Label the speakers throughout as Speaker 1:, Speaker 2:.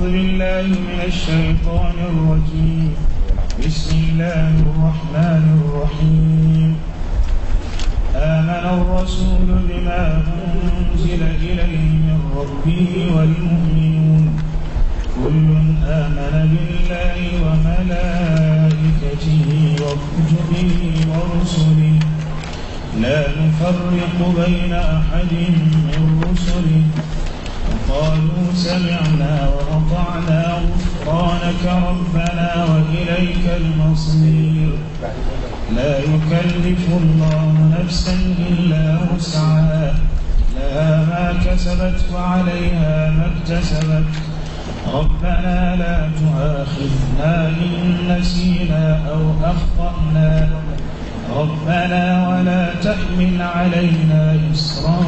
Speaker 1: أعوذ بالله من الشيطان الرجيم بسم الله الرحمن الرحيم آمن الرسول بما أنزل إليه من ربه والمؤمنون كل آمن بالله وملائكته وكتبه ورسله لا نفرق بين أحد من رسله قالوا سمعنا وعلى غفرانك ربنا وإليك المصير لا يكلف الله نفسا إلا وسعها لها ما كسبت وعليها ما اكتسبت ربنا لا تؤاخذنا إن نسينا أو أخطأنا ربنا ولا تحمل علينا إصرا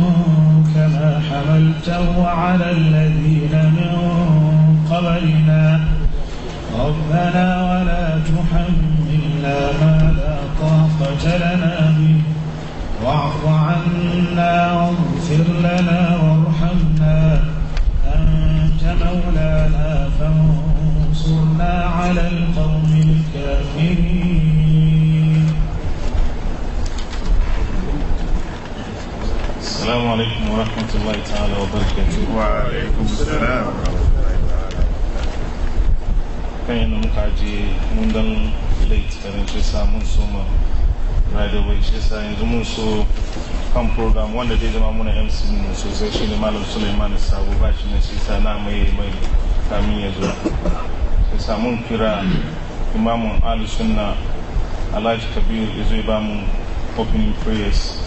Speaker 1: كما حملته على الذين من علينا ربنا ولا تحملنا ما لا طاقة لنا به واعف عنا واغفر لنا وارحمنا أنت مولانا فانصرنا على القوم
Speaker 2: الكافرين السلام عليكم ورحمة الله تعالى وبركاته وعليكم السلام ورحمة الله kan yana muka je mun dan late ganin shi sa mun so ma right away shi yanzu mun so kan program wanda zai zama muna mc mu sosai shi ne malam suleiman sabo ba shi ne shi na mai mai kamin ya zo shi sa mun kira imamun alisunna sunna alhaji kabir ya zo ba mu opening prayers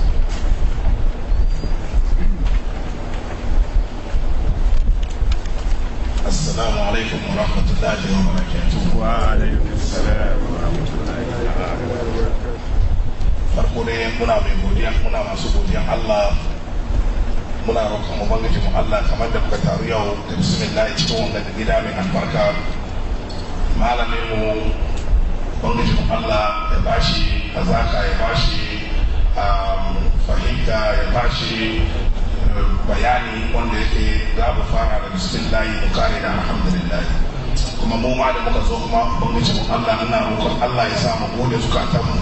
Speaker 2: السلام عليكم ورحمة الله وبركاته وعليكم السلام ورحمة الله وبركاته mai godiya muna masu godiyan Allah muna roƙon ubangiji Allah kamar da muka taru yau da bismillah cikin wannan gida mai albarka malamin mu ubangiji Allah ya bashi azaka ya bashi um, ya bayani wanda yake za mu fara da bismillahi mu kare da alhamdulillah kuma mu ma da muka zo kuma ubangiji Allah ina roƙon Allah ya sa mu gode zukatanmu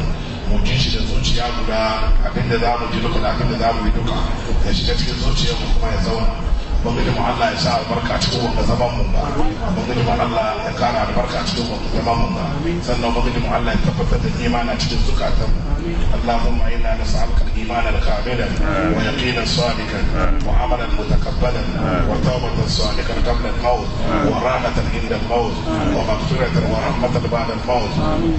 Speaker 2: mu ji shi da zuciya guda abinda za mu ji duka da abinda za mu yi duka ya shiga cikin mu kuma ya zauna ubangijin mu Allah ya sa albarka cikin wanda zaman mu ba ubangijin mu Allah ya kara albarka cikin wanda zaman mu ba sannan ubangijin mu Allah ya tabbatar da imana cikin zukatan mu Allahumma inna nas'aluka imanan kamilan wa yaqinan sadiqan wa amalan mutakabbalan wa tawbatan sadiqan qabla al-maut wa rahmatan inda al-maut wa maghfiratan wa rahmatan ba'da al-maut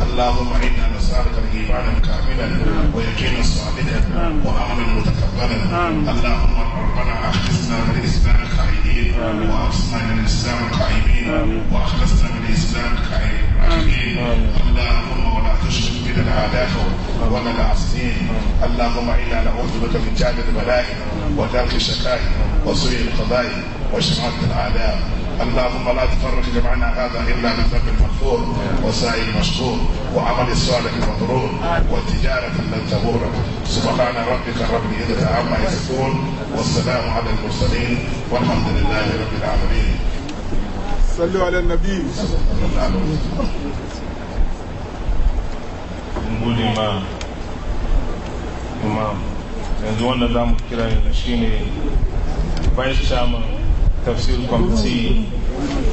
Speaker 2: Allahumma inna nas'aluka imanan kamilan wa yaqinan sadiqan wa amalan mutakabbalan Allahumma ربنا اخرجنا من الاسلام الإسلام القائدين وأخلصنا من الإسلام القائمين وأخلصنا من الإسلام القائمين اللهم ولا تشرك بنا الأعداء ولا العصيين اللهم إنا نعوذ بك من جهل البلاء ودرك الشقاء وسوء القضاء وشماتة الأعداء اللهم لا تفرق جمعنا هذا الا بفرق مغفور وسعي مشكور وعمل الصالح مبرور وتجاره لن تبور سبحان ربك رب العزه عما يصفون والسلام على المرسلين والحمد لله رب العالمين. صلوا على النبي. Imam. Imam. Yanzu wanda za mu دام yanzu shine Vice Chairman tafsir committee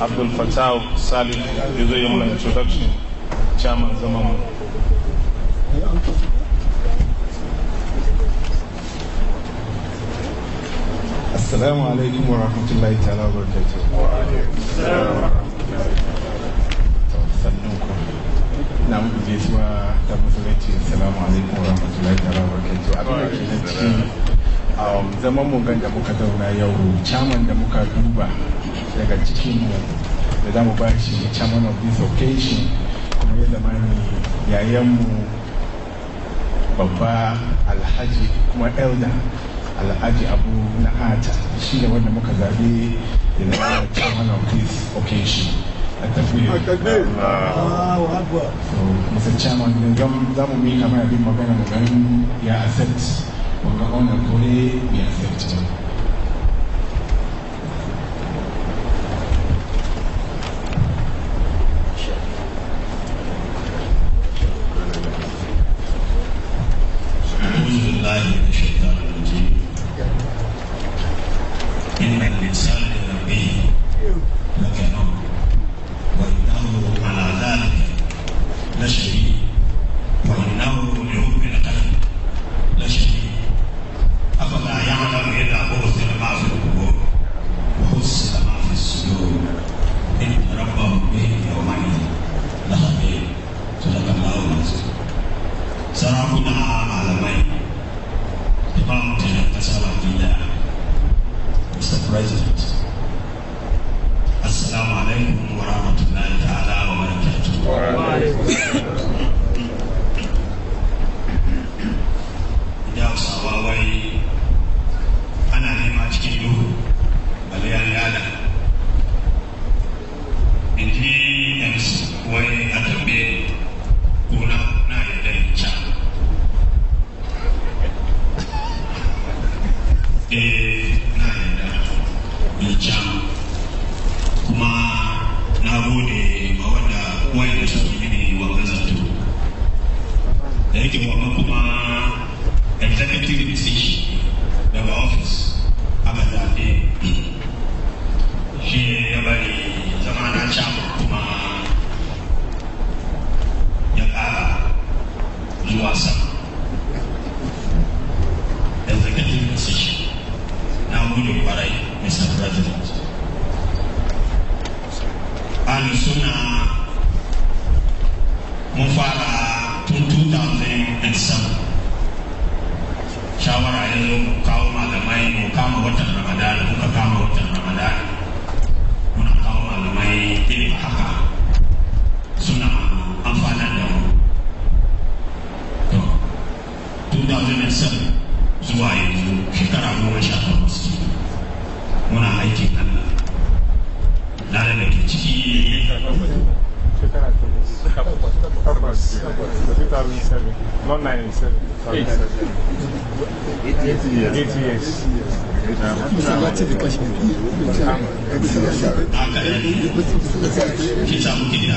Speaker 2: abdul fatah salim ya zo yi mana introduction chairman zaman mu assalamu alaikum wa rahmatullahi ta'ala wa barakatuhu na muku gaisuwa ta musulunci assalamu alaikum wa rahmatullahi ta'ala wa barakatuhu abin da ke cikin Um, zaman mu ganda muka zauna yau chairman da muka duba daga cikin mu da za mu bashi chairman of this occasion kuma ya zama ni yayan mu babba alhaji kuma elder alhaji abu na'ata shi ne wanda muka zabe da zama chairman of this occasion التكبير الله اكبر مسجد شامل نظام mika مين ما magana da ganin ya accept wakaona kule bien fait. kitabu kile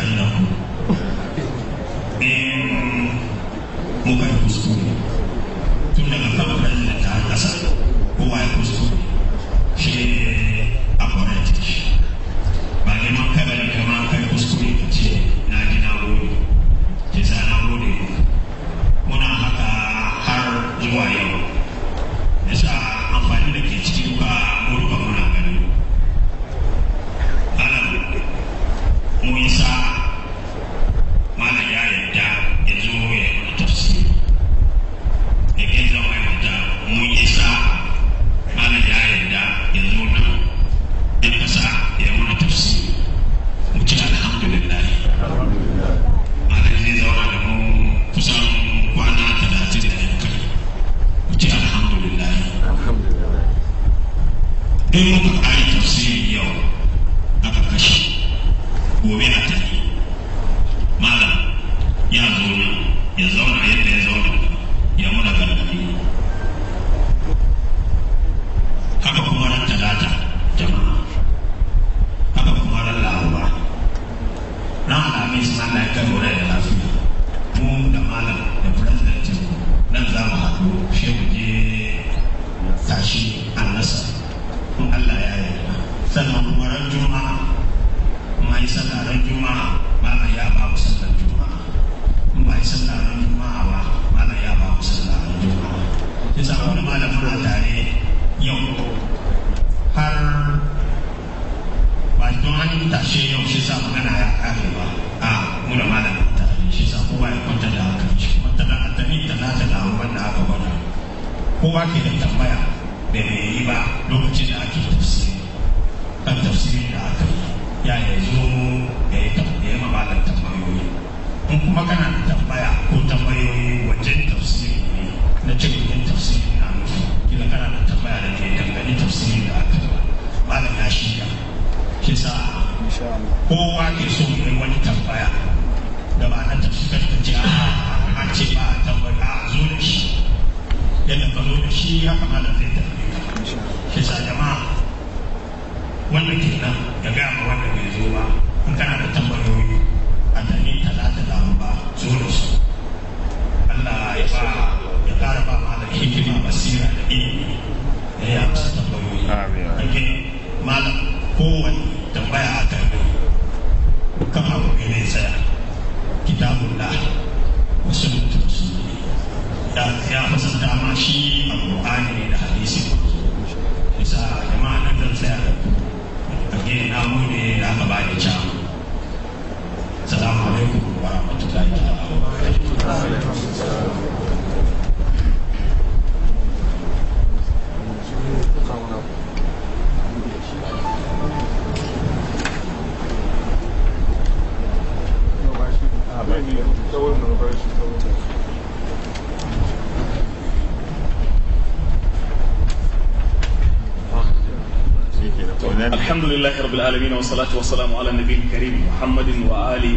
Speaker 2: alhamdulillahi rabbil alamin
Speaker 3: wa salatu wa salamu wa ali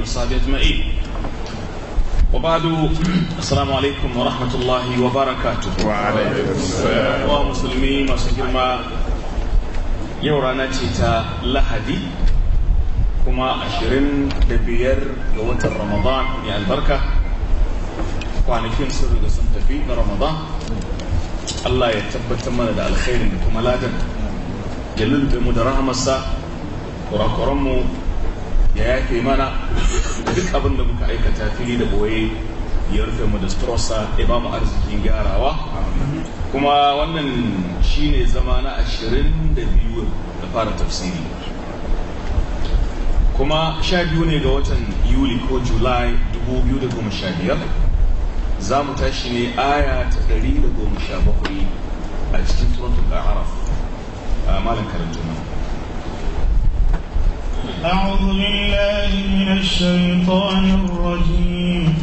Speaker 3: wa masu girma yau rana ce ta lahadi kuma ashirin da biyar ga watan ramadan albarka kwanakin sun sun tafi na ramadan allah ya tabbatar mana da alkhairi da kuma ladan ya lulluɓe mu da rahamarsa kurakuranmu ya yafe mana duk abin da muka aikata fili da boye ya rufe mu da strosa ya ba mu arzikin gyarawa kuma wannan ne zama na ashirin da biyu da fara tafsiri kuma sha biyu ne ga watan yuli ko july 2015 za mu tashi ne aya ta 117 a cikin suratul araf آه، مالك karanta
Speaker 1: أعوذ بالله من الشيطان الرجيم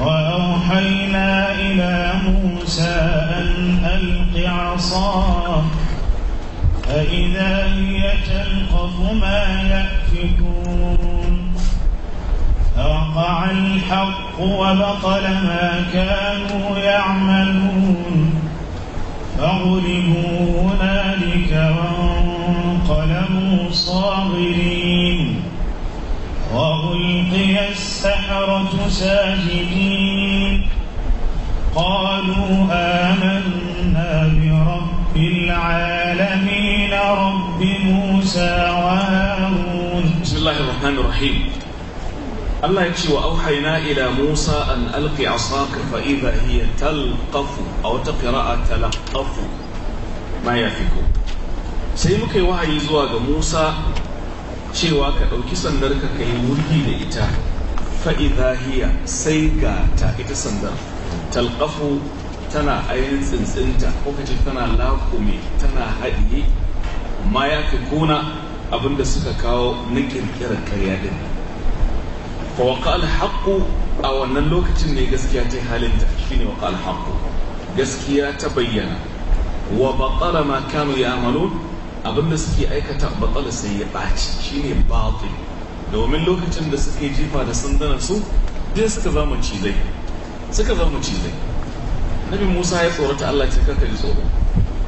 Speaker 1: وأوحينا إلى موسى أن ألق عصاك فإذا هي تلقف ما يأفكون فوقع الحق وبطل ما كانوا يعملون فغلبوا هنالك وانقلبوا صاغرين وألقي السحرة ساجدين قالوا آمنا برب العالمين رب موسى وهارون بسم الله الرحمن الرحيم Allah ya ce wa auhaina
Speaker 3: ila Musa an alqi asaka fa idha hiya talqafu aw taqra'a talqafu ma yafiku sai muka yi wahayi zuwa ga Musa cewa ka ɗauki sandar ka kai wurgi da ita fa idha hiya sai ga ta ita sandar talqafu tana ainihin tsintsinta ko kace tana lakume tana haɗiye ma yafikuna abinda suka kawo na kirkirar karya din fa waqa a wannan lokacin ne gaskiya ta yi halinta ne waqa alhaqu gaskiya ta bayyana wa baƙala ma kanu ya'malun abinda suke aikata Baƙala sai ya ɓaci shi ne batil domin lokacin da suke jifa da sandanar su dai suka zama cizai suka zama cizai nabi musa ya tsorata allah ce kaka ji tsoro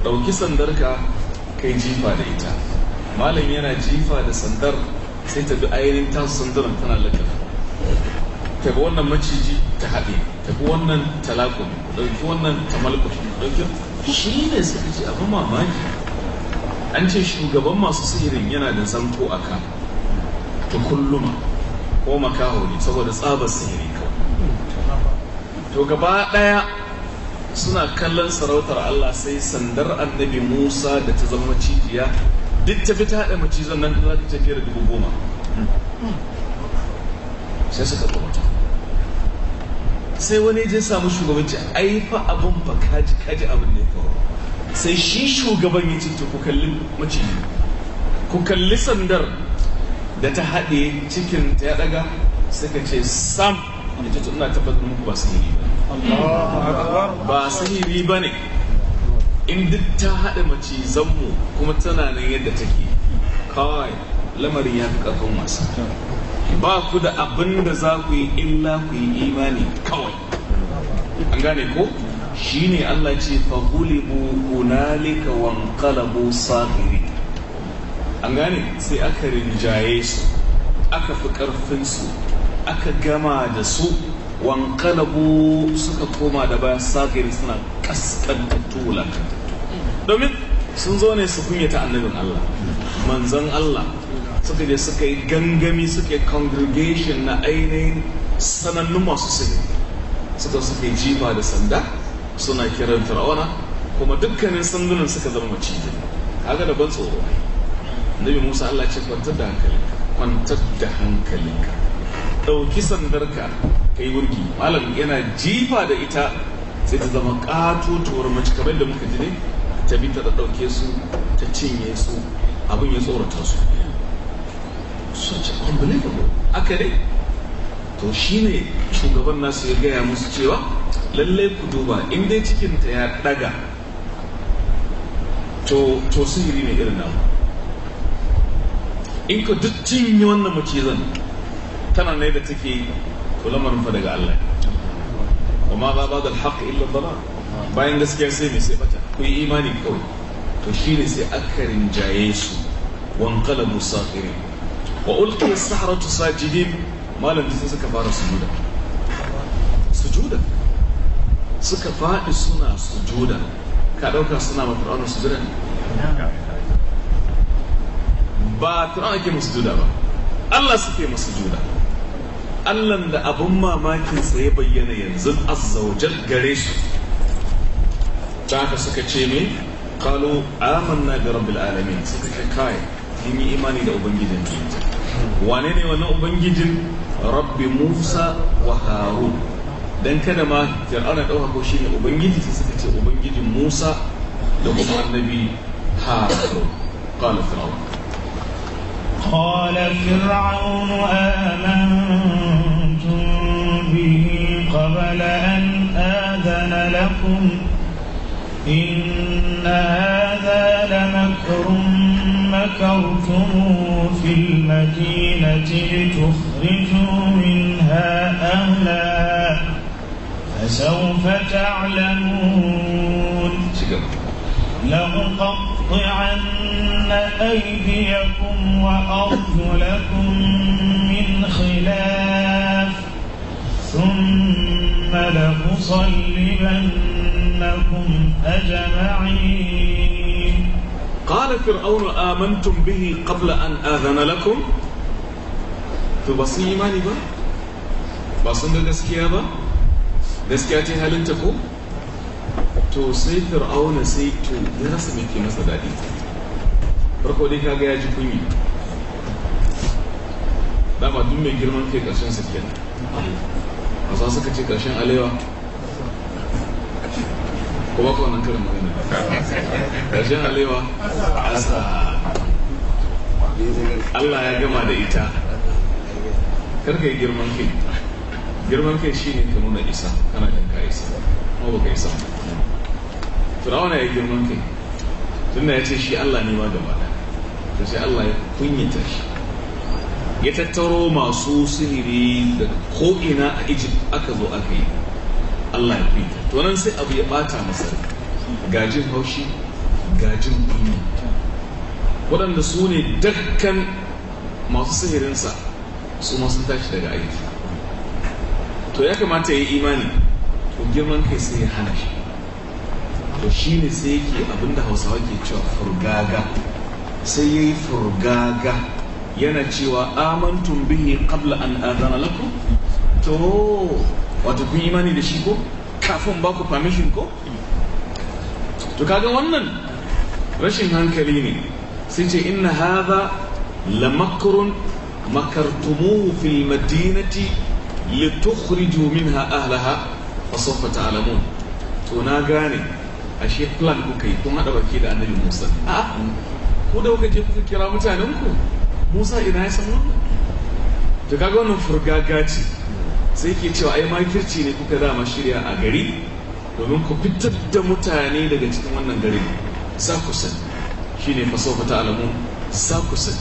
Speaker 3: ɗauki sandarka kai jifa da ita malam yana jifa da sandar sai ta bi ainihin tasu sandaran tana lakar tafi wannan maciji ta haɗe Tafi wannan talakun ɗauki wannan tamalkun ɗauki shi ne suka ce abin mamaki an ce shugaban masu sihirin yana da zanko a ka ta kulluma ko makaho saboda tsabar sihiri
Speaker 4: kawai
Speaker 3: to gaba ɗaya suna kallon sarautar Allah sai sandar annabi Musa da ta zama macijiya duk ta fi ta haɗa macizan nan za ta da dubu goma sai suka tsorata sai wani je samu shugabanci ai fa abin ba kaji kaji abin ne sai shi shugaban ya cinta ku kalli maciji ku kalli sandar da ta haɗe cikin ta ya ɗaga suka ce sam ya ce ina tabbatar muku ba sihiri ba ba ba ne in duk ta haɗa macizanmu kuma tana nan yadda take kawai lamarin ya fi ƙarfin wasa ba ku da abin da za ku yi illa ku yi imani kawai an gane ko Shi ne Allah ce fahulibu hunalika wanqalabu saghiri an gane sai aka rinjaye su aka fi karfinsu aka gama da su wanqalabu suka koma da bayan saghiri suna kaskantattu wulakantattu domin sun zo ne su kunyata annabin Allah manzon Allah suka je suka yi gangami suka congregation na ainihin sanannun masu sani suka suka yi jifa da sanda suna kiran fir'auna kuma dukkanin sandunan suka zama macizi kaga da ban tsoro nabi musa allah ce kwantar da hankalinka kwantar da hankalinka ɗauki sandarka ka yi wurgi malam yana jifa da ita sai ta zama katotuwar mace kamar da muka ji ne ta bi ta ɗauke su ta cinye su abin ya tsorata su such unbelievable aka to shine shugaban nasu ya gaya musu cewa lallai ku duba in dai cikinta ya daga to to sihiri ne irin nan in ka duk cinye wannan macizan tana ne da take to fa daga Allah wa ma ba da alhaq illa dhalal bayan gaskiya sai me sai bata ku yi imani kawai to shine sai aka rinjaye su wanqala musaqirin wa ulqiya as-saharatu sajidin malam sai suka fara sujuda sujuda suka faɗi suna sujuda ka ɗauka suna ba fir'auna ke masu juda ba Allah suke masu juda Allah da abun mamakinsa ya bayyana yanzu azzawajal gare su. ta haka suka ce me qalu amanna bi rabbil alamin suka ce kai mun yi imani da ubangijin wane ne wannan ubangijin rabbi musa wa harun dan kada ma fir'auna ɗauka ko shine ubangiji sai suka ce ubangijin musa da kuma annabi harun qala fir'aun
Speaker 1: قال فرعون آمنتم به قبل أن آذن لكم إن هذا لمكر مكرتم في المدينة لتخرجوا منها أهلا فسوف تعلمون لأقطعن أيديكم وأرجلكم من خلاف ثم لأصلبنكم أجمعين قال فرعون آمنتم به قبل أن
Speaker 3: آذن لكم فبصي إيماني با بصن دسكيا با دسكيا تهل انتكو to sai fir'auna sai to ya rasa mai ke farko dai kaga ya ji kunyi dama duk mai girman kai ƙarshen sa kenan masu suka ce karshen alewa ko ba ku wannan karin magana ƙarshen alewa asa Allah ya gama da ita karka yi girman kai girman kai shi ne ka nuna isa kana jin ka isa ba baka isa turawana ya girman kai tun da ya ce shi Allah ne ma gaba da ta sai Allah ya kunyata shi ya tattaro masu sihiri da ko'ina a Egypt aka zo aka yi Allah ya fi to nan sai abu ya bata masa gajin haushi gajin kuyi waɗanda su ne dakkan masu sihirinsa su masu tashi daga aiki to ya kamata ya yi imani to girman kai sai ya hana shi to shi ne sai yake abinda hausawa ke cewa furgaga sai ya yi furgaga yana cewa amantun bihi qabla an adana lakum to wato kun imani da shi ko kafin ba ku permission ko to kaga wannan rashin hankali ne sai ce inna hadha la makrun makartumuhu fil madinati tukhriju minha ahlaha wa sawfa ta'lamun to na gane ashe plan ku kai kun hada baki da annabi Musa a ko da kuka je kuka kira mutanen ku Musa ina ya san wannan to kaga wannan furgaga ce sai ke cewa ai makirci ne kuka dama shirya a gari domin ku fitar da mutane daga cikin wannan gari za ku sani shine fasofa ta alamu za ku sani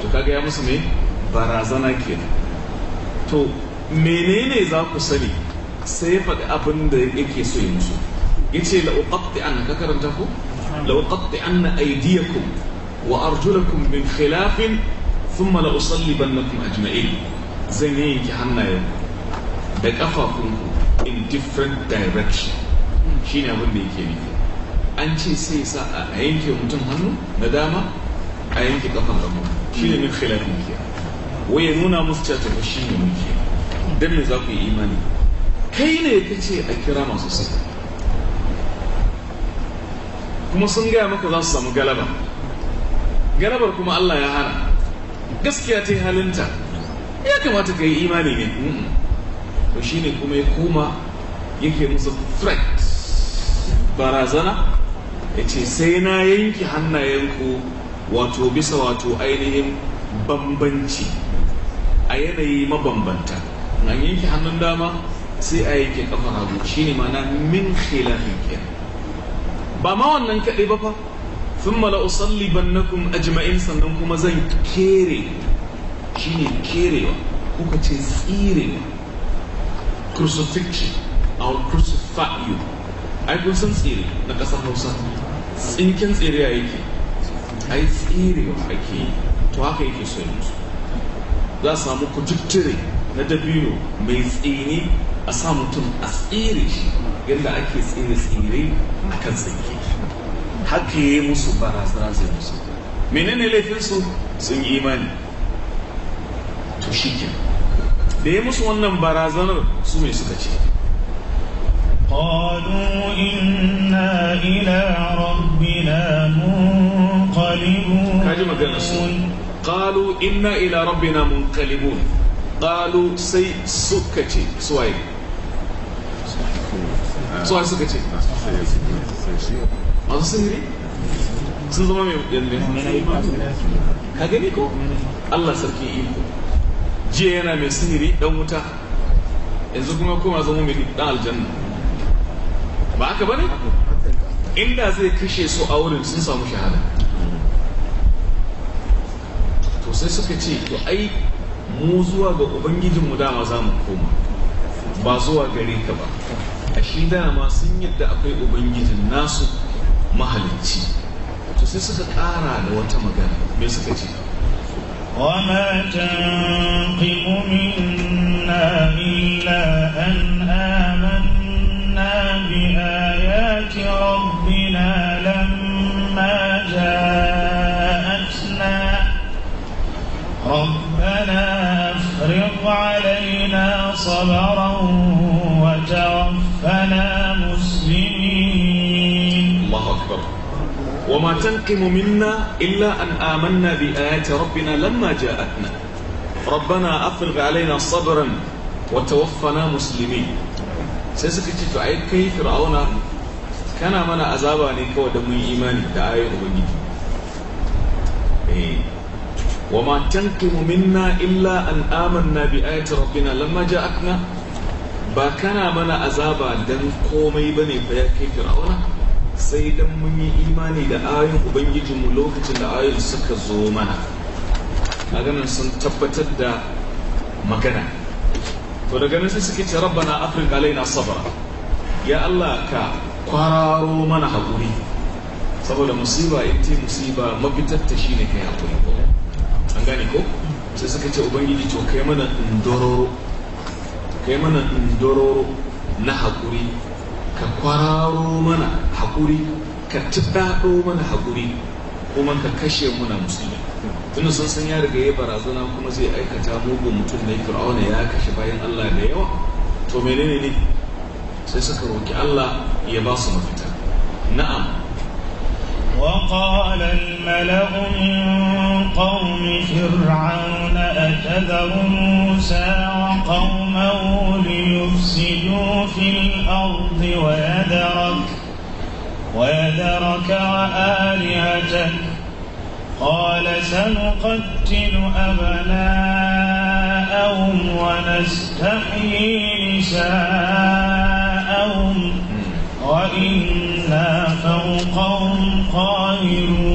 Speaker 3: to kaga ya musu ne barazana ke to menene za ku sani sai ya faɗi abin da yake so ya musu yace la uqatti an ka karanta ku la an na aydiyakum wa arjulakum min khilafin thumma na kuma ajma'in zan yi yanki hannayen da kafafunku in different direction shine abin da yake nufi an ce sai sa a yanke mutum hannu na dama a yanke kafan gaba ne min khilaf muke waye nuna musu cewa shi ne muke dan me za ku yi imani kai ne ce a kira masu sai kuma sun gaya maka za su samu galaba galabar kuma Allah ya hana gaskiya ta yi halinta ya kamata ka yi imani ne to shine kuma ya koma yake musu threat barazana ya ce sai na yanki hannayenku wato bisa wato ainihin bambanci a yanayi mabambanta na yanki hannun dama sai a yanke kafa hagu shine mana min khilafin ke. ba ma wannan kaɗai ba fa sun mala usalli bannakum ajma'in sannan kuma zan kere shine kerewa kuka ce tsirewa crucifixion I will crucify you tsere na ƙasar hausa tsinken tsere a yake ai tserewa ake yi to haka yake so yanzu za su samu kututtire na dabino mai tsini a sa mutum a tsere shi yadda ake tsere tsere a kan tsinke haka yi musu barazana zai musu menene laifinsu sun yi imani to shi kenan da ya musu wannan barazanar su mai suka ce قالوا إنا
Speaker 1: إلى ربنا منقلبون
Speaker 3: قالوا إنا إلى ربنا منقلبون قالوا سي سكتي سواي سواي سكتي ما سهري sun zama mai yanzu ka gani ko Allah sarki iko jiya yana mai sihiri dan wuta yanzu kuma kuma zama mai dan aljanna ba haka bane inda zai kashe su a wurin sun samu shahada to sai suka ce to ai mu zuwa ga ubangijinmu dama za mu koma ba zuwa gare ka ba a shi dama sun yadda akwai ubangijin nasu mahalicci to sai suka ƙara da wata magana me suka ce
Speaker 1: وما تنقم منا إلا أن آمنا بآيات ربنا لما جاءتنا ربنا أفرغ علينا صبرا
Speaker 3: وما تنقم منا إلا أن آمنا بآيات ربنا لما جاءتنا ربنا أفرغ علينا صبرا وتوفنا مسلمين سيسكت تعيد كي فرعون كان من أزابني كودم إيماني دعاية أبني وما تنقم منا إلا أن آمنا بآيات ربنا لما جاءتنا ba kana mana azaba dan komai bane fa ya kai fir'auna sai dan mun yi imani da ayoyin ubangijinmu lokacin da ayoyin suka zo mana maganan sun tabbatar da magana to daga nan sai suke ce rabbana afrik alaina sabra ya Allah ka kwararo mana hakuri saboda musiba ita musiba mafitar ta shine kai hakuri an gane ko sai suka ce ubangiji to kai mana indororo kai mana indororo na hakuri ka kwararo mana haƙuri ka tuɗaɗo mana haƙuri kuma ka kashe muna musulmi tunda sun san ya riga ya barazana kuma zai aikata mugun mutum ne fir'auna ya kashe bayan Allah da yawa to menene ne sai suka roki Allah ya ba su mafita na'am
Speaker 1: وقال الملأ قوم فرعون أتذر موسى وقومه ليفسدوا في الأرض ويذرك ويذرك وآلهتك قال سنقتل أبناءهم ونستحيي نساءهم وإنا فوقهم قاهرون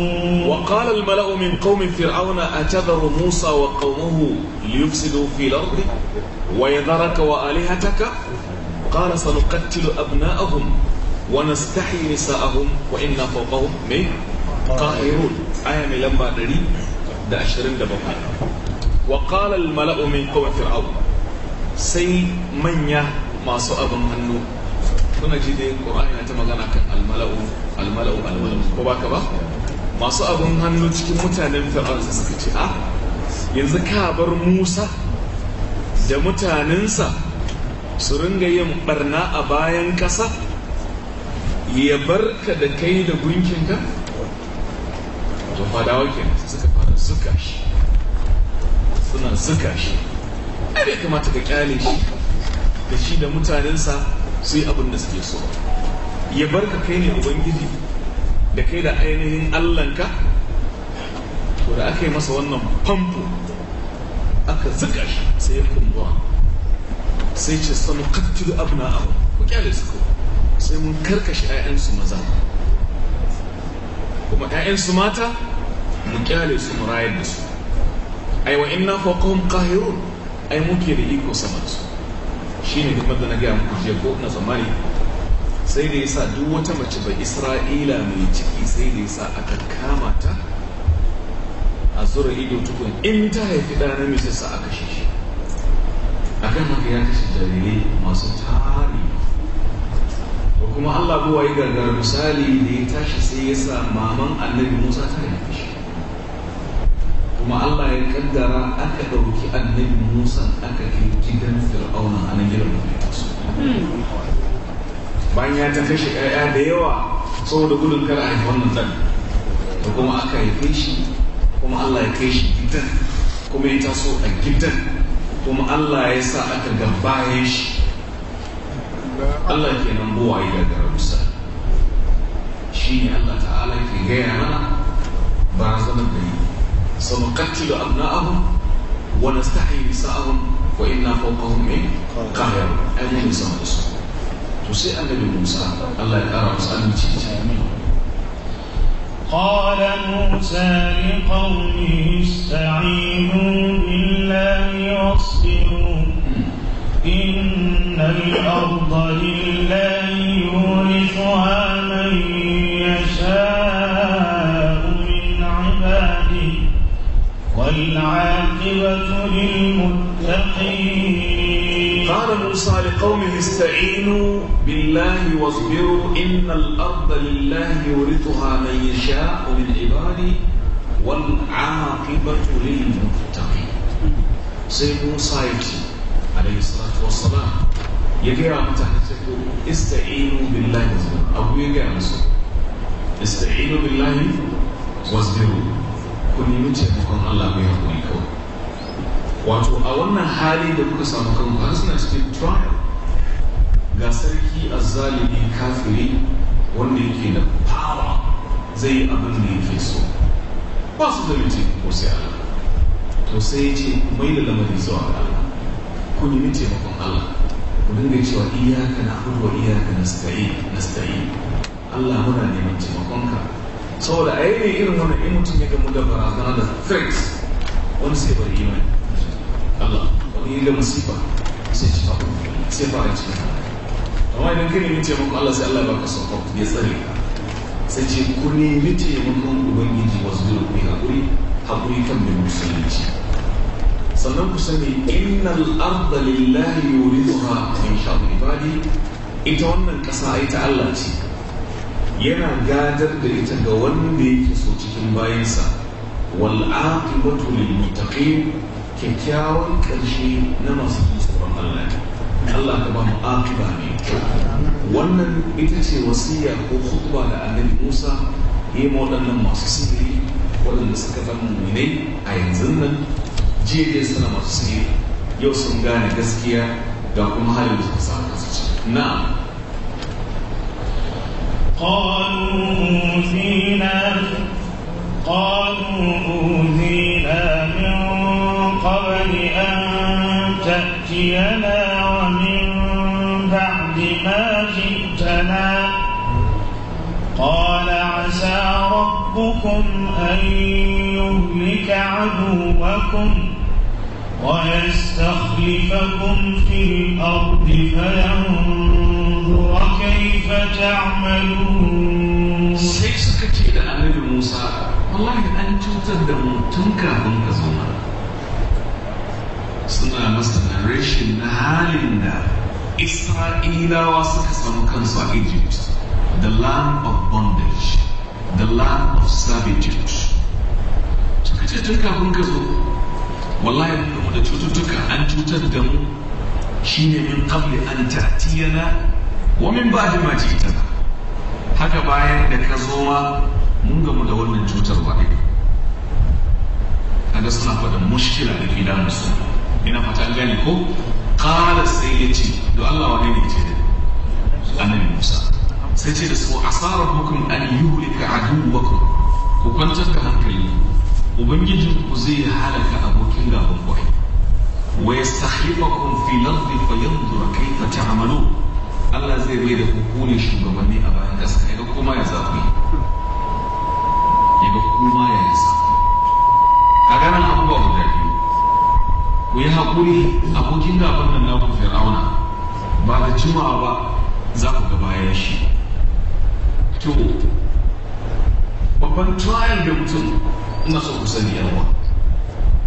Speaker 3: وقال الملأ من قوم فرعون أتذر موسى وقومه ليفسدوا في الأرض ويذرك وآلهتك قال سنقتل أبناءهم ونستحي نساءهم وإنا فوقهم من قاهرون آية من لما دري دا أشرين دا بقى. وقال الملأ من قوم فرعون سي من يا ما سؤال منه كنا جدي القرآن ƙura'ani الملأ الملأ الملأ almala'u almala'u masu abin hannu cikin mutanen fir'aun suka ce a ah, yanzu kabar musa da mutanensa su ringa yin barna a bayan ƙasa ya bar ka da kai da gunkinka da, fadawa ke suka fara suka shi suna suka shi ai bai kamata ka kyale shi da shi da mutanensa su yi abin da suke so ya bar ka kai ne ubangiji da kai da ainihin allanka ko da aka yi masa wannan famfo aka zika shi sai ya kumbuwa sai ce sanu kattilu abna abu ku kyale su sai mun karkashe 'ya'yansu maza kuma 'ya'yansu mata mu kyale su mu rayar da su ai wa inna faqahum qahirun ai muke da iko sama su shine duk da na gaya muku jiya ko ina tsammani sai da yasa duk wata mace ba isra'ila mai ciki sai da yasa aka kama ta a tsoron ido tukun in ta haifi ɗa namiji sa aka shi shi akan haka ya kashe jarirai masu tari Ba kuma Allah buwa yi gargar misali da ya tashi sai ya sa maman annabi Musa ta haifi shi kuma Allah ya kaddara aka ɗauki annabi Musa hanya ta kashe ƴaƴa da yawa saboda gudun kar a haifi wannan ɗan da kuma aka haife shi kuma Allah ya kai shi gidan kuma ya taso a gidan kuma Allah ya sa aka gabaye shi Allah ke nan yi daga rusa shi ne Allah ta'ala ke gaya mana zama da yi sama sanuqattilu abu wani nastahi nisa'ahum wa inna fawqahum min qahir
Speaker 1: ayyuhum sama da su to sai annabi الله Allah ya kara قال موسى لقومه استعينوا بالله واصبروا إن الأرض لله يورثها من يشاء من عباده والعاقبة للمتقين قال موسى
Speaker 3: لقومه استعينوا بالله واصبروا إن الأرض لله يورثها من يشاء من عبادي والعاقبة للمتقين سيد موسى عليه الصلاة والسلام يقرأ متحدثكم استعينوا بالله واصبروا أو يقرأ استعينوا بالله واصبروا كن يمتعكم الله بيحكم واتو أولنا حالي لكم سامكم وحسنا تكون trial ga sarki zalibi kafiri wanda yake da fara zai yi abin da yake so ba su da mutum ko sai Allah to sai ya ce mai da lamarin zuwa ga Allah ku nemi taimakon Allah ku dinga cewa iyaka na hudu na iyaka na nasta'in Allah muna neman ka saboda a yayin irin wannan in mutum ya gamu da barazana da threat wani sai bari imani Allah wani ya ga musiba sai ci fa sai fara cikin amma idan ka nemi taimakon Allah sai Allah baka support ya tsare ka sai ce ku nemi taimakon ubangiji wasu zuru ku hakuri haƙuri kan mai musulunci sannan ku sani innal arda lillahi yuridha min sharri ibadi ita wannan kasa ai ta Allah ce yana gadar da ita ga wanda yake so cikin bayansa wal aqibatu lil muttaqin kyakkyawan ƙarshe na masu tsoron Allah ne Allah ka ba mu akiba ne wannan ita ce wasiya ko hutuba da annabi Musa yi ma waɗannan masu sihiri waɗanda suka zama muminai a yanzu nan jiya dai suna masu sihiri yau sun gane gaskiya ga kuma halin da
Speaker 1: suka samu kansu na قالوا أوذينا قالوا أوذينا من قبل أن جئتنا ومن بعد ما جئتنا قال عسى ربكم أن يهلك عدوكم ويستخلفكم في الأرض فينظر كيف تعملون sai suka ce da annabi Musa
Speaker 3: wallahi an cutar da mu tun suna masa rashin na halin da isra'ilawa suka samu kansu a egypt the land of bondage the land of servitude suka ce kafin ka zo wallahi kuma da cututtuka an cutar da mu shine min kabli an ta'tiyana wa min ba'di ma ji'tana haka bayan da ka zo ma mun gamu da wannan cutar ba ne kaga suna faɗin mushkila da ke damu su ina fata an ko kala sai ya ce da Allah wani ne ce da annabi Musa sai ce da su asara hukum an yuhlika aduwakum ku kwantar da hankali ubangiji ku zai halaka abokin gaban ku wa yastahlifakum fi lardi fa yanzur kayfa ta'malu Allah zai bai da hukuni shugabanni a bayan kasa ga kuma ya zafi yaga kuma ya yi zafi kaga nan abubuwa guda ku yi haƙuri abokin gaban nan naku fir'auna ba da jimawa ba za ku ga bayan shi to babban trial da mutum ina so ku sani yawa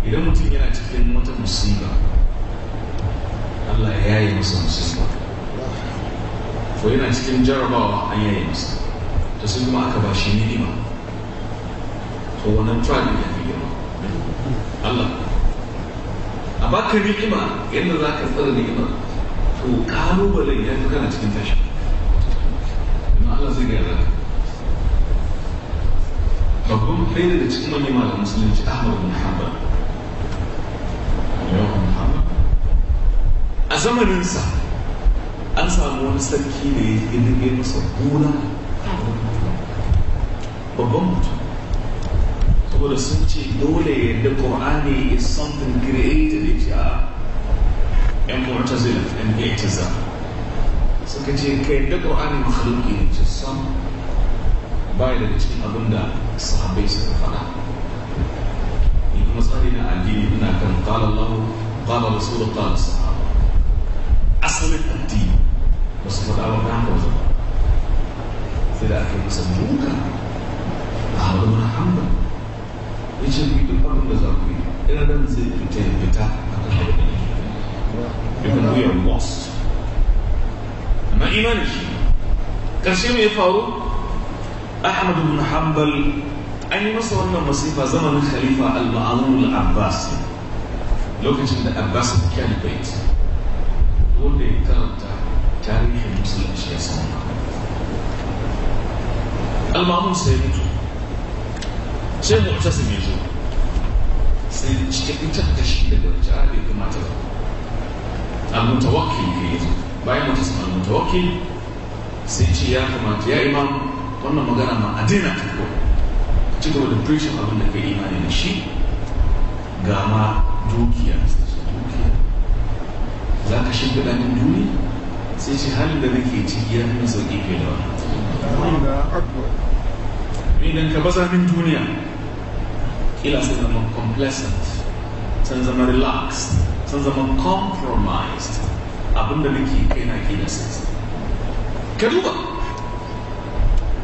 Speaker 3: idan mutum yana cikin wata musiba Allah ya yi masa musiba ko yana cikin jarabawa an yaye masa to sun kuma aka ba shi ni'ima to wannan trial ya fi girma Allah amma ka ni'ima yadda za ka tsara ni'ima to kalubalen ya fi kana cikin tashi Ina Allah zai gaya zaka babban ɗaya da cikin manyan malam musulunci Ahmad bin Hanbal a zamaninsa an samu wani sarki da ya yi masa gona babban mutum يقول سنتي دولي القرآن is something created it يا ان الاعتزال سكتي كي القرآن مخلوق it is some violent أبندا الصحابي سبحانه يقول صحيح أن دين كان قال الله قال رسول قال الصحابة أصل الدين وصفة الأول كان رسول الله في الأخير سبحانه أهلا بنا حمدا ya ce ku duk abin da za ku yi irin nan zai fita ya fita ibn we are lost amma imanin shi ƙarshe mai faru ahmad ibn hanbal an yi masa wannan masifa zamanin khalifa al-ma'amun al-abbas lokacin da abbas caliphate wanda ya karanta tarihin musulunci ya samu al-ma'amun sai mutu sai mu'tasim ya zo sai cikin fitar da shi daga wata abin kamata ba al-mutawakkil ne bayan mu'tasim al-mutawakkil sai ce ya kamata ya imam wannan magana ma a daina ta ko ci gaba da preaching abin da ke imani da shi ga ma dukiya za ka shi gada min duni sai ce halin da nake ciki ya nuna sauƙi fiye da wani. Idan ka baza min duniya ila sun zama complacent sun zama relaxed sun zama compromised abinda nake kai na ke da sai ka duba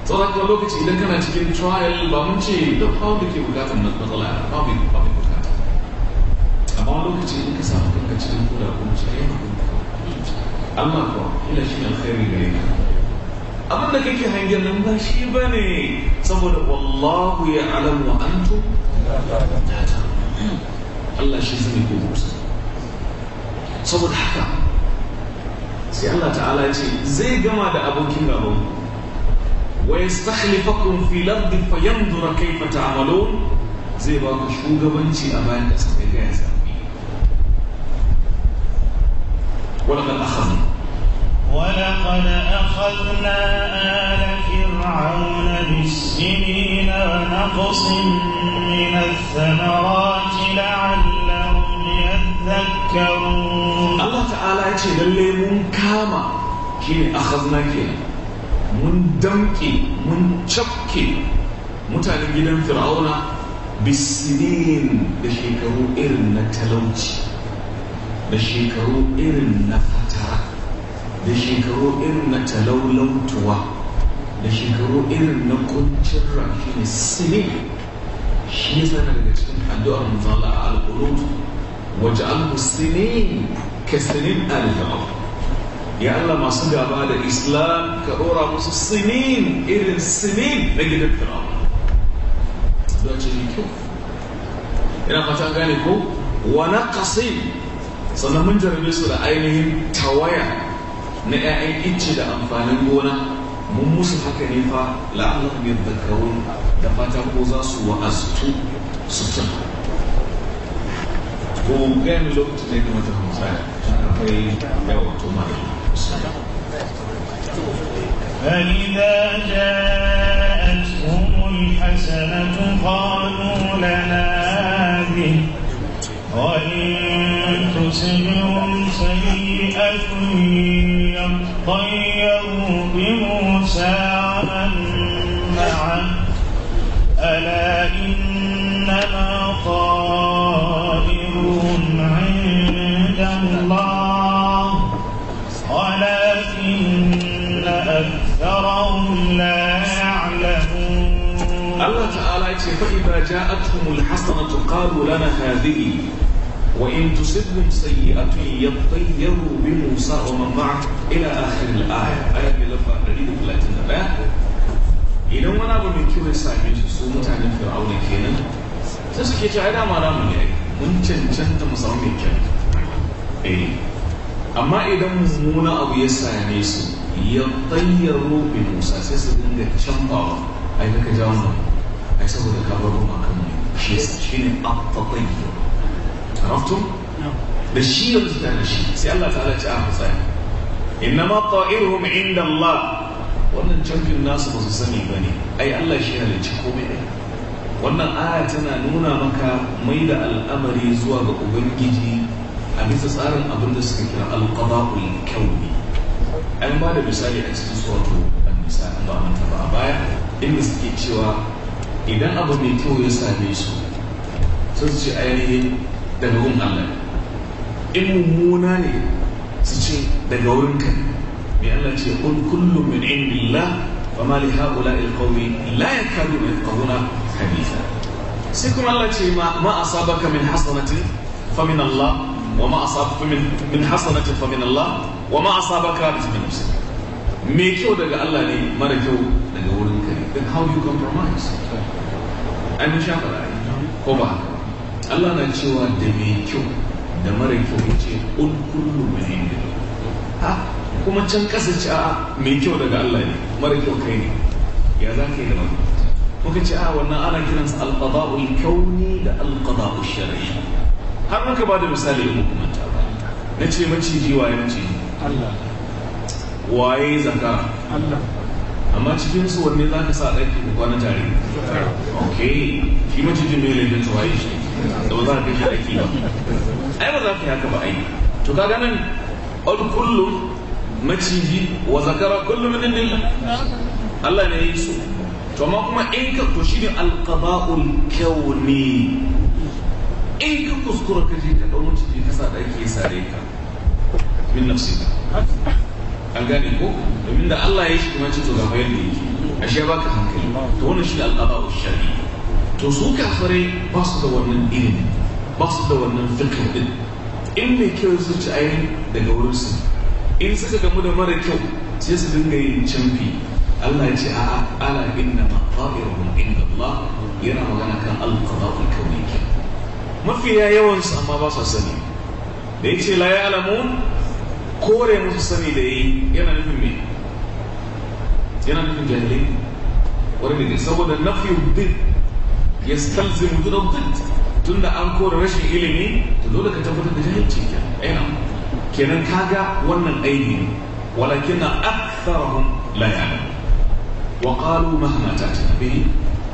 Speaker 3: tsoron kuma lokaci idan kana cikin trial ba mun ce da kawai da ke bukatar na matsala ya kawai da kawai bukata amma lokaci in ka samu kanka cikin kula kuma ce ya Allah ko ila shi alkhairi gare ka abin da kake hangen nan ba shi ba ne saboda wallahu ya alamu antum Allah shi zai ko musu saboda haka sai Allah ta'ala ce zai gama da abokin gaban wa yastakhlifakum fi lardi fayanzura kayfa ta'malun zai ba ku shugabanci a bayan da suka ga ya sami ولقد أخذنا
Speaker 1: ولقد أخذنا آل فرعون فرعون بالسنين ونقص من الثمرات لعلهم يذكرون الله تعالى يقول للي منكاما
Speaker 3: كيني أخذنا كيني من دمكي من شبكي متعلم جدا فرعون بالسنين بشيكرو إرن نتلوتي بشيكرو إرن فترة بشيكرو إرن نتلولو da shekaru irin na kuncin rafi ne sinin shi yasa na daga cikin addu'ar manzala a alƙulun waje almusini ka sinin alfa'af ya Allah masu gaba da islam ka ɗora musu sinin irin sinin na gidan fir'aun za ce ne kyau ina fata gane ko wani ƙasin sannan mun jarabe su da ainihin tawaya na 'ya'yan icce da amfanin gona موسى حكنيفا لعلهم يذكرون دفاتهم قوزا سوى أزتو سوى
Speaker 1: وكان لو تنين ما تنين سايا فإذا جاءتهم الحسنة قالوا لنا هذه وإن تسلهم سيئة يطير
Speaker 3: فإذا جاءتهم الحسنة قالوا لنا هذه وإن تصبهم سيئة يطيروا بموسى ومن معه إلى آخر الآية آية ملفة نريد في لاتين نباة إذا ما نابل من كيف يسايبين تسومة عن الفرعون كينا تسو كي جاعدا ما رامل يأي من چن چن تمزامي كي أي أما إذا مزمونة أو يسايبين يسو يطيروا بموسى سيسا دنجا چنبا أي لك جاونا ai saboda ka bar goma kan shi yasa shi ne عرفتم؟ ده الشيء اللي شيء سي الله تعالى تعالى صحيح إنما طائرهم عند الله wannan canfin nasu ba su sani ba ne ai Allah shi halicci komai ɗaya wannan aya tana nuna maka mai da al'amari zuwa ga ubangiji a bisa tsarin abin da suka kira alƙaba'ul kyauni an bada misali a cikin suwato nisa an a baya inda suke cewa idan abu mai kyau ya same su sai su ce ainihi daga wurin Allah in mummuna ne su ce daga wurin ka mai Allah ce kun kullum min indillah wa mali li haula al qawmi la yakadu yafqahuna haditha sai kuma Allah ce ma ma asabaka min hasanatin fa min Allah wa ma a min min hasanatin fa min Allah wa ma asabaka min nafsik mai kyau daga Allah ne mara kyau daga wurin ka then how you compromise an sha fara ko ba Allah na cewa da mai kyau da mara kyau ya ce un kullu mai ha kuma can kasa ce a mai kyau daga Allah ne mara kyau kai ne ya za ka yi da wani muka ce a wannan ana kiransa alqada'ul kyauni da alqada'ul shar'i har muka ba da misali ya hukumanta ba na ce maciji waye maciji Allah waye zaka Allah amma cikin su wanne za ka sa ɗaki ko kwana tare ok shi jin mai laifin su waye shi da ba za ka kashe ɗaki ba ai ba za ka yi haka ba ai to ka ganin al kullum maciji wa zakara kullum min indillah Allah ne ya yi su to amma kuma in ka to shine alqaba'ul kauni in ka kuskura ka je ka dau ka sa ɗaki ya sare ka min nafsi. an gane ko domin da Allah ya shi kuma cin to gaba yadda yake ashe baka hankali to wannan shi ne alqada'u shari'i to su kafare ba su da wannan ilimin ba su da wannan fikir din in mai kyau su ci ayi daga wurin su in suka gamu da mara kyau sai su dinga yin canfi Allah ya ce a'a ala inna ma ta'iruhum inna Allah yana magana kan alqada'u kauni mafiya yawan su amma ba su sani da yace la ya'lamun kore musu sani da yi yana nufin me yana nufin jahili wani mai saboda fi din ya stalzi mutu da tun da an kore rashin ilimi to dole ka tabbatar da jahilci kenan eh, kenan kaga wannan aini ne walakin na aktharahum la ya'lam wa kalu mahma ta
Speaker 1: bihi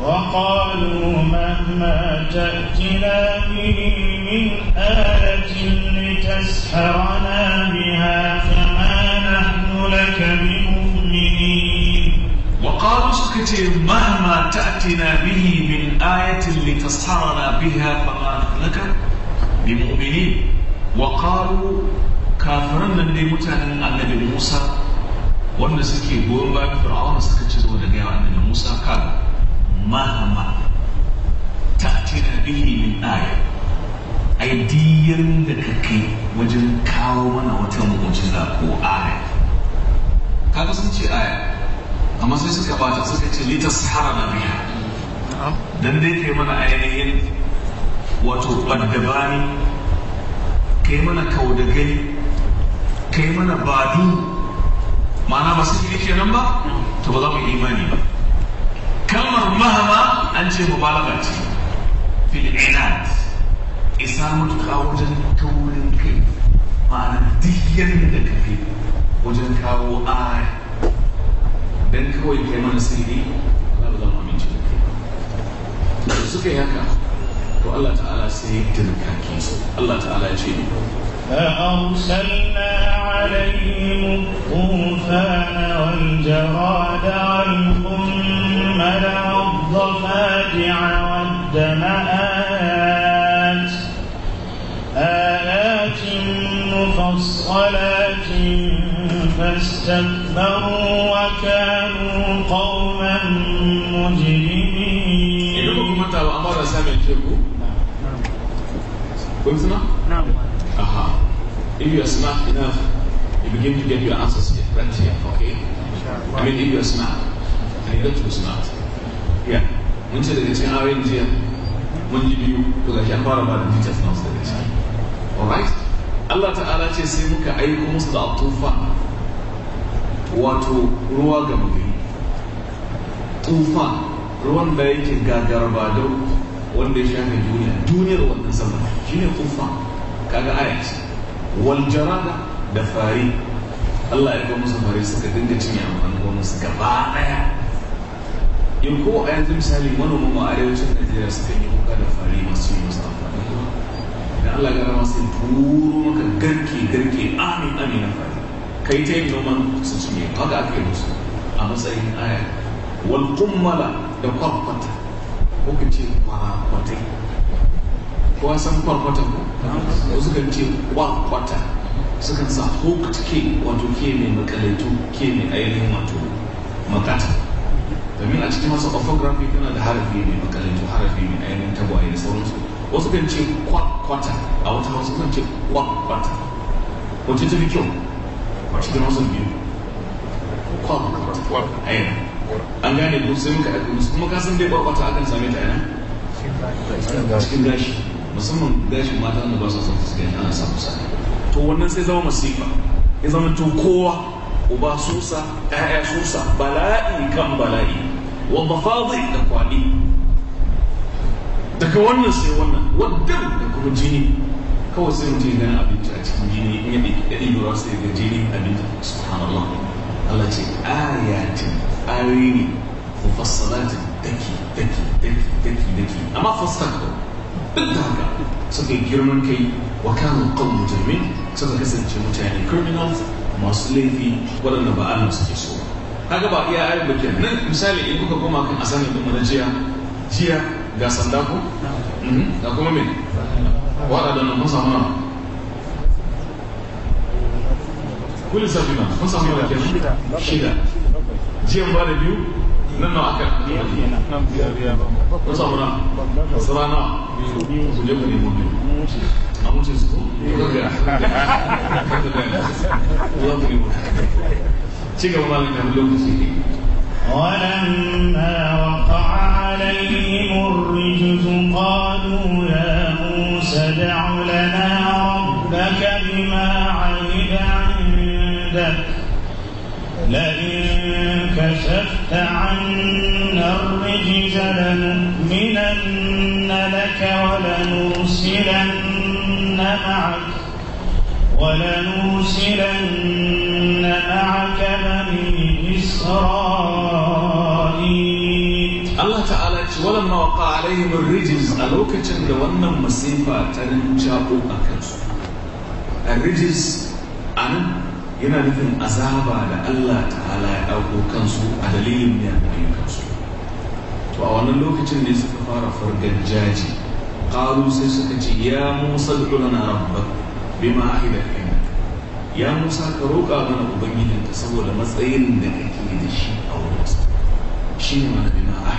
Speaker 1: وقالوا مهما تأتنا به من آية لتسحرنا بها فما نحن لك بمؤمنين وقالوا سكتي مهما
Speaker 3: تأتنا به من آية لتسحرنا بها فما نحن لك بمؤمنين وقالوا كافرنا اللي متعلن النبي موسى wanda suke goyon bayan fir'auna suka ci zo da gaya annabi mahama ta'tina bihi min aya ai da ka kai wajen kawo mana wata mu'jiza ko aya kaga sun ce aya amma sai suka bata suka ce litashara na biha dan kai mana ainihin wato ɓaddabani kai mana kaudagai kai mana badu ma'ana ba su kenan ba to ba za mu imani ba كما مهما أنت مبالغة في الإعلان إسامة كاوجن كولن كي ما أنا ديان لك في وجن كاو آي بن كوي كمان سيدي لا بد ما من جل كي سوف يهكا الله تعالى سيدنا
Speaker 1: كيس الله تعالى جيب فأرسلنا عليهم الطوفان والجراد عنهم والقمل والضفادع والدم آيات آيات مفصلات فاستكبروا وكانوا قوما مجرمين. إنكم متى وأمر سامي الجبو؟ نعم. نعم.
Speaker 3: Aha. If you are smart enough, you begin to get your answers here, right here, okay? I mean, if you are smart. lailatu sana'at
Speaker 1: ya mun ce daga cikin ayoyin
Speaker 3: jiya mun ji biyu to gashi an fara bada da details na daga ciki alright Allah ta'ala ce sai muka aiko musu da tufa wato ruwa ga mutum tufa ruwan da yake gagarba da wanda ya shafe duniya duniyar wannan sama shine tufa kaga ayat wal jarada da fari Allah ya ga musu fari suka dinga cinye amfanin gonan su gaba daya ko a yanzu misali manoma mu arewacin najeriya suka yi kuka da fari masu yi masu amfani idan allah ya masu sai turo maka garke garke amin amin na fari kai ta yi noman su cinye haka aka yi musu a matsayin aya wal kummala da kwarkwata ko ka ce ko kowa san kwarkwata ko ko suka ce kwarkwata sukan sa hooked ke wato ke mai makalaitu ke mai ainihin wato makata domin a cikin masu orthography tana da harafi mai makalinto harafi mai tabo a da sauransu wasu kan ce kwakwata a wata wasu kan ce kwakwata wacce ta fi kyau a cikin wasu biyu kwakwata yana an gane ko sai muka ɗaga musu kuma kasan dai kwakwata akan same ta
Speaker 1: yana
Speaker 3: cikin gashi musamman gashin mata wanda ba su son su gani ana samu sa to wannan sai zama masifa ya zama to kowa uba susa ɗaya susa bala'i kan bala'i wa mafadi da kwali daga wannan sai wannan wadda da kuma jini kawai sai mutum ya abinci a cikin jini in ya ɗaiɗi ruwa sai ga jini abinci ba Allah ce ayatin ayoyi fassalatin daki daki daki daki daki amma ko duk da haka suka yi girman kai wa kan qawmu jami'in suka kasance mutane criminals masu laifi waɗanda ba suke so ba kaga ba iya ayin bakin nan misali in kuka koma kan asanin din na jiya jiya ga sanda ko mhm. ga kuma me wada da nan mun samu nan kullu sabina mun samu nan shida shida jiyan ba da biyu nan na aka mun samu nan asara na ku je biyu
Speaker 1: a mutum su ko ya ku nemo سيقى والله لنا سيدي ولما وقع عليهم الرجز قالوا يا موسى دع لنا ربك بما عهد عندك لئن كشفت عنا الرجز لنؤمنن لك ولنرسلن معك ولنرسلن Allah Ta'ala ci wannan
Speaker 3: mawaƙa alayhim rijis a lokacin da wannan masifa ta rinjabo a kansu. A rijis a nan yana nufin azaba da Allah Ta'ala ya ɗauko kansu a dalilin ya nufin kansu. To a wannan lokacin ne suka fara fargar jaji, ƙaru sai suka ce ya musa da ɗulana rabba bi ma'ahidar kai. ya musa ka roƙa mana ubangijinka saboda matsayin da kake da shi a wurinsa shi ne mana bima a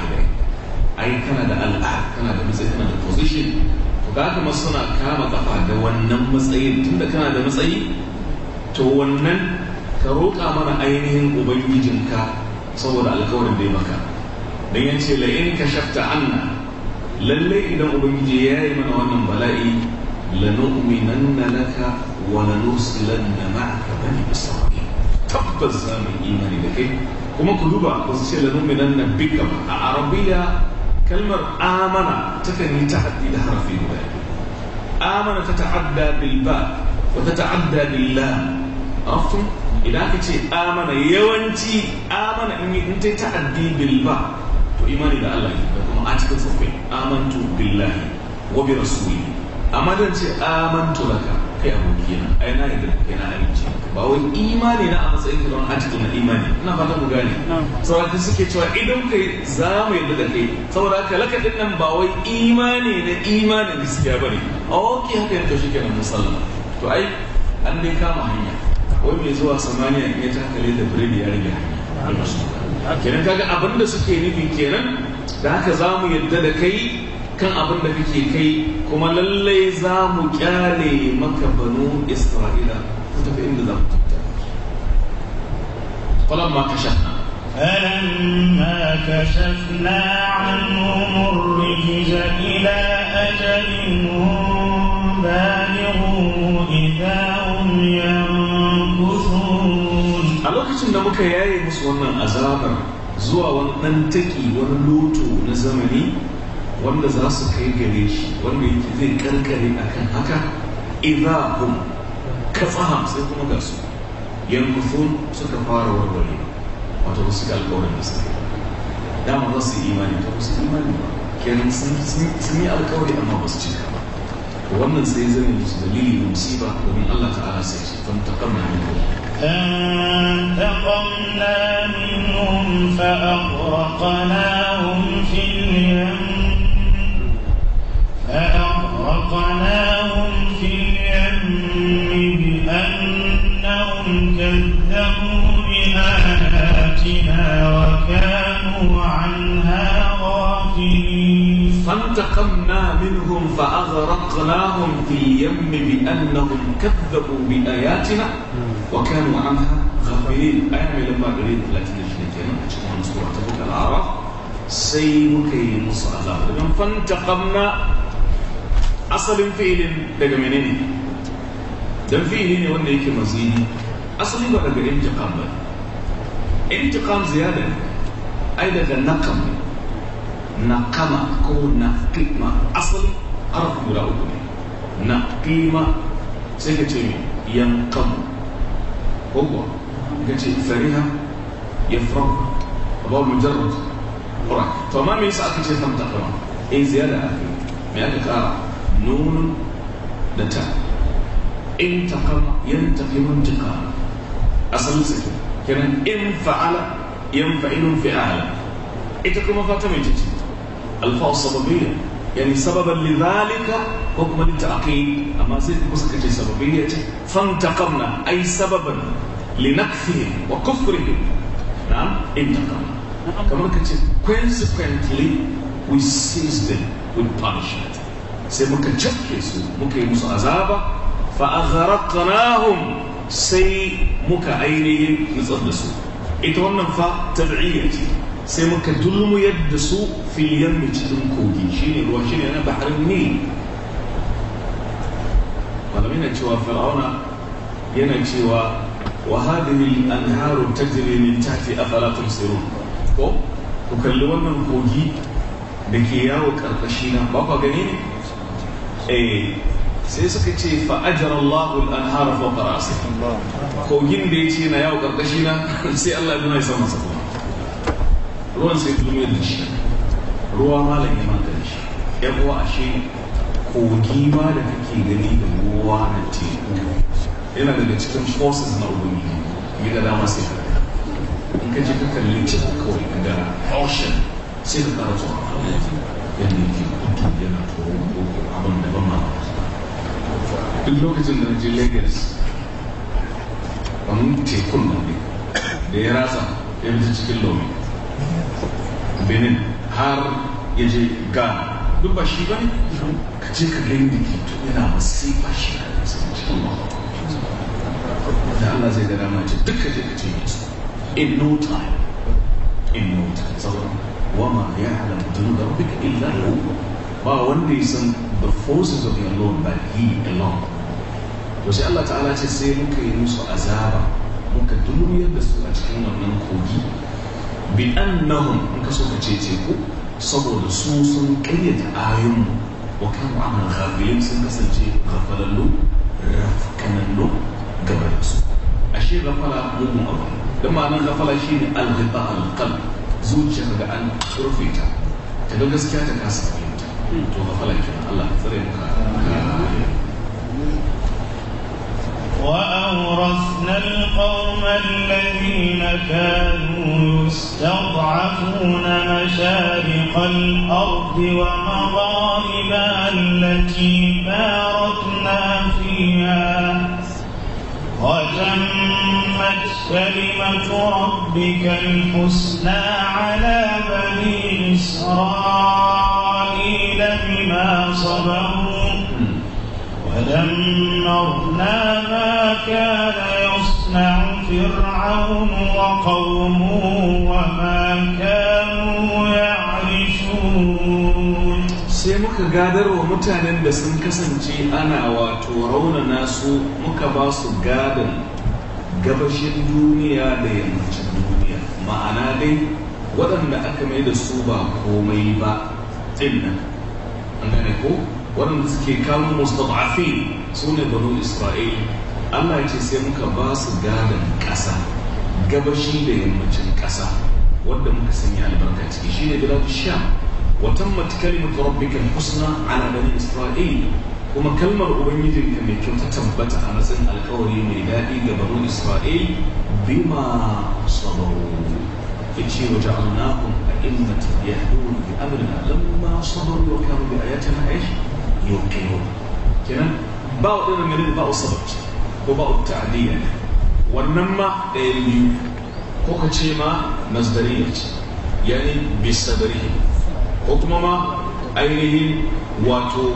Speaker 3: ai kana da al'a kana da matsayi kana da position to ka kuma suna kama kafa da wannan matsayin tunda kana da matsayi to wannan ka roƙa mana ainihin ubangijinka saboda alkawarin da ya maka dan ya ce la'in ka shafta anna lallai idan ubangiji ya yi mana wannan bala'i lanu'minanna laka ولنرسلن معك بني إسرائيل tabbas za mu imani da kai kuma ku duba ba su ce lanuminan na bika a arabiya kalmar amana ta kan yi ta'addi da harafi guda amana ta ta'adda Bilba, ba wa ta ta'adda bil lam afun idan aka ce amana yawanci amana in yi ta ta'addi bil ba to imani da Allah da kuma articles of faith amantu billahi wa bi rasuli amma dan ce amantu laka kai aboki na ai na yadda kai na amince ba wani imani na a matsayin ka don attitude na imani ina fata mu gane sauraki suke cewa idan kai za mu yadda da kai saboda haka laka din nan ba wai imani na imanin gaskiya bane okay haka yanzu shi kenan musallama to ai an dai kama hanya wai mai zuwa samaniya in ya takale da biredi ya rage hanya kenan kaga abinda suke nufi kenan da haka za mu yadda da kai kan abin da kake kai kuma lallai za mu kyale maka banu isra'ila ku tafi inda za ku tafi
Speaker 1: kwalan ma kashe فلما كشفنا عنهم الرجز إلى أجل هم بالغوه إذا هم ينكثون
Speaker 3: a lokacin da muka yaye musu wannan azabar zuwa wani ɗan taki wani loto na zamani wanda za su kai gare shi wanda yake zai karkare akan haka idza hum ka faham sai kuma ga su yankufun suka fara warware wato ba su ga alƙawarin da suka yi dama za su yi imani to wasu su imani ba kenan sun yi alƙawari amma ba su cika ba wannan sai zai musu dalili da musiba domin Allah ta'ala sai ce fan taqamna minhum
Speaker 1: فانتقمنا منهم فأغرقناهم في اليم وأغرقناهم في اليم بأنهم كذبوا بآياتنا وكانوا عنها غافلين فانتقمنا منهم فأغرقناهم في
Speaker 3: اليم بأنهم كذبوا بآياتنا وكانوا عنها غافلين آية من لما قريب لكن الشيطان تكون سورة الأعراف سيمكي مصالحة فانتقمنا asalin fi'ilin daga menene dan fi'ili ne wanda yake mazini asali ba daga intiqam ba intiqam ziyada ai daga naqam naqama ko naqima asali harf guda uku ne naqima sai ka ce yanqam ko kuwa ka ce fariha farko abu mujarrad to amma me yasa aka ce fanta kama in eh, ziyada aka me aka kara نون لتا انتقم ينتقم انتقام أصل سكن كان إن فعل ينفعل فعالا إتكم فاتمة الفاء السببية يعني سببا لذلك حكم التعقيد أما سيد مسكت سببية فانتقمنا أي سببا لنكفه وكفره نعم انتقمنا نعم. كما كتب consequently we seize them with punishment sai muka cafke su muka yi musu azaba fa'agharaqnahum sai muka ainihin nutsar da su ita wannan fa tab'iyya ce sai muka dulmu yadda su fil yammi cikin kogi shine ruwa shine na bahar ne. malamai na cewa fir'auna yana cewa wa hadhihi al-anharu tajri min tahti afala tumsirun ko ku kalli wannan kogi da ke yawo karkashi na ba gani ne eh sai suka ce fa ajara Allahu al-anhara kogin da ce na yawo karkashi na sai Allah ya nuna sama sama ruwan sai duniya da shi ruwa malam ya manta da shi ya kuwa ashe kogi ma da kake gani da ruwa na teku yana daga cikin forces na ubangiji mai da dama sai ka in ka je ka kalli teku kawai da ocean sai ka kara tsoron yadda yake yana tsoron boko abin da ban mamaki duk lokacin da na je lagos wani tekun nan ne da ya rasa ya bi cikin lomi benin har ya je ghana duk ba shi ba ne ka ce ka gani da ke tun yana ba shi na cikin mamaki da Allah zai gada mace duk ka je ka ce musu in no time in no time sauran wama ya halar dunar rabbika illa hu ba wanda ya san the forces of your Lord but he alone to sai Allah ta'ala ce sai muka yi musu azaba muka dunuyar da su a cikin wannan kogi bi annahum in ka so ka ce ku saboda su sun kayyata mu wa kan amal ghafilin sun kasance ghafalallu rafkanallu da su ashe ghafala mun abu da ma'anar ghafala shine al-ghifa al-qalb zuciya ga an rufe ta ta ga gaskiya ta kasa
Speaker 1: وأورثنا القوم الذين كانوا يستضعفون مشارق الأرض ومغاربها التي باركنا فيها وتمت كلمة ربك الحسنى على بني إسرائيل بما صبروا ودمرنا ما كان يصنع فرعون وقومه وما كانوا يعرشون
Speaker 3: sai muka gadar wa mutanen da sun kasance ana wato raunana su muka ba su gadon gabashin duniya da yammacin duniya ma'ana dai waɗanda aka mai da su ba komai ba ɗin nan ko wannan suke kamun mustafafi su ne banu isra'ila allah ce sai muka basu gadon ƙasa gabashi da yammacin ƙasa wanda muka sanya albarka ciki shi ne bilatu sha watan matakali mutu rabbikan husna ala bani isra'ila kuma kalmar ubangijinka mai kyau ta tabbata a matsayin alkawari mai daɗi ga banu isra'ila bima sabaru ya ce wa ja'alnakum الأئمة يهدون بأمرنا لما صبروا وكانوا بآياتنا إيش؟ يوقنون كمان باو إلى من باو الصبر وباو التعدية والنما اللي هو كتيما مصدرية يعني بصبرهم حكم ما أيهم واتو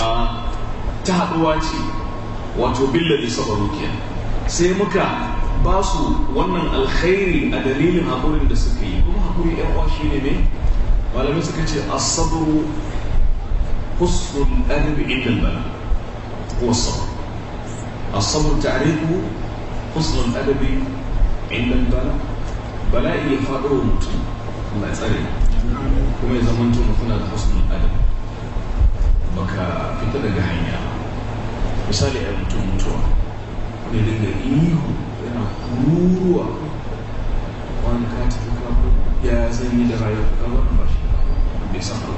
Speaker 3: آه تهدواتي واتو بالذي صبروا كيان سيمكا ba su wannan alkhairi a dalilin haƙurin da suka yi hakuri yan uwa shine ne malamai suka ce as-sabru husnul adab inda al-bala sabr as-sabr ta'rifu husnul adab inda al-bala bala'i ya fado mutum Allah ya tsare kuma ya zama mutum kuna da husnul adab baka fita daga hanya misali a mutum mutuwa ne daga ihu yana wani ya san yi da rayuwar ka ba ba shi bai san ba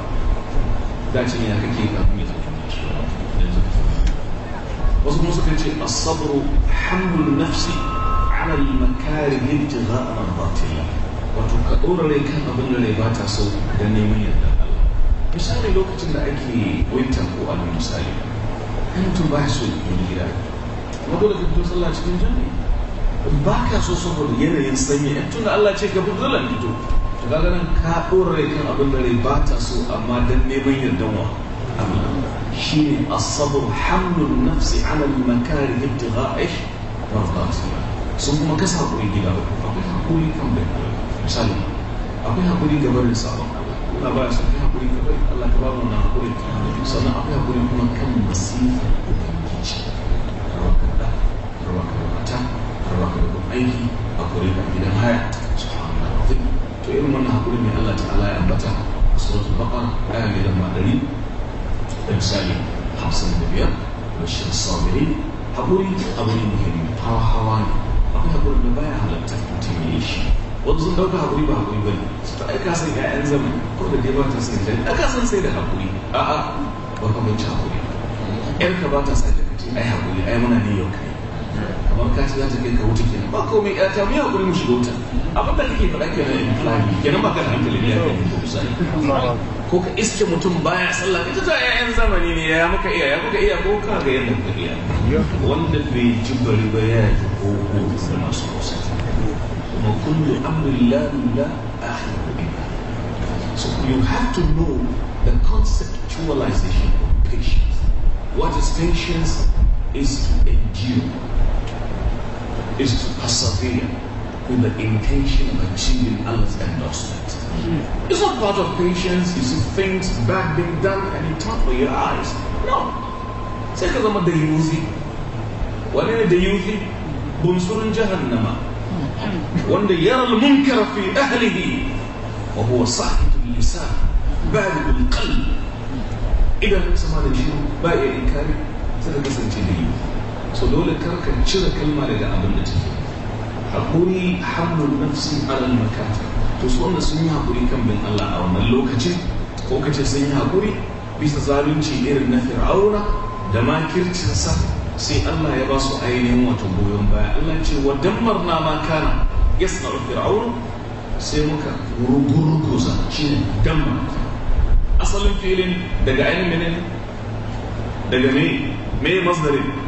Speaker 3: da ce ya kake ka mu ta wasu kuma suka ce as-sabru hamlun nafsi ala al-makarih ibtigha'a mardati wato ka dora rai kan abin da rai ba ta so da neman yarda misali lokacin da ake winter ko alal misali antum ba su gida kuma dole ka fito sallah cikin jami'i ba ka so saboda yanayin sanyi in tuna Allah ce ka fito dole fito to kaga nan ka dora rai kan abin da rai ba ta so amma dan neman yardan wa shi ne as-sabr hamlun nafsi ala al ba su mardatiha sun kuma kasa hakuri gida ba akwai hakuri kan bai misali akwai hakuri ga barin sabon Allah ba ya hakuri ga bai Allah ka ba mu na hakuri sannan akwai hakuri kuma kan masifa baka da aiki a kore ka gidan haya subhanallahi to irin wannan hakuri ne Allah ta'ala ya ambata a suratul aya ne lamba 100 da misali 55 bashir sabirin hakuri abu ne muhimmi hawa hawa baya halatta mutum ya yi shi wanda sun dauka hakuri ba hakuri su ta aika zama ko da dai ba ta sai aka san hakuri a'a ba ka ci hakuri ba ta sai da kace ai hakuri ai muna ne yau kai fly ya iya ya iya iya ya so you have to know the conceptualization of patience what is patience is to endure is to persevere with the intention of achieving Allah's endorsement. Mm. It's not part of patience, you see things bad being done and you turn for your eyes. No. Sai ka zama da yuzi. Wane ne da yuzi? Bunsurin jahannama. Mm-hmm. Wanda yara al-munkar fi ahlihi wa huwa sahibul lisan, balibul qalb. Mm-hmm. Idan sama da jiro ba ya inkari sai ka kasance da yuzi. so dole ka cire kalma daga abin da take haƙuri hannun nafsi alal makata to su wanda sun yi hakuri kan bin Allah a wannan lokacin ko kace sun yi hakuri bisa zalunci irin na fir'auna da makircinsa sai Allah ya ba su ainihin wato goyon baya Allah ce wa na, ma kana yasna'u fir'auna sai muka shi ne damma asalin filin daga ainihin daga mai mai masdarin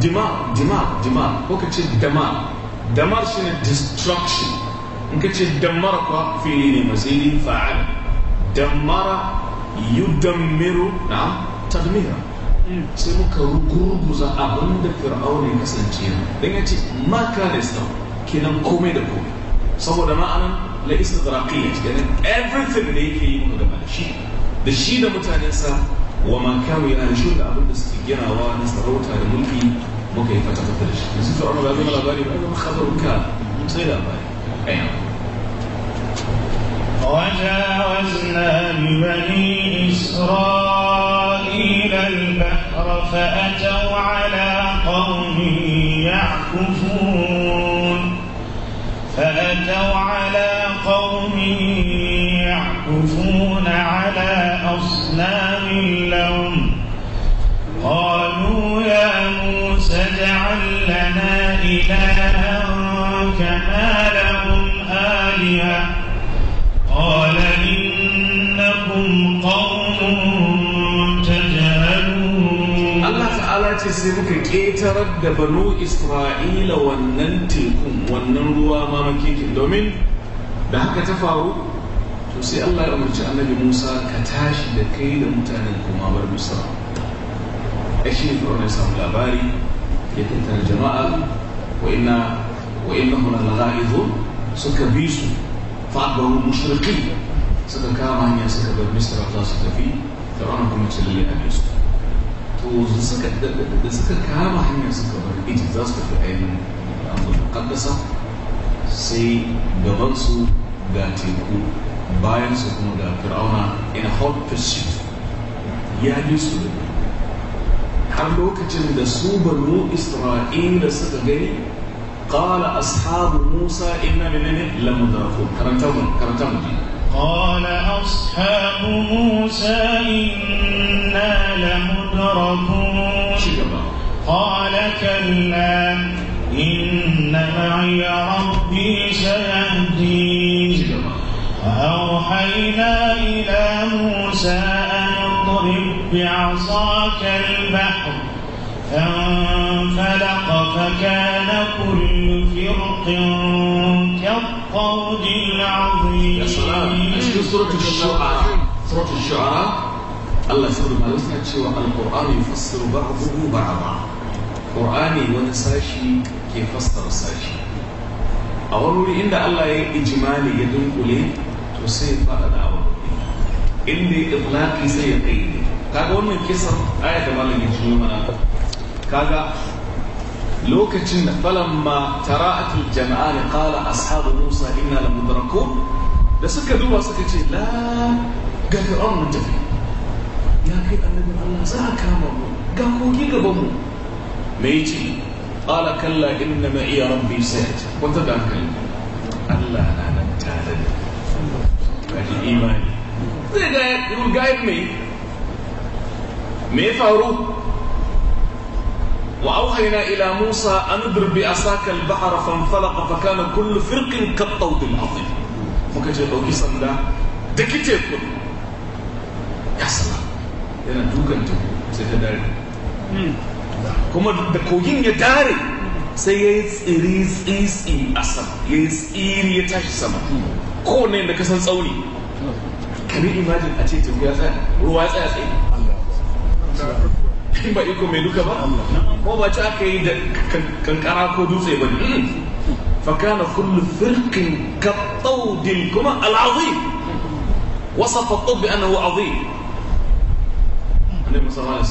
Speaker 3: dima dima dima ko ka ce dama damar shi ne destruction in ka ce damara kuwa fili ne masiri fa'al damara yudammiru na tadmira hmm. sai muka rugurguza abin da fir'auna ya kasance don ya ce maka da islam kenan komai da komai saboda ma'anan la istidraqiyya kenan everything da yake yi muka da shi da shi da وما كانوا ينشون لابد استجينا ونستروتا لمنكي مكي فتفترش نسيت عمر بابي ملاباري بأنه ما خبروا كا نسيت
Speaker 1: لاباري نعم. وجاوزنا ببني إسرائيل البحر فأتوا على قوم يعكفون فأتوا على واجعل لنا إلها كما لهم آلهة قال إنكم قوم تجهلون الله تعالى
Speaker 3: تسيبك كيتر بنو إسرائيل وننتكم وننروا مامكيكم دومين da haka ta faru to sai Allah ya umarci annabi Musa ka tashi da kai da mutanen kuma bar Misra. Ashe ne samu labari يتنتهي jama'a وإن وإنهم للغائظ suka bi su suka bisu hanya suka bar misra za su tafi fir'auna kuma ce lalle a su suka da suka kama hanya suka bar egypt za su tafi ainihin abin kaddasa sai gaban su ga teku bayan su kuma da fir'auna in hot pursuit ya bi har lokacin da su banu isra'ila suka gani qala ashabu musa inna minna lamudrakun karanta mu karanta mu
Speaker 1: قال أصحاب موسى إنا لمدركون قال كلا إن معي ربي سيهدين فأوحينا إلى موسى أن اضرب بعصاك البحر فانفلق فكان كل فرق كالطود العظيم يا سلام أشكي سورة الشعراء سورة الشعراء
Speaker 3: الله يسلم ما تشوى القرآن يفسر بعضه بعضا قرآني ونساشي كيف فسر ساشي أولي إن الله إجمالي يدنقلي تسيب بعد أولي إني إطلاقي سيقيني kaga wannan kisan ayat da malamin shi mana kaga lokacin da falamma tara'atul jama'an qala ashabu musa inna lamudrakun da suka duba suka ce la ga fir'aun mun tafi ya kai annabin Allah za kama mu ga kogi gaban mu me yace qala kalla inna ma'iya rabbi sayati wata da hankali Allah na nan tare da kaji imani zai ga ya guide me me faru وأوحينا إلى موسى أن اضرب بعصاك البحر فانفلق فكان كل فرق كالطود العظيم muka ce ɗauki sanda da kite ku ya sama yana dukan teku sai ta dare kuma da kogin ya dare sai ya yi tsiri tsitsi a sama ya yi tsiri ya tashi sama kowane da kasan tsauni kari imajin a ce teku ya tsaya ruwa ya tsaya tsaye فكان كل فرق كالطود الكما العظيم وصف الطب بانه عظيم عندما صلى الله عليه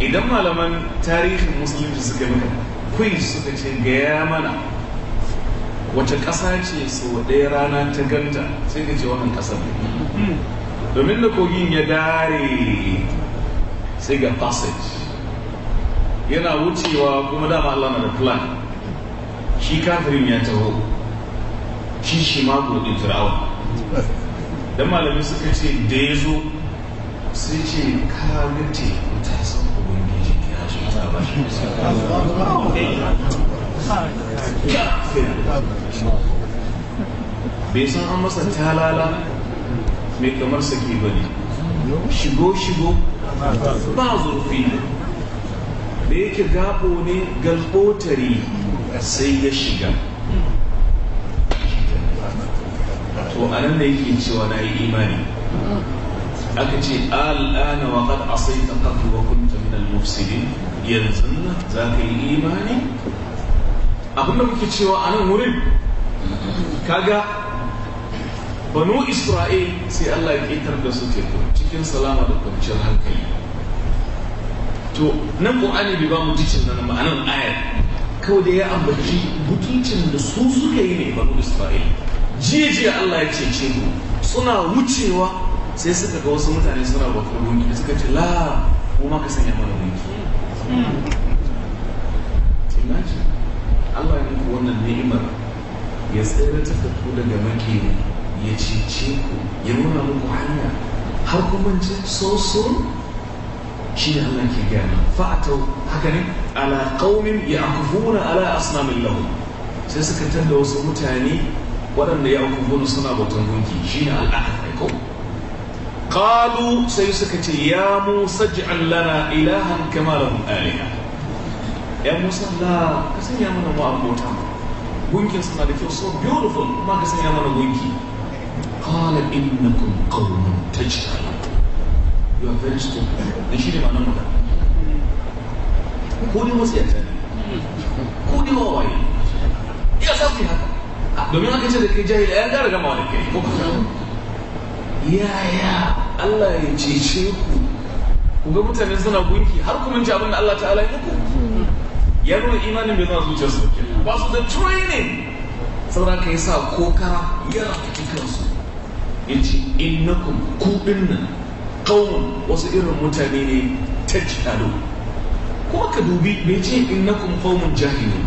Speaker 3: اذا ما لمن تاريخ المسلمين سكا مكا كويس سكا شيء غير مانا وتكاسا شيء سوى ديرانا تكنتا سكا شيء وكان domin da kogin ya dare sai ga passage yana wucewa kuma dama Allah na da plan shi kafirin ya taho shi shi ma godin turawa don malami suka ce da ya zo sai ce ka ta san ubangiji ya shi ta ba shi bai san an masa talala mai kamar saki ba ne shigo shigo ba zurfi da yake gabo ne galbotari sai ya shiga to a nan da yake cewa na yi imani aka ce al'ana wa qad asaita qabl wa kunta min al-mufsidin yanzu za ka yi imani abinda muke cewa a nan wurin kaga banu isra'il sai allah ya ƙetar da su teku cikin salama da kwanciyar hankali to nan ƙu'ani bai ba mu ticin nan ma'anar ayar kawai da ya ambaci butuncin da su suka yi ne banu isra'il jiya jiya allah ya cece mu suna wucewa sai suka ga wasu mutane suna bakar gunki suka ce la ko ma ka sanya mana gunki imagine allah ya wannan ni'imar ya tsere ta fito daga makiyi ya cece ku ya nuna muku hanya har kuma ce so soon shi ne Allah ke gaya nan fa'atau haka ne ala qaumin ya'kufuna ala asnamin lahum sai suka tada wasu mutane waɗanda ya ya'kufuna suna bautan gunki shi ne mai ko qalu sai suka ce ya Musa ij'al lana ilahan kama lahum aliha ya Musa la ka sanya mana mu abota gunkin suna da kyau so beautiful kuma ka sanya mana gunki قال إنكم قوم تجهلون you are very stupid da shi ne ma nan magana ko dai wasu yanta ko dai wawaye ya sa ku haka domin haka ce da kai jahili ya gara gama da kai ko ya Allah ya cece ku ku ga mutane suna gunki har ku mince abin da Allah ta'ala ya ku ya nuna imanin bai zuwa zuciyarsu ba su da training saboda ka yi sa kokara yana ya ce innakum kuɗin nan kawun wasu irin mutane ne ta jihado kuma ka dubi bai ce innakum kawun jahili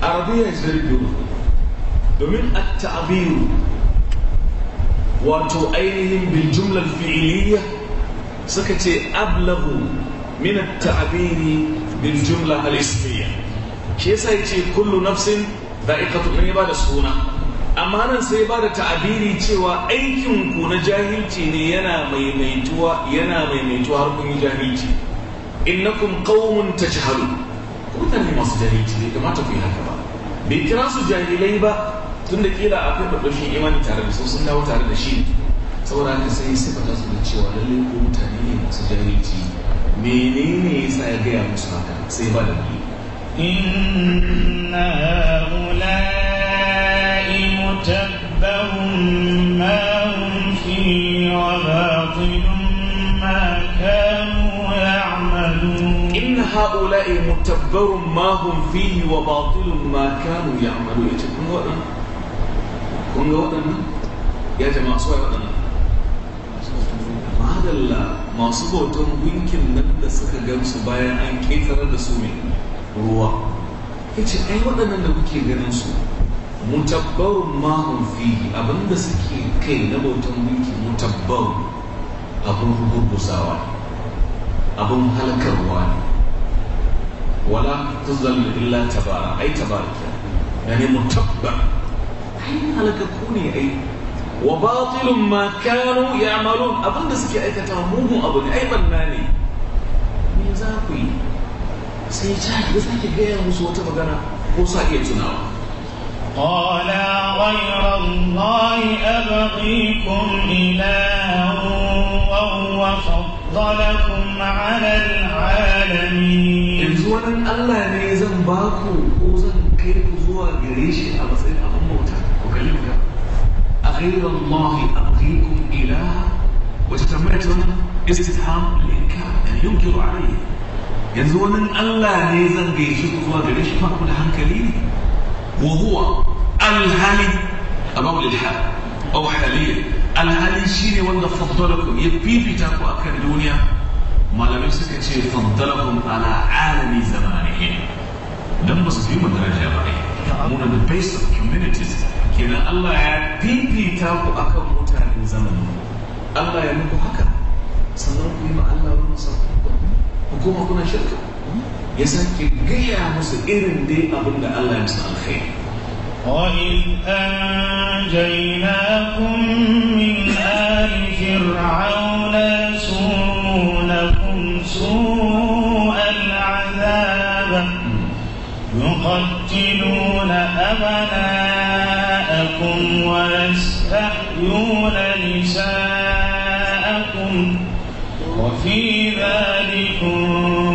Speaker 3: ba arabiya is very beautiful domin a ta'abiru wato ainihin bil jumlar fi'iliya suka ce ablahu min at-ta'biri bil jumla al-ismiyya shi yasa yace kullu nafsin da'iqatu ne ba da suna amma nan sai ba da ta'abiri cewa aikin ku na jahilci ne yana maimaituwa yana maimaituwa har kun yi jahilci innakum qaumun tajhalu ku mutane masu jahilci ne kamata ku yi haka ba bai kira su jahilai ba tun da kila akwai babban imani tare da su sun dawo tare da shi saboda haka sai sifata su da cewa lallai ko mutane ne masu jahilci menene ya ya gaya musu haka sai ba da ni
Speaker 1: inna haula'i متبر ما هم فيه وباطل ما كانوا يعملون إن هؤلاء متبر ما هم فيه وباطل
Speaker 3: ما كانوا يعملون يتكون وأنا كون وأنا يا جماعة سوى وأنا هذا masu bautan gunkin nan da suka gamsu bayan an ketare da su mai ruwa ya ce ai mutabbarun ma'un fihi abinda suke kai na bautan gunki mutabbarun abin rugurgusawa abin halkarwa ne wala tuzal illa tabara ai tabara ke yani mutabbar ai halakakku ne ai wa batilun ma kanu ya'malun abinda suke aikata mugun abu ne ai banna ne
Speaker 1: me za ku yi sai ya ci ga sake gaya musu wata magana ko sa iya tunawa قال غير الله أبغيكم إِلَٰهًا وهو فضلكم على العالمين.
Speaker 3: أغير الله أبغيكم إله وتتمتم استفهام الإنكار أن ينكر عليه. ينزل الله نيزن جيش زوا wuduwa alhali a maulil hal au haliya alhali shine wanda ya fifita ku akan duniya malamai suka ce faddalakum ala alami zamanihim dan ba su fi mu daraja ba amuna the base of communities kenan Allah ya fifita ku akan mutanen zamanin Allah ya muku haka sannan ku yi ma Allah wani sa ku kuna shirka ya sake gaya musu دي dai الله da Allah وإذ أنجيناكم من
Speaker 1: آل فرعون يسومونكم سوء العذاب يقتلون أبناءكم ويستحيون نساءكم وفي ذلكم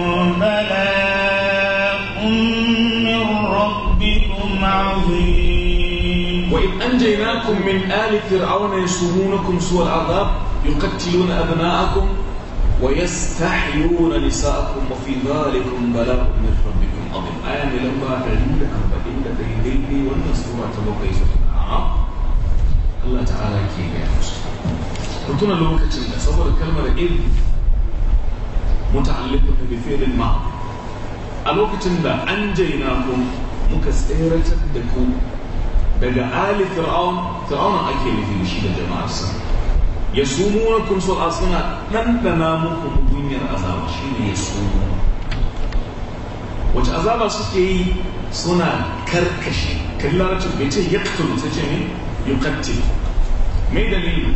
Speaker 1: أنجيناكم من آل فرعون
Speaker 3: يسومونكم سوء العذاب يقتلون أبناءكم ويستحيون نساءكم وفي ذلكم بلاء من ربكم عظيم آية لما تعلمون عن بديل دليل والنصورة تبقي Allah ta'ala ke gaya musu ku tuna lokacin da saboda kalmar il muta'alliqa bi fi'lin ma a lokacin da بقال فرعون فرعون أكيد في الشيء الجماعة يصومونكم سوء أصنع من تنامكم الدنيا أزاب شيء يصومون وتأزاب سكي صنع كركشي كلا رجل بيته يقتل تجمي يقتل ما دليل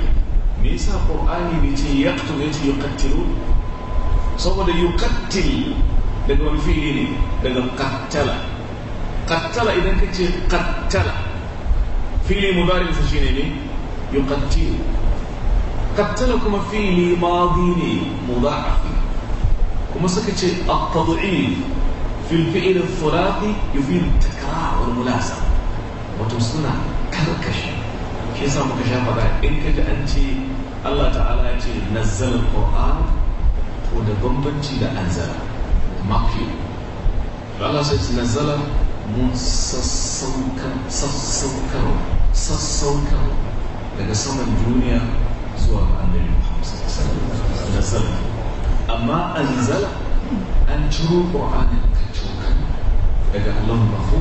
Speaker 3: ليس القرآن بيته يقتل يتي يقتلون صور يقتل لقد فيه لقد قتل قتل إذا كنت قتل فعل مضارع سجينيني يقتل قتلكم فعل ماضيني مضاعف كما سكت التضعيف في الفعل الثلاثي يفيد التكرار والملازمة وتوصلنا كركش كيسا مكشافة إنك أنت الله تعالى نزل القرآن وده بمبنتي لأنزل مكي فالله سيتنزله mun sassaukarwa daga saman duniya zuwa annabi da sallah amma anzala an ciro ƙwa'anin kacokan daga allon bahu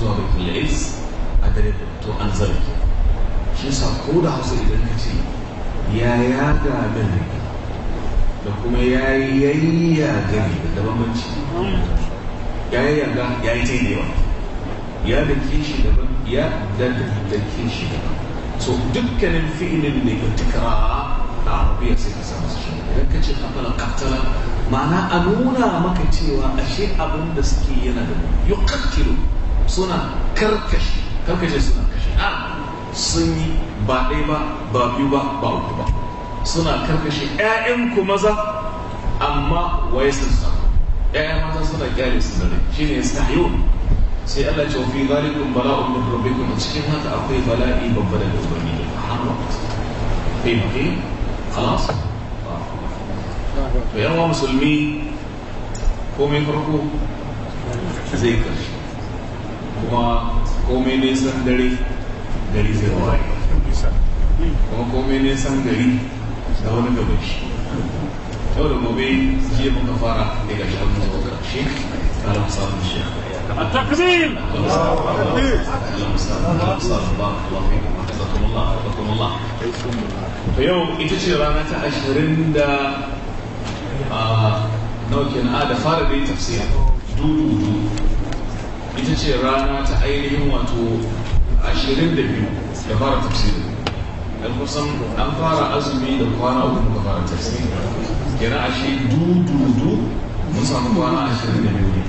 Speaker 3: zuwa baitul iz a dare da to an ke shi sa ko da hausa idan ka ce ya yaga da da kuma ya yi gari da bambanci ya yi yayyaga ya yi ta ya da kishi daban ya da kishi daban so dukkanin fi'ilin da ya tukara a arabiya sai ka samu su idan ka ce kafala katala ma'ana a nuna maka cewa ashe abin da suke yana da yuqattilu suna karkashi karkashe suna kashe a sun yi ba ɗaya ba ba biyu ba ba uku ba suna karkashe ku maza amma waye sun sa ƴaƴan mata suna kyale su da rai suka yastahiyun sai Allah ce fi zalikum bala'un min rabbikum cikin haka akwai bala'i babba daga ubangiji muhammad kai muke خلاص to yan musulmi komai farko zai karshe kuma komai san dare gari zai waye kuma komai san gari da wani gaba shi yau da gobe jiya muka fara daga shafin zuwa karshe ta alamu samun shi
Speaker 1: التقبيل الله
Speaker 3: الله الله الله الله الله الله الله الله الله الله أنا أرى أزمي أنا أرى أزمي أنا أرى أزمي أنا أرى أزمي أنا أرى أزمي أنا أرى أزمي أنا أرى أزمي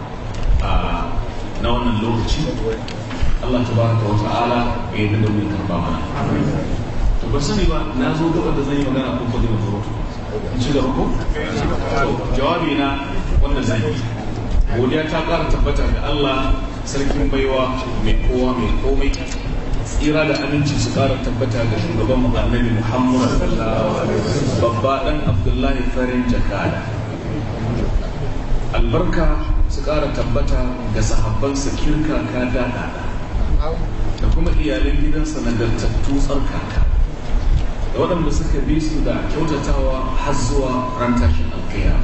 Speaker 3: na wannan lokaci Allah ta baraka wa ta'ala ya yi da mun karba mana to ba sani ba na zo gaba da zan yi magana ko ba zai mafi rotu in ci gaba ko jawabi na wannan zan yi godiya ta kara tabbata ga Allah sarkin baiwa mai kowa mai komai tsira da aminci su kara tabbata ga shugaban annabi Muhammad sallallahu alaihi wasallam babba dan Abdullahi farin jakada albarka su ƙara tabbata ga sahabbansa kirkaka daɗaɗa da kuma iyalan gidansa nagartattu tsarkaka da waɗanda suka bi su da kyautatawa har zuwa ran tashin alkaya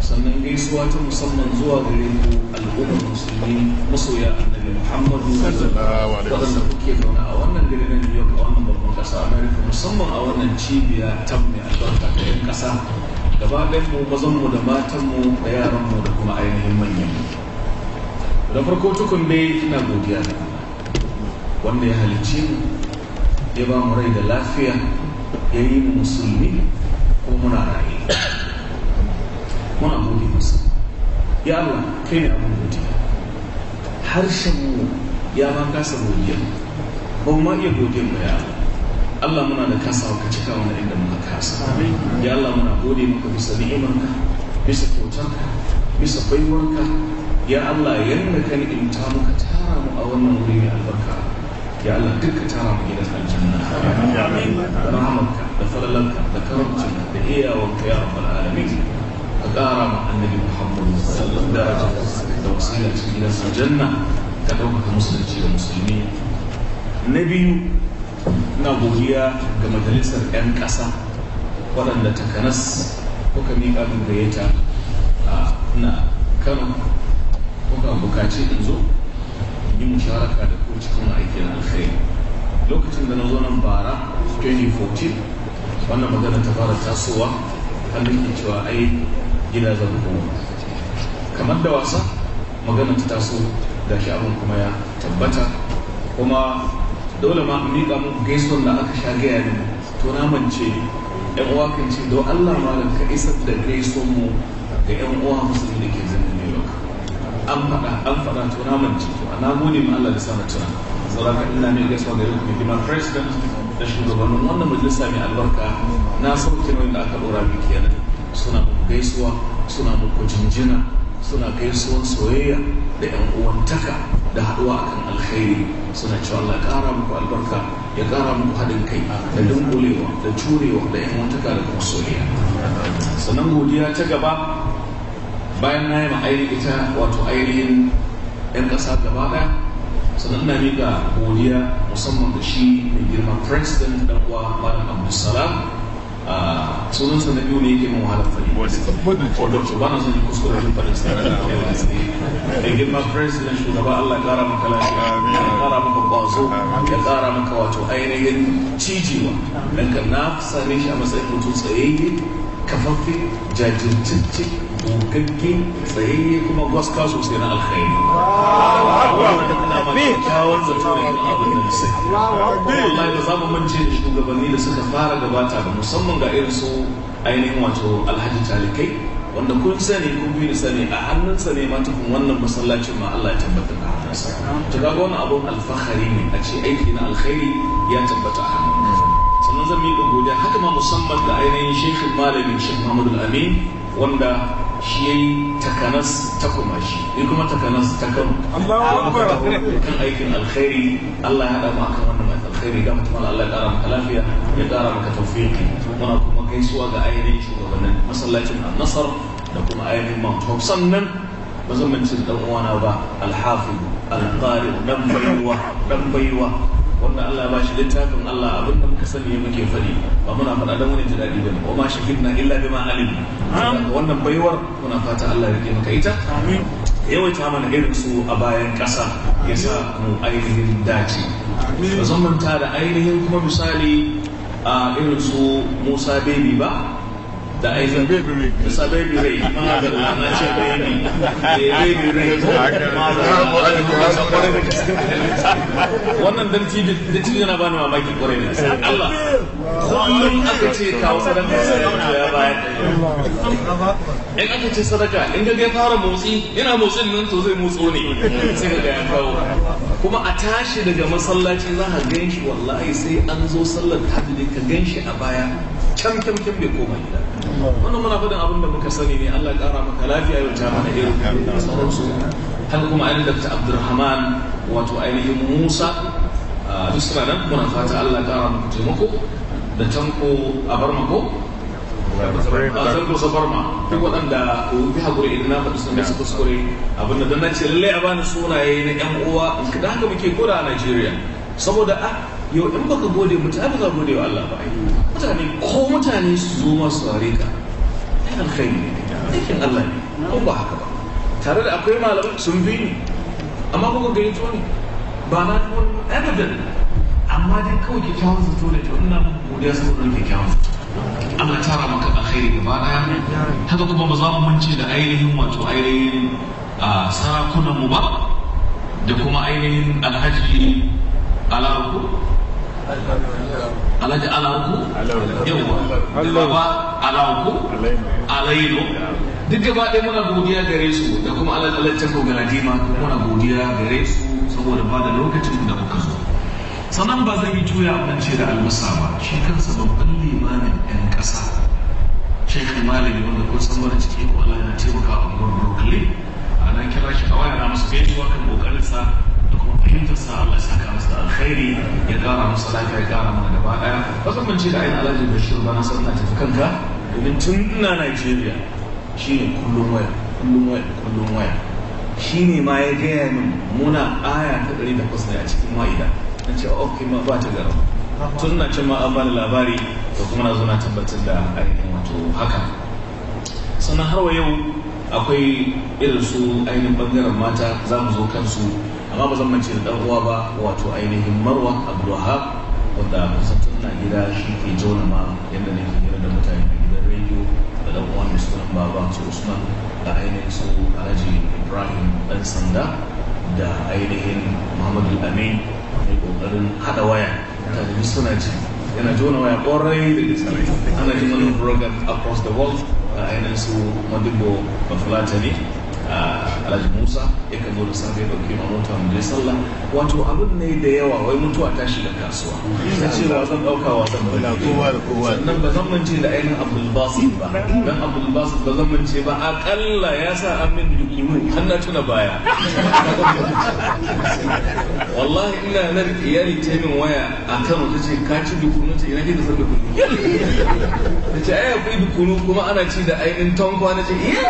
Speaker 3: sannan gaisuwa ta musamman zuwa gare ku al'ummar musulmi masoya annabi muhammadu waɗanda kuke zaune a wannan gari na new york a wannan babban ƙasa america musamman a wannan cibiya ta mai albarka ta 'yan ƙasa gaba ɗan mu mu da matan mu da yaran mu da kuma ainihin manyan da farko tukun dai ina godiya da wanda ya halicci mu ya ba mu rai da lafiya ya yi mu musulmi ko muna raye muna gode masa ya Allah kai ne abin godiya harshen mu ya ma kasa godiya ba mu ma iya godiya ba ya Allah Allah muna da kasa ka cika wani inda muka kasa ya Allah muna gode maka bisa ni'imarka bisa kyautarka bisa baiwarka ya Allah yadda ka ni'imta muka tara mu a wannan wuri mai albarka ya Allah ka tara mu gidan aljanna da rahamarka da falalanka da karamcinka da iyawanka ya rabbal alamin ka kara ma annabi Muhammad sallallahu alaihi wasallam da wasila cikin aljanna ka ɗaukaka musulunci da musulmi na biyu ina godiya ga majalisar 'yan ƙasa waɗanda takanas kuka miƙa min gayyata a na kano kuka bukaci in zo yi musharaka da ku cikin aikin na alkhairi lokacin da na zo nan bara 2014 wannan magana ta fara tasowa hannun ke cewa ai gida zan kuma kamar da wasa magana ta taso shi abin kuma ya tabbata kuma dole ma a miƙa muku gaisuwar da aka sha gaya ne to na mance yan uwa kan ce don Allah malam ka isar da gaisuwar mu ga yan uwa musulmi da ke zanen New York an faɗa an faɗa to na mance to ana gode ma Allah da sa mutuna saboda ina mai gaisuwa da yau kuma president da shugabannin wannan majalisa mai albarka na sauke nauyin da aka ɗora miki kenan suna gaisuwa suna muku jinjina suna gaisuwan soyayya da yan uwantaka da haɗuwa akan alkhairi suna cewa Allah ƙara muku albarka ya ƙara muku haɗin kai da dunkulewa da curewa da yan wantaka da kuma soyayya sannan godiya ta gaba bayan na yi ma'airi ita wato ainihin 'yan ƙasa gaba ɗaya sannan na miƙa godiya musamman da shi mai girma president ɗan uwa malam abdulsalam sunan sa na biyu ne yake mun wahalar fari wadda ba na son yi kuskure da farin sa da girma president shugaba Allah kara maka lafiya ya kara maka kwazo ya kara maka wato ainihin cijiwa dan ka na same shi a matsayin mutum tsayayye kafaffe jajirtacce tsukakke tsayayye kuma gwaska sosai na alkhairi kyakkyawan zato ne kan abin da sai wallahi da zamu mance da shugabanni da suka fara gabata da musamman ga irin su ainihin wato alhaji talikai wanda kun sani kun bi sani a hannunsa ne ma wannan masallacin ma Allah ya tabbata da hannunsa to kaga wannan abun alfahari ne a ce aiki na alkhairi ya tabbata a hannunsa sannan zan miƙa godiya haka ma musamman da ainihin shekin malamin shek Muhammadu amin wanda shi ya yi takanas ta kumashi ya kuma takanas ta kano kan aikin alkhairi Allah ya haɗa mu akan wannan mai alkhairi ga mutum Allah ya ƙara maka lafiya ya ƙara maka tawfiqi muna kuma gaisuwa ga ainihin shugabannin masallacin a nasar da kuma ainihin ma hope sannan ba zan mance da ɗan uwana ba alhafi alƙari ɗan baiwa ɗan baiwa wanda Allah ba shi littafin Allah abin da muka sani muke fadi ba muna faɗa da wani ji daɗi ba wa ma na illa bima alim wannan baiwar muna fata Allah ya kima kaita ita amin yawaita mana irin su a bayan ƙasa ya sa mu ainihin dace ba zan manta da ainihin kuma misali a irin su Musa Bebi ba da aizan sabai rai ma da ce bai ne rai bi rai ma da wannan dan da tibi yana bani mamaki kwarai da gaske Allah kullum aka ce kawo sadaka sadaka ya bayar in aka ce sadaka in ga ya fara motsi yana motsin nan to zai motso ne sai ga ya kawo kuma a tashi daga masallaci za ka gan shi wallahi sai an zo sallar tahajjud ka gan shi a baya can can can bai koma gida wannan muna faɗin abin da muka sani ne Allah ƙara maka lafiya yau ta mana irin sauransu haka kuma ainihin ta Abdurrahman wato ainihin Musa a suna nan muna fata Allah ƙara maka taimako da tanko a bar mako. barmako zan kusa ma duk waɗanda ku bi haƙuri idan na faɗi suna suka kuskure abin da don na ce lallai a bani sunaye na ƴan uwa da haka muke koda a Najeriya saboda a yau in baka gode mutane baka gode wa Allah ba mutane ko mutane su zo masu ware ka ɗan alkhairi ne aikin Allah ne ko ba haka ba tare da akwai malamai sun bi ni amma kuma gari to ne ba na ko evident amma dai kawai su to da kyau ina godiya saboda kyakkyawan ana tara maka alkhairi gaba daya haka kuma ba za mu mance da ainihin wato ainihin sarakunan mu ba da kuma ainihin alhaji alaku alhaji alaku yawa baba alaku alaino duk gaba ɗaya muna godiya gare su da kuma alalaccen kogaradi ma muna godiya gare su saboda ba da lokacin da muka zo sannan ba zan yi juya amince da almasa ba shi kansa babban limamin 'yan ƙasa shekhi malami wanda kun san mara ciki ko Allah yana taimaka a gurin rokale ana kira shi a waya na masu gaisuwa kan kokarinsa ta sa Allah ya saka masa alkhairi ya kara masa lafiya ya kara mana gaba daya ba zan mance da ainihin da shi ba na san na tafi kanka domin tun ina najeriya shine kullum waya kullum waya kullum waya shine ma ya gaya min muna aya ta ɗari da kusa a cikin ma'ida na ce ok ma ba ta garo tun na can ma an bani labari da kuma na zo na tabbatar da ainihin wato haka sannan har wa yau akwai irin su ainihin bangaren mata za mu zo kansu amma ba zan mace da dan uwa ba wato ainihin marwa abdulwahab wanda kusan na gida shi ke jona ma yadda ne ke hira da mutane a gidan rediyo da dan uwan da ba baba su usman da ainihin su alhaji ibrahim dan sanda da ainihin muhammadu amin mai kokarin hada waya da suna ji yana jona waya ƙwarai da gaske ana jin wani program across the world da ainihin su madibo bafulatani Ah, alhaji musa ya kan zo da safe ya dauke ma mota mu je sallah wato abin ne da yawa wai mutuwa ta shiga kasuwa ina cewa zan ɗauka wa zan bari kowa da kowa sannan ba zan mance da ainihin abdul basit ba don abdul basit ba zan mance ba aƙalla ya sa an min liman har na tuna baya wallahi ina nan iyali ta min waya a kano wata ce ka ci dukunu ta ina ke da san dukunu ta ce ai akwai dukunu kuma ana ci da ainihin tankwa na ce iya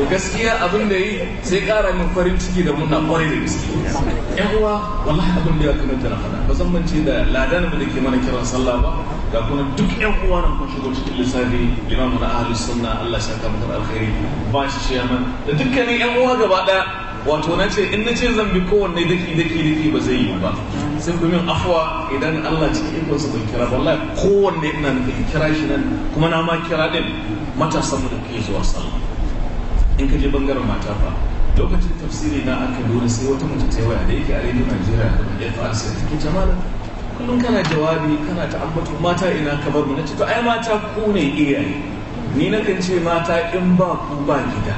Speaker 3: to gaskiya abin da yi sai kara min farin ciki da muna kwarai da gaske yan uwa wallahi abin da ya kuma na faɗa ba zan mance da ladan da ke mana kiran sallah ba ga kuma duk yan uwa nan kun shigo cikin lissafi limamu na ahli sunna Allah shaka maka alkhairi ba shi da dukkanin yan uwa gaba daya wato na ce in na ce zan bi kowanne daki daki daki ba zai yi ba sai ku min afuwa idan Allah cikin su ban kira wallahi kowanne ina nufin kira shi nan kuma na ma kira din matasan mu da ke zuwa sallah in ka je bangaren mata fa lokacin tafsiri na aka dole sai wata mace ta waya da yake a rediyo najeriya da mai fa'ar sai take jama'a kullum kana jawabi kana ta ambato mata ina ka bar mu nace to ai mata ku ne iyaye ni na kan ce mata in ba ku ba gida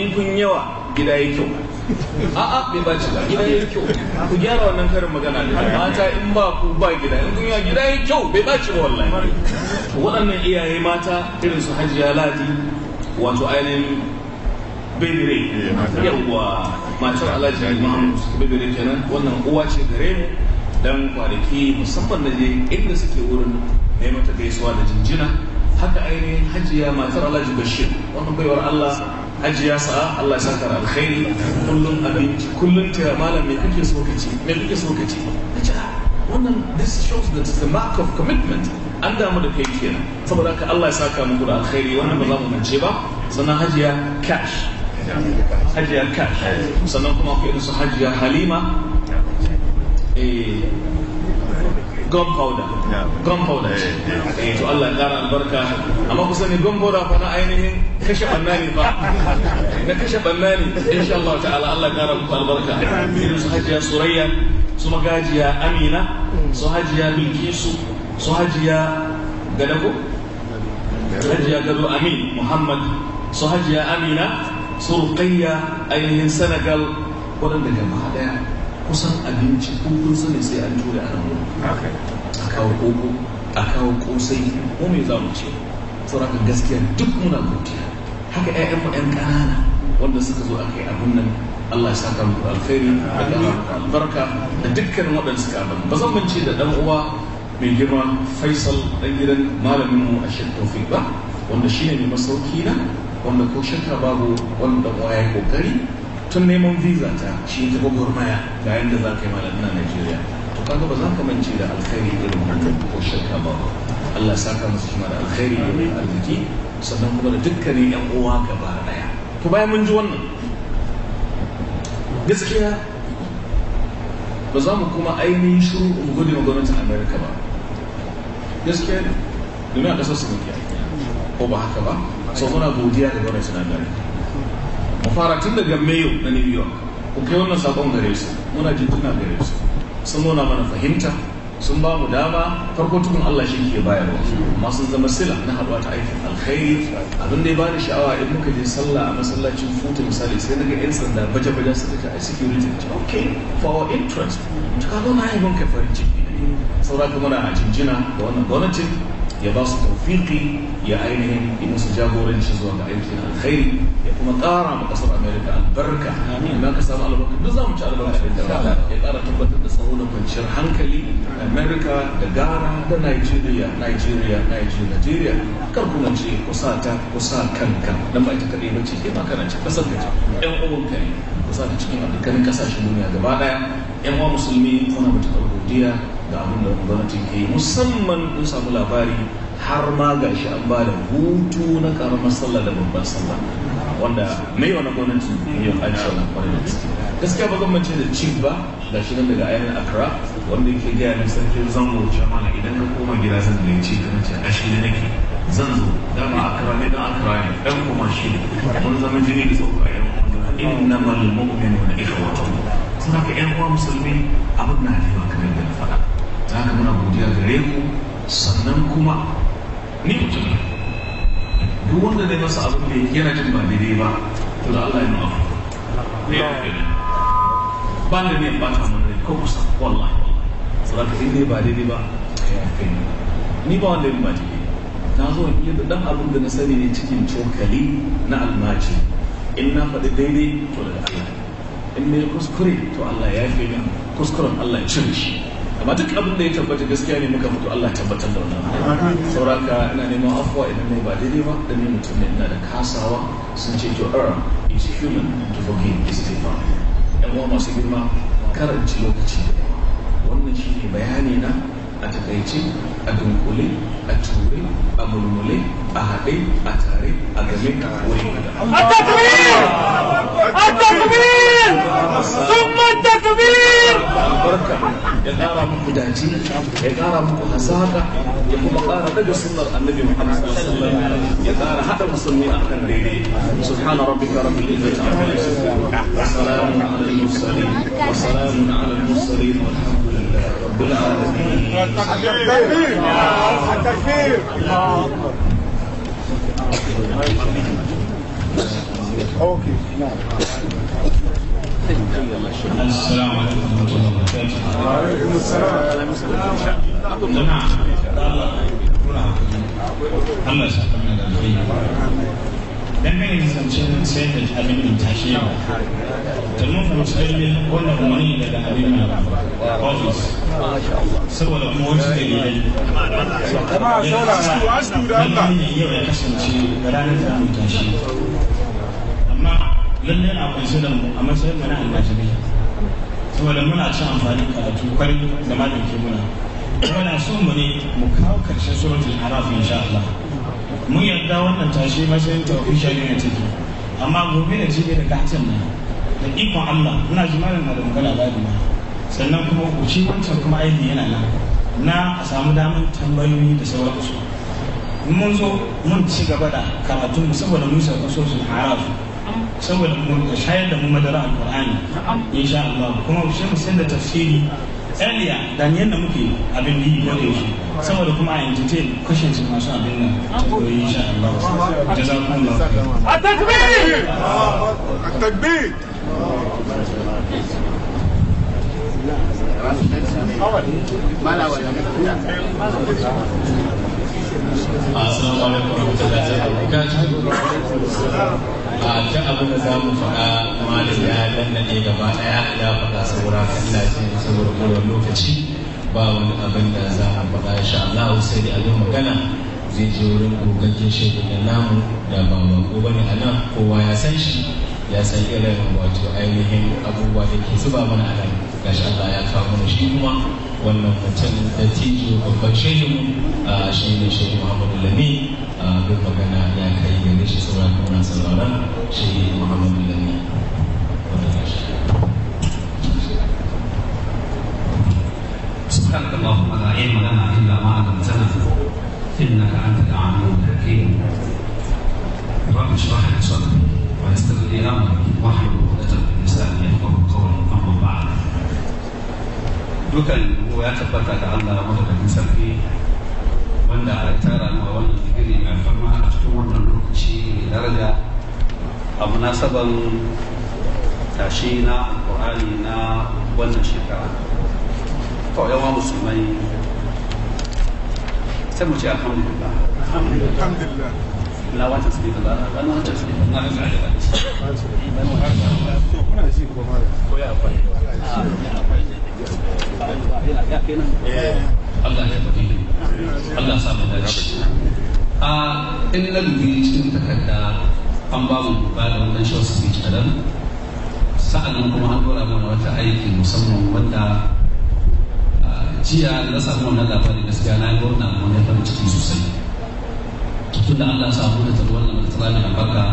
Speaker 3: in kun yawa gida ya kyau a'a bai ba ci ba gida ya kyau ku gyara wannan karin magana da mata in ba ku ba gida in kun yawa gida ya kyau bai ba ci ba wallahi waɗannan iyaye mata irin su hajiya ladi wato ainihin bebere yawwa matar alhaji mahamud bebere kenan wannan uwa ce gare mu dan kwanaki musamman da je inda suke wurin mai mata gaisuwa da jinjina haka ainihin hajiya matar alhaji bashir wannan baiwar allah hajiya sa'a allah ya kara alkhairi kullum abinci kullum tira malam me kake so ka ci me kake so ka ci ah, wannan this shows that the mark of commitment an damu da kai kenan saboda haka allah ya saka muku da alkhairi wannan ba za mu mance ba sannan hajiya cash hajiya kash sannan kuma akwai su hajiyar halima eh, gunpowder gunpowder eh to Allah ya albarka amma ku sani gunpowder fa na ainihin kashe bannani ba na kashe bannani insha Allah ta'ala Allah ya muku albarka irin su hajiya surayya su magajiya amina su hajiya bilkisu su hajiya gadako hajiya gado amin muhammad su hajiya amina surkayya ainihin senegal waɗanda gaba ɗaya kusan abinci kun sani sai an tura a nan a kawo koko a kawo kosai ko me za mu ce saurakan gaskiya duk muna godiya haka ƴaƴan mu ƴan ƙanana wanda suka zo aka yi abin nan Allah ya saka muku alkhairi da albarka da dukkan waɗanda suka abin ba zan mance da ɗan uwa mai girma Faisal ɗan gidan malamin mu a Sheikh ba wanda shine mai masauki na wanda ko shakka babu wani ya waya kokari tun neman visa ta shi ta gurmaya ga yadda za ka yi malam na Najeriya to kaga ba za ka mance da alkhairi irin haka ko shakka babu Allah saka musu shima da alkhairi da arziki sannan kuma da dukkanin yan uwa gaba daya to bayan mun ji wannan gaskiya ba za mu kuma ainihin shuru mu gode ma gwamnatin Amerika ba gaskiya ne domin a ƙasar su ko ba haka ba so muna godiya da gwamnati na gari mu fara tun daga mayo na new york ku kai wannan sakon gare su muna tuna gare su sun nuna mana fahimta sun ba mu dama farko tukun Allah shi ke bayarwa masu zama sila na haɗuwa ta aikin alkhairi abin da ya bani sha'awa in muka je sallah a masallacin futa misali sai na ga yan sanda baje baje su a security ta ok for our interest to ka zo na yi wanka farin ciki saura kuma na jinjina da wannan gwamnati ya ba su tawfiqi ya ainihin yi musu jagoranci zuwa ga aiki na alkhairi ya kuma ƙara ma ƙasar amerika albarka amin ka samu albarka duk za mu ci albarka da ya ƙara tabbatar da tsaro da kwanciyar hankali amerika da ghana da nigeria nigeria nigeria kar ku mace kusa ta kusa kanka dan ba ita kaɗai ba ce ke ba kana ce ƙasar ka ce ƴan uwanka ne kusa ta cikin abokanin ƙasashen duniya gaba ɗaya yan wa musulmi muna mutukar godiya da abin da gwamnati ke yi musamman kun samu labari har ma ga shi an ba da hutu na karamar sallah da babban sallah wanda mai wani gwamnati yau an shi wani kwarai da gaske gaskiya ba gwamnati da chief ba ga shi nan daga ayyana accra wanda yake gaya min sarki zango cewa idan ka koma gida zan da ya ce ta mace a shi nake zan zo dama accra ne da accra ne dan kuma shi wani zama jini da tsoka yau innamal mu'minuna ikhwatun sun haka yan uwa musulmi abin na da yawa kamar da na faɗa ta haka muna godiya gare mu sannan kuma ni mutum duk wanda ne masa abin da yana jin ba daidai ba to da Allah ya nuna abu ba da ne ba ta mana ko kusa wallahi saboda in dai ba daidai ba ni ba wanda ne ba daidai na zo in yi da dan abin da na sani ne cikin cokali na almaci in na faɗi daidai to da Allah in mai kuskure to Allah ya fi min kuskuren Allah ya cire shi amma duk abin da ya tabbata gaskiya ne muka mutu Allah tabbatar da wannan sauraka ina neman afuwa idan mai ba daidai ba da mai mutum ne ina da kasawa sun ce to err it's human to forgive is it not yan uwa masu girma karanci lokaci wannan shine bayani na a takaice a dunkule a ture أدمي mulmule a haɗe a tare a game a wuri
Speaker 5: التكبير ثم
Speaker 3: التكبير البركه يقرا منكم دانتي يقرا منكم حساقه يقوم قارا دجا سنه النبي محمد صلى الله عليه وسلم يقرا حتى مسلمي اخر ديدي سبحان ربك رب العزه عما يصفون وسلام على
Speaker 1: السلام عليكم ورحمه الله وبركاته. وعليكم السلام. dangane da zancen sayar da abin da tashi yau talmud musulmi wannan umarni daga abin na ofis saboda kuma wasu dalilai
Speaker 2: lallai ne yau ya kasance ranar da mu tashi
Speaker 1: amma lallai na kwanci da mu a matsayin mana almajirai saboda muna cin amfani karatu kwari da malam ke muna muna so mu ne mu kawo karshen suratul in insha Allah mun yarda wannan tashe matsayin ta official ne ke amma gobe da jibe da gatin nan da ikon Allah muna jimarin na da magana ba ma sannan kuma shi wancan kuma aiki yana nan na a samu damar tambayoyi da sauransu mun zo mun ci gaba da karatun mu saboda mun su fara su saboda mu shayar da mu madara alqur'ani insha Allah kuma shi mu san da tafsiri earlier dan yadda muke abin yi ko saboda kuma a entertain questions masu abin nan insha Allah jazakumullah
Speaker 3: a ta abu da za mu faɗa malam ya dannane gaba ɗaya ya faɗa saura Allah ce saboda kowane lokaci ba wani abin da za a faɗa insha Allah sai dai abin magana zai je wurin gogaggen shekunan namu da ba bako ba ne a nan kowa ya san shi ya san irin wato ainihin abubuwa da ke zuba mana a nan gashi Allah ya kawo mana shi kuma wannan mutum da tijo babban shehu a shi ne shehu Muhammadu Lami بالطبع لا كي يدش سورة كونا سورة
Speaker 5: شيء محمد الذي سبحانك اللهم لا علم لنا إلا ما علمتنا إنك أنت العليم الحكيم رب اشرح لي صدري ويسر لي أمري واحلل عقدة من لساني يفقهوا قولي أما بعد dukan ya tabbata ga Allah madaukakin sarki wanda a tara ma wani digiri mai farma a cikin wannan lokaci mai daraja a munasaban tashi na alkur'ani na wannan shekara to yawan musulmai sai mu ce alhamdulillah alhamdulillah Allah sa mu a in na dubi cikin takarda an ba mu ba da wannan short speech a nan sa'annan kuma an dora mana wata aiki musamman wanda jiya na samu wannan labarin gaskiya na yi wannan wani farin ciki sosai tunda Allah samu da tarwar da matsala mai albarka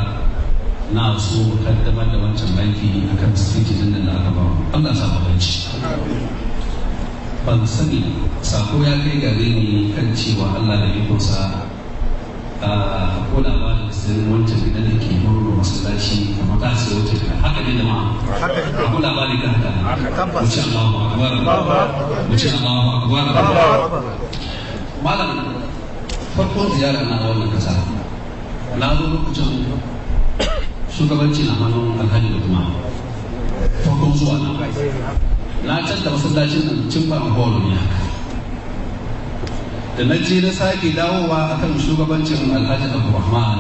Speaker 5: na so kaddamar da wancan banki akan sirkin nan da aka ba Allah samu shi. ban sani sako ya kai gare ni kan cewa Allah da sa a ko da sun wancan da ke nuna masallaci kamar ta sai wata gida haka ne da ma ko labarin kan haka mu ci Allahu akbar mu ci Allahu akbar malam farko ziyara na wannan kasa na zo lokacin shugabanci na hannun alhaji da kuma farkon zuwa na na canza masallacin nan cimban a ya da na je na sake dawowa akan shugabancin alhaji rahman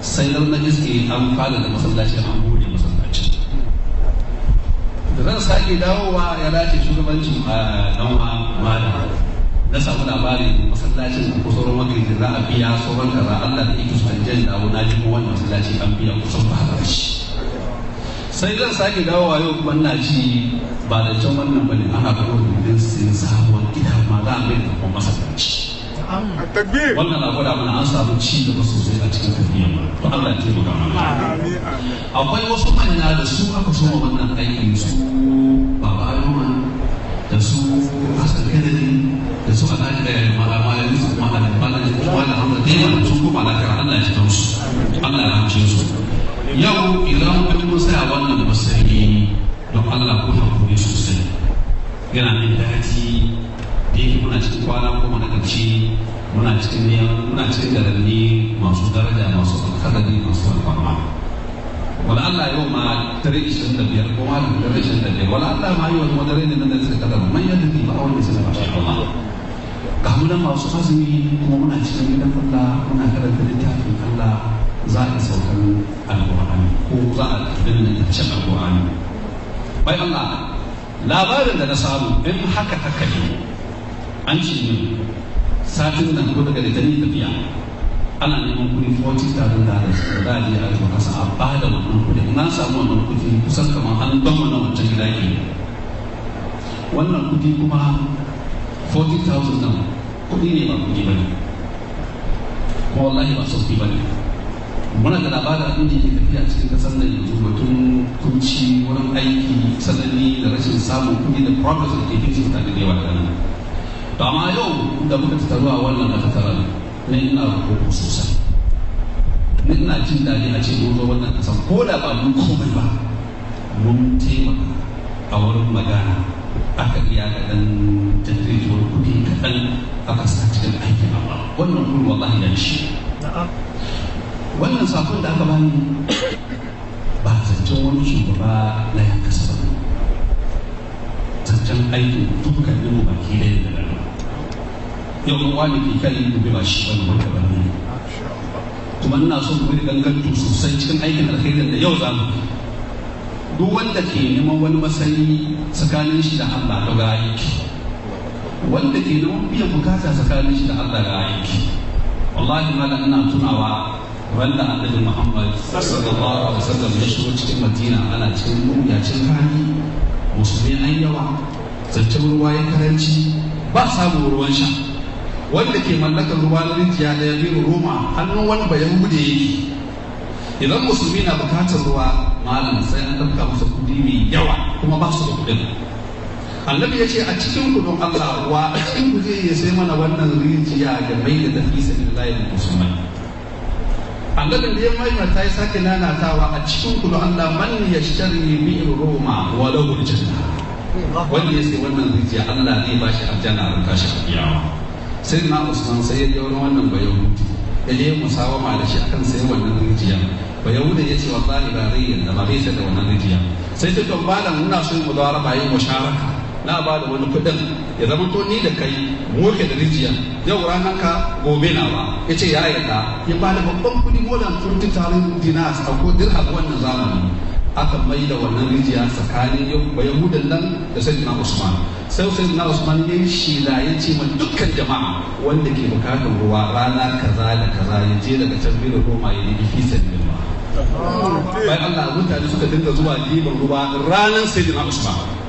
Speaker 5: sai na iske an fara da masallaci an bude masallaci da zan sake dawowa ya dace shugabancin dan malam na samu labarin masallacin da sauran wakilin da za a biya sauran kaza Allah da ita su dawo na ji wannan masallaci an biya kusan ba shi sai zan sake dawowa yau kuma na ji ba da can wannan bane ana kawo domin sayan sabon gida ma za a mai da kuma masallaci wannan na gwada mana an samu ci da masu sosai a cikin tafiya to Allah ya taimaka mana akwai wasu manya da su aka so ma wannan aikin su baba Ayuman da su Hassan Kennedy da su Alhaji da Malama ya su kuma da Balaji kuma da ya Dima su kuma da Allah ya ji su Allah ya rahmce su yau idan kun kun tsaya wannan masarki don Allah ku hakuri sosai yana min daji da yake muna cikin kwana goma na ƙarshe muna cikin neman muna cikin garanni masu daraja masu alkalari masu alfarma wala Allah yau ma tare ishirin da biyar ko malam tare ishirin da biyar wala Allah ma yau wani dare ne nan da suka kada man yadda ne ba wani sai ba shi Allah ga mu masu azumi kuma muna cikin gidan Allah muna karanta littafin Allah za a saukar alƙur'ani ko za a dinna tacce alƙur'ani bai Allah labarin da na samu in haka ta kaje an ce min satin nan ko daga da ni tafiya ana neman kuɗi 40,000 dollars da za a je a yi kasa a ba da wannan kuɗi na samu wannan kuɗi kusan kamar an ban mana wancan gida ke wannan kuɗi kuma 40,000 nan kuɗi ne ba kuɗi ba ne ko wallahi ba sauki ba ne muna da labarin abin da ke tafiya cikin kasar nan yanzu batun kunci wurin aiki sanani da rashin samun kuɗi da progress da ke fi cikin tare da yawa nan to amma yau da muka tattaru a wannan matattarar na ina roƙo sosai ni ina jin daɗi a ce gozo wannan kasar ko da ba mun komai ba mun taimaka a wurin magana aka iya kaɗan tattaji wani kuɗi kaɗan aka sa cikin aikin amma wannan kuma wallahi da shi wannan sakon da aka bani ba zancen wani shugaba na ya kasa ba zancen aikin dukkan ba ke da yadda da yau kan wani ke kan yin gobe ba shi wani wanda ba ne kuma ina so ku da gangantu sosai cikin aikin alkhairin da yau zamu duk wanda ke neman wani matsayi tsakanin shi da Allah to ga aiki wanda ke neman biyan bukata tsakanin shi da Allah ga aiki wallahi malam ina tunawa ran annabi muhammad sallallahu alaihi wasallam ya shigo cikin madina ana cikin cikin hali musulmi an yawa zancen ruwa ya karanci ba samun ruwan sha wanda ke mallakar ruwa na rijiya da ya biyu roma hannun wani bayan gude yake idan musulmi na bukatar ruwa malam sai an ɗauka masa kuɗi mai yawa kuma ba su da kuɗin annabi ya ce a cikin kudin allah ruwa a cikin ku zai iya sai mana wannan rijiya da mai da tafi sabilillahi musulmai Allah da ya ta yi sake nanatawa a cikin kudu Allah man ya yashtari bi roma wa lahu aljanna Wani ya sai wannan rijiya Allah zai ba shi aljanna ran tashi kiyama sai na Usman sai ya jawo wannan bayan hutu da ya musawama da shi akan sai wannan rijiya bayan ya ce wallahi ba zai yanda ba zai da wannan rijiya sai ta balan muna so mu zawarba bayan musharaka na ba da wani kuɗin ya zama to ni da kai moke da rijiya yau ranar ka gobe na ba ya ce ya yarda ya ba da babban kudi more than tarin dinas a ko dirham wannan zamani aka mai da wannan rijiya tsakanin yahudan nan da sayyidina usman sai na usman ya yi shida ya ce ma dukkan jama'a wanda ke bukatar ruwa rana kaza da kaza ya je daga can da goma ya yi fi sabilillah bai Allah mutane suka dinga zuwa liban ruwa ranar sayyidina usman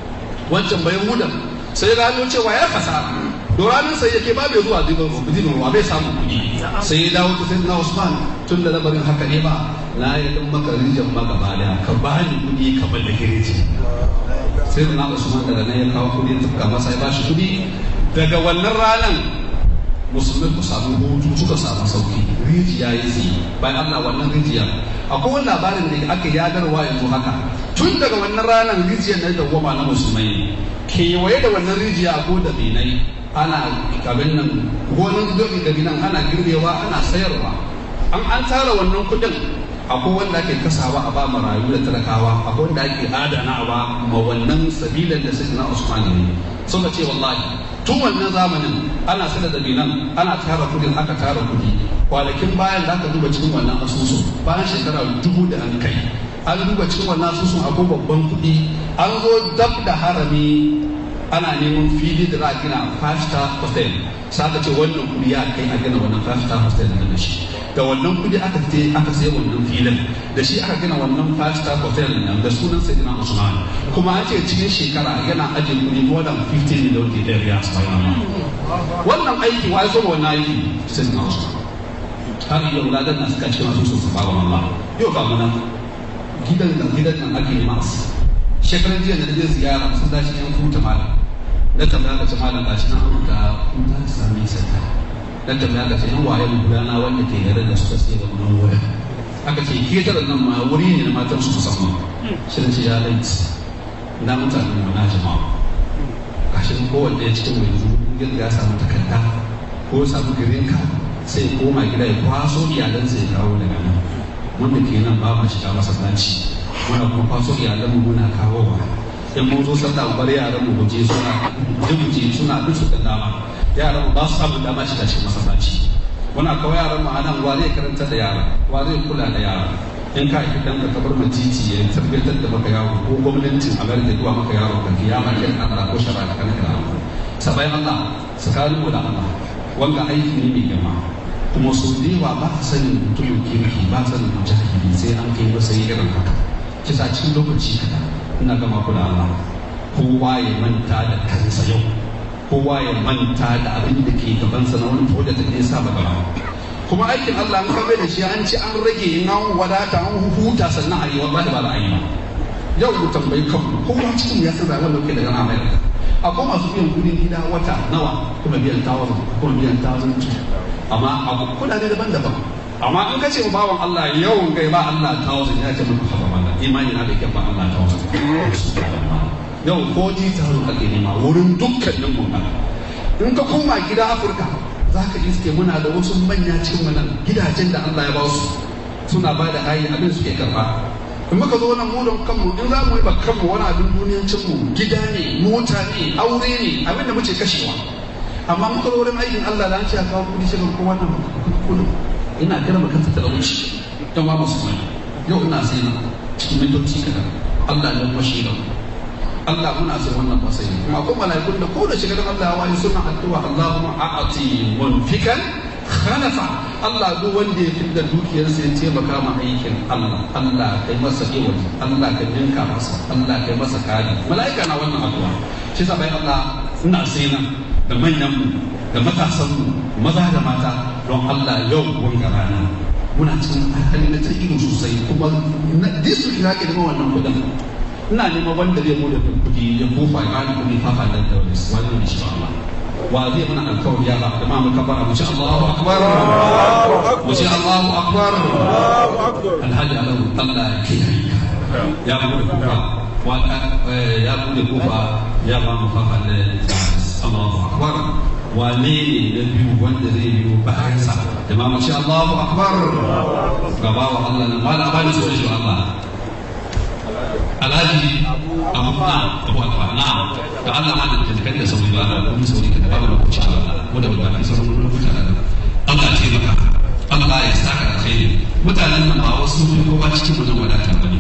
Speaker 5: wancan bai mudan sai gano cewa ya fasara doranin sai yake ba bai zuwa zuwa wa bai samu kuɗi sai ya dawo ta sayyidina usman tun da lamarin haka ne ba na ya dan maka rijin maka da ka ba ni kuɗi ka mallake rijin sayyidina usman daga nan ya kawo kuɗi tufka masa ya ba shi kuɗi daga wannan ranar musulmi ku samu hutu suka samu sauki rijiya ya yi bayan Allah wannan rijiyar akwai wani labarin da aka yadarwa yanzu haka tun daga wannan ranar rijiyar na da goma na musulmai kewaye da wannan rijiya ko da benai ana abin nan gonan doki da binan ana girbewa ana sayarwa an an tara wannan kudin akwai wanda ake kasawa a ba marayu da talakawa akwai wanda ake adanawa ma wannan sabilan da sai na Usman ne ce wallahi tun wannan zamanin ana sada da binan ana tara kudin aka tara kudi kwanakin bayan za ka duba cikin wannan asusun bayan shekara dubu da an kai an duba cikin wannan asusun akwai babban kudi an zo dab da harami ana neman fili da za a gina five star hostel sa ka ce wannan kudi ya kai a gina wannan five star hostel da shi da wannan kudi aka ce aka sai wannan filin da shi aka gina wannan five star hotel nan da sunan sayyidina usman kuma an ce cikin shekara yana ajiye kudi more than 15 million da ɗari ya sai wannan aiki wa zo wannan aiki na usman har yi ladan na nasu cikin masu su fara Allah yau ba mu nan gidan da gidan nan ake masu shekaran jiya da zai ziyara sun dace yan kuta malam dan tambaya ka ce malam gashi nan amurka kun ta sami sata dan tambaya ka ce yan waye gudana wanda ke garin da suka tsaye da gudan waya aka ce ketaren nan ma wuri ne na matan su musamman shirin ce ya laiti na mutanen mu na jama'a gashi nan kowanne cikin mai yanzu gidan ya hmm. samu takarda ko samu girin ka sai koma gida ya kwaso iyalansa ya kawo daga nan wanda ke nan ba ma shiga masallaci muna kuma kwaso iyalanmu muna kawo wa in mun zo sallah mu bar yaran mu guje suna dubuje suna duk da dama yaran mu ba su samu dama shiga cikin masallaci muna kawo yaran mu anan wa zai karanta da yara wa zai kula da yara in ka yi dan ka bar majiji ya tabbatar da maka yaro ko gwamnatin amerika zuwa maka yaro ka kiyama kin Allah ko shara da ka kanka sabai Allah sakarin mu da Allah wanga aiki ne mai girma kuma su dewa ba ta sanin mutumin kirki ba ta sanin jahili sai an kai masa irin haka kisa cikin lokaci kaɗan ina gama ku da Allah kowa ya manta da kansa yau kowa ya manta da abin da ke gabansa na wani project da ya saba gaba kuma aikin Allah an kabe da shi an ci an rage an wadata an huta sannan a yi wa ba da ba yau ku tambayi kanku kowa cikin ya san zaɓen lokacin da gana Amerika akwai masu biyan kudin gida wata nawa kuma biyan tawazin kuma biyan tawazin amma abu kuna da daban-daban amma in ka ce bawan Allah yau gai ba Allah thousand ya ce muku haba mana imani na da ba Allah thousand yau ko ji ta nema wurin dukkanin mu in ka koma gida Afirka za ka iske muna da wasu manya cikin wannan gidajen da Allah ya ba su suna ba da hayi abin suke karba in muka zo nan mu kanmu in za mu yi ba kanmu wani abin cin mu gida ne mota ne aure ne abin da muke kashewa amma muka zo wurin aikin Allah da an ce a kawo kudi shi ga kowa nan kudi ina karama kanta talauci yan wa masu mai yau ina sai na cikin mintoci kaɗan Allah ya mashi da Allah muna sai wannan ba sai kuma ko malaikun da ko da shiga da Allah ya wani suna addu'a Allahumma a'ati fikan khalafa Allah duk wanda ya fi da dukiyarsa ya taimaka ma aikin Allah Allah kai masa iwani Allah ka dinka masa Allah kai masa kari mala'ika na wannan addu'a shi sa bai Allah ina sai na da manyan mu da matasanmu maza da mata don Allah yau wanga rana muna cikin hankali na ta ido sosai kuma na disu ina ke neman wannan kudin ina neman wanda zai mu da kudi ya kofa ya bani kudi fafa da da wani wani ne shi Allah wa zai mana alkawari ya ba da mamu kabara mu ci Allahu akbar mu ci Allahu akbar alhaji alahu Allah ya kiyaye ya mu da kofa wa ya mu da kofa ya ba mu fafa da Allahu akbar wane ne na biyu wanda zai biyo bayansa da ma mace Allahu akbar ba wa Allah na mala ba ni so shi Allah alhaji abu na abu akbar na da Allah ma da kankan da sauri ba da kuma sauri da ba da kuci Allah wanda ba ki sauran mutane Allah ya maka. Allah ya saka da kai mutanen nan ba wasu ne ko ba cikin wannan wadata bane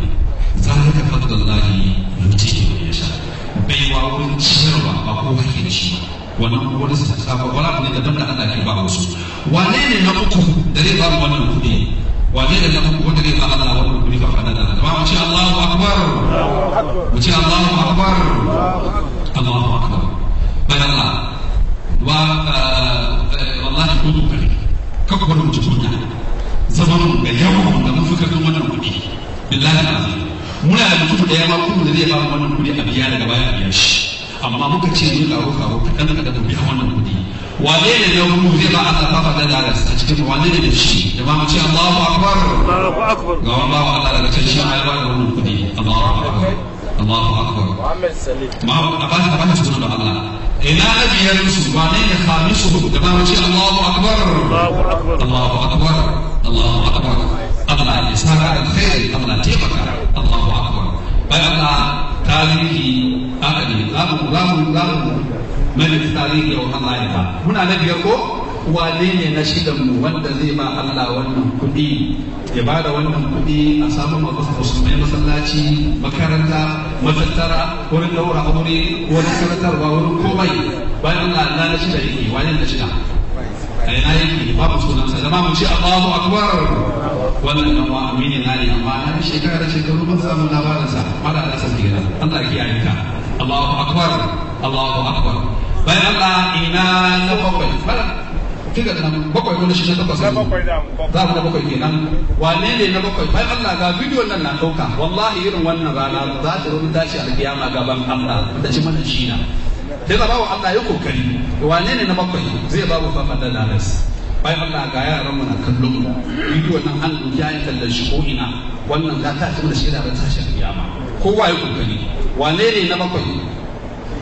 Speaker 5: zalika fadlullahi yuti ya sha baiwa kun ciyarwa ba ko kake da shi ba wannan wani sakamakon wani abu ne daban da Allah ke ba wasu wane ne na uku da zai ba wannan kuɗi wane ne na uku wanda zai ba Allah wannan kuɗi ka faɗa da ba mu ce Allahu akbar mu ce Allahu akbar Allahu akbar bai Allah wa wallahi ku ku kare ka ku mu ci kuɗi zaman mu ga yawan da mun fi kan wannan kuɗi billahi azim muna da mutum da ya ba kuɗi da zai ba wannan kuɗi a biya daga baya a biya shi amma muka ce mun karo karo kadan kadan mu bi wannan kudi wane ne na mu zai ba Allah ta faɗa da Allah a cikin wane ne da shi da ba mu ce Allahu akbar Allahu akbar ga wanda ba Allah daga cikin shi ma ya ba da wannan kudi Allahu akbar Allahu akbar Muhammad sallallahu alaihi wasallam ma ba ba ta sunan Allah ina nabiyar su wane ne khamisu da ba mu ce Allahu akbar Allahu akbar Allahu akbar Allahu akbar Allah ya sara alkhairi Allah ya taimaka Allahu akbar bai Allah tarihi haka ne za zamu za mai tarihi yau Allah muna na biyar ko wane ne na shidan mu wanda zai ba Allah wannan kuɗi ya ba da wannan kuɗi a samu musulmai masallaci makaranta matattara wurin daura aure wurin karatarwa wurin komai bayan Allah na shida yake wane na shida a yana yake babu sa zama mu ci Allahu akbar wannan dan wa amini na ne amma na shekara da shekaru ban samu labarin sa mala da san gida Allah ya kiyaye ka Allahu akbar Allahu akbar bai Allah ina na bakwai mala kiga nan bakwai ko shi na mu. za mu da bakwai kenan wane ne na bakwai bai Allah ga bidiyon nan na dauka wallahi irin wannan rana za ta rubuta shi alkiyama gaban Allah da shi mana shi na sai ba bawa Allah ya kokari wane ne na bakwai zai babu mu fafa da Anas bai Allah ga yaran mu na kallon mu yi wannan an dauki an kallon shi ko ina wannan ga ta tuna shi da ran tashin kiyama kowa ya kokari wane ne na bakwai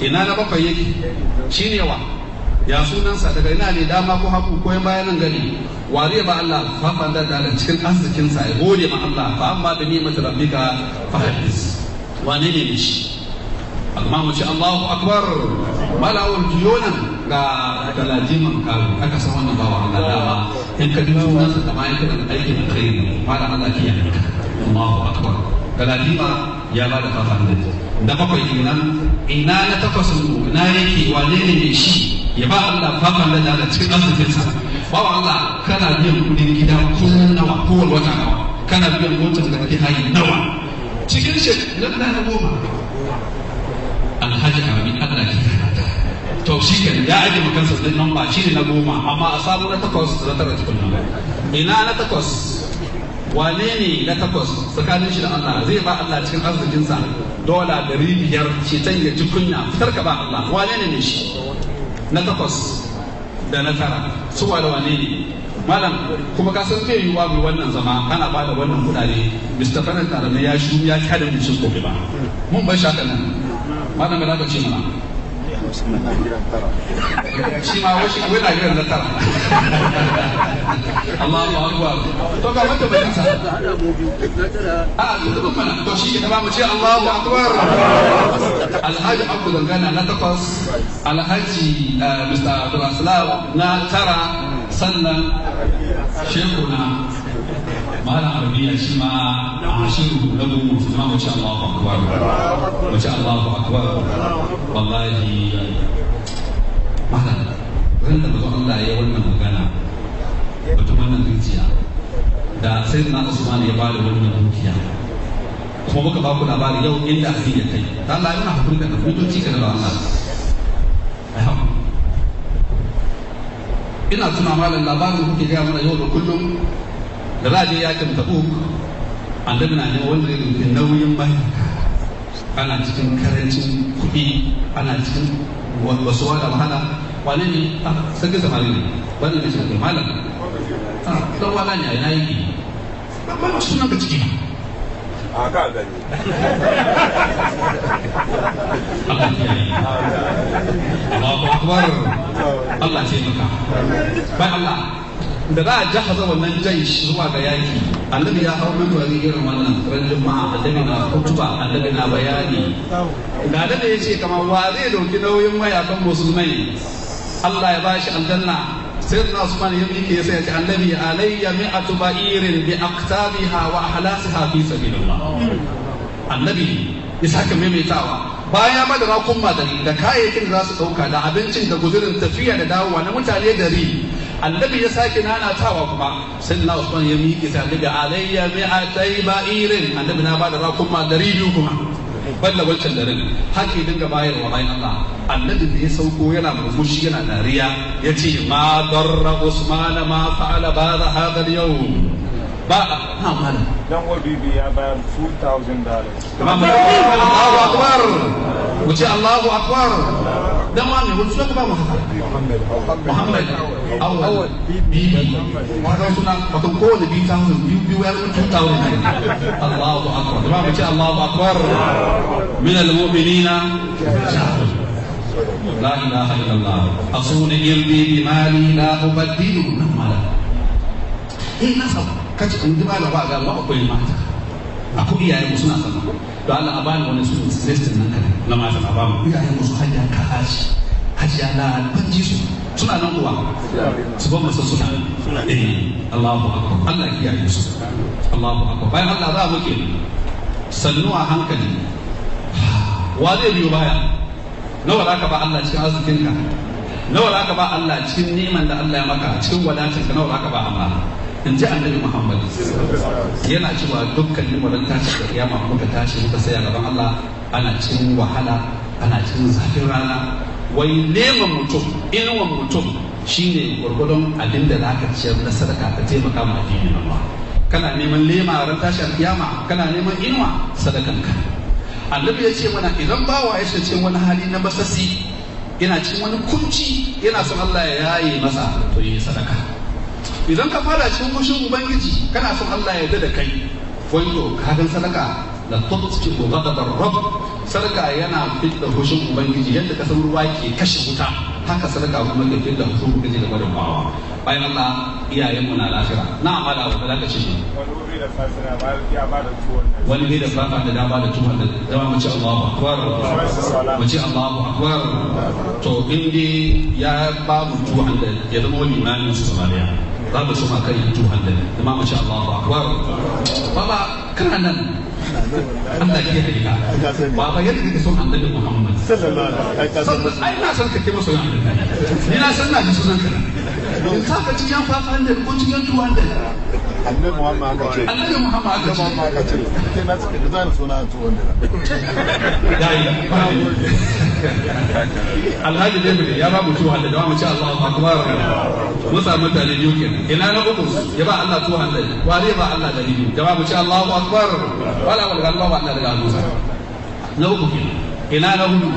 Speaker 5: ina na bakwai yake ne wa ya sa daga ina ne dama ko haku ko yan bayanan gari wa zai ba Allah fafa da Anas cikin arzikin sa ya gode ma Allah fa amma da ni mata rabbika fa hadis wane ne shi amma mu ce Allahu akbar malawar jiyonan ga talajiman kalu aka san wannan bawa Allah dama in ka bi sunan sa da ma'aikatan aikin kai alkhairi mala Allah ki yanka Allahu akbar talajima ya ba da fafan da da bakwai kenan ina na tafasin na yake wane ne ne shi ya ba Allah fafan da da cikin arzikinsa bawa Allah kana biyan kudin gida kullum nawa kowane wata nawa kana biyan motar da kake hayi nawa cikin shi na goma alhaji karami allah ki karata to shi kan ya aje makansa din nan ba shi ne na goma amma a samu na takwas na tara nan ina na takwas wane ne na takwas tsakanin shi da Allah zai ba Allah cikin arzikinsa dola dari biyar can ya ci kunya fitar ka ba Allah wane ne ne shi na takwas da na tara su da wane ne malam kuma ka san zai yiwuwa mai wannan zama ana ba da wannan kudade mr fanan tarame ya shi ya kada mu cin gobe ba mun bar shaka nan malam me zaka ce mana shi ma washi wai Najeriya na tara Allahu akbar to ga wata bayan sa a duk mana to shi da ba mu ce Allahu akbar Alhaji Abu Dangana na takwas Alhaji eh, Mr. Abdul na tara sannan shekuna malam arabiya shi ma a shiru na gumu ma mu ci Allahu akbar mu ci Allahu akbar wallahi malam ran da bazan Allah ya wannan magana mutum wannan zuciya da sai na Usman ya bada wannan dukiya kuma muka ba ku labari yau inda abin ya kai dan Allah yana hukunta da hukunci kana da Allah ina tuna malam labarin kuke gaya mana yau da kullum da za a je yakin tabuk annabi na wanda ya dauki nauyin bai. ana cikin karancin kuɗi ana cikin wasu wada wahala wani ne a ah, sarki samari ne wani ne shi malam a ah, dan wala ne a yana yi ba ka ciki a ka gani Allah da za a jahaza wannan jan zuwa ga yaki annabi ya hau wani irin wannan ran juma'a annabi na kutuba annabi na bayani da da ya ce kamar wa zai dauki nauyin mayakan musulmai Allah ya bashi aljanna sai na usman ya miƙe sai ya ce annabi alayya mi'atu ba'irin bi aqtabiha wa ahlasiha fi sabilillah annabi ya saka maimaitawa bayan ma da rakun madari da kayayyakin da za su ɗauka da abincin da guzurin tafiya da dawowa na mutane dari annabi ya sake tawa kuma sayyidina usman ya miƙe ta annabi alayya mi'atai irin annabi na bada rakuma dari biyu kuma balla wancan darin haka ya dinga bayarwa bayan Allah annabi da ya sauko yana murmushi yana dariya yace ma darra usman ma fa'ala ba za al yau. ba a ya bayar $2,000 Allahu akbar ku ce Allahu akbar ma ne wani sunan ba Muhammad Muhammad bibi kowane biyu biyu Allahu akbar ma mu ce Allahu akbar min لا إله إلا الله أصون بمالي لا إيه نصب kace in da ba ga ba akwai mata akwai iyayen mu suna sama to Allah a bani wani su list nan kada na mata a ba mu iyayen mu su hajja ka haji haji ala ban ji su suna nan kuwa su ba mu san suna eh Allahu akbar Allah ya kiyaye su Allahu akbar bayan Allah za mu ke sannuwa hankali wa zai biyo baya nawa za ka ba Allah cikin arzikinka nawa za ka ba Allah cikin neman da Allah ya maka cikin wadatinka nawa za ka ba Allah in ji annabi muhammad yana cewa dukkan wadan tashi da kiyama muka tashi muka saya gaban allah ana cin wahala ana cin zafin rana wai neman mutum irwan mutum shine gwargwadon abin da zaka ciyar na sadaka ka taimaka ma addinin allah kana neman lema ran tashi kiyama kana neman inuwa sadakan ka annabi ya ce mana idan bawa ya shiga wani hali na basasi yana cikin wani kunci yana son allah ya yaye masa to yi sadaka idan ka fara cikin fushin ubangiji kana son Allah ya da kai ka gan sadaka da la da ghadabar rabb sadaka yana fitta fushin ubangiji yadda kasan ruwa ke kashe wuta haka sadaka kuma ke fitta fushin ubangiji da barin bawa bayan Allah iyayen mu na lafiya na amala wa zaka ce ne wani bai da ba da dama da tuwon da dama mu ce Allahu akbar mu ce Allahu akbar to indi ya ba mu tuwa da ya zama wani imanin su Somalia za mu suma kan tu handan kuma mu ci Allahu akbar baba kana nan Allah ya yi ka baba yadda kake son annabi Muhammad sallallahu alaihi wasallam ai na san kake masoyin annabi ni na san na ji sunan kana in sa ka cikin 500 ko cikin 200 annabi muhammad aka ce annabi muhammad aka ce muhammad aka ce sai na tsaka zan suna dai alhaji lemire ya ba mu 200 da mu ce Allahu kuma mu samu mutane biyu kenan ina na uku ya ba Allah 200 wa zai ba Allah dari biyu da mu ce Allahu akbar wala wala Allahu akbar daga Musa na uku ina na hudu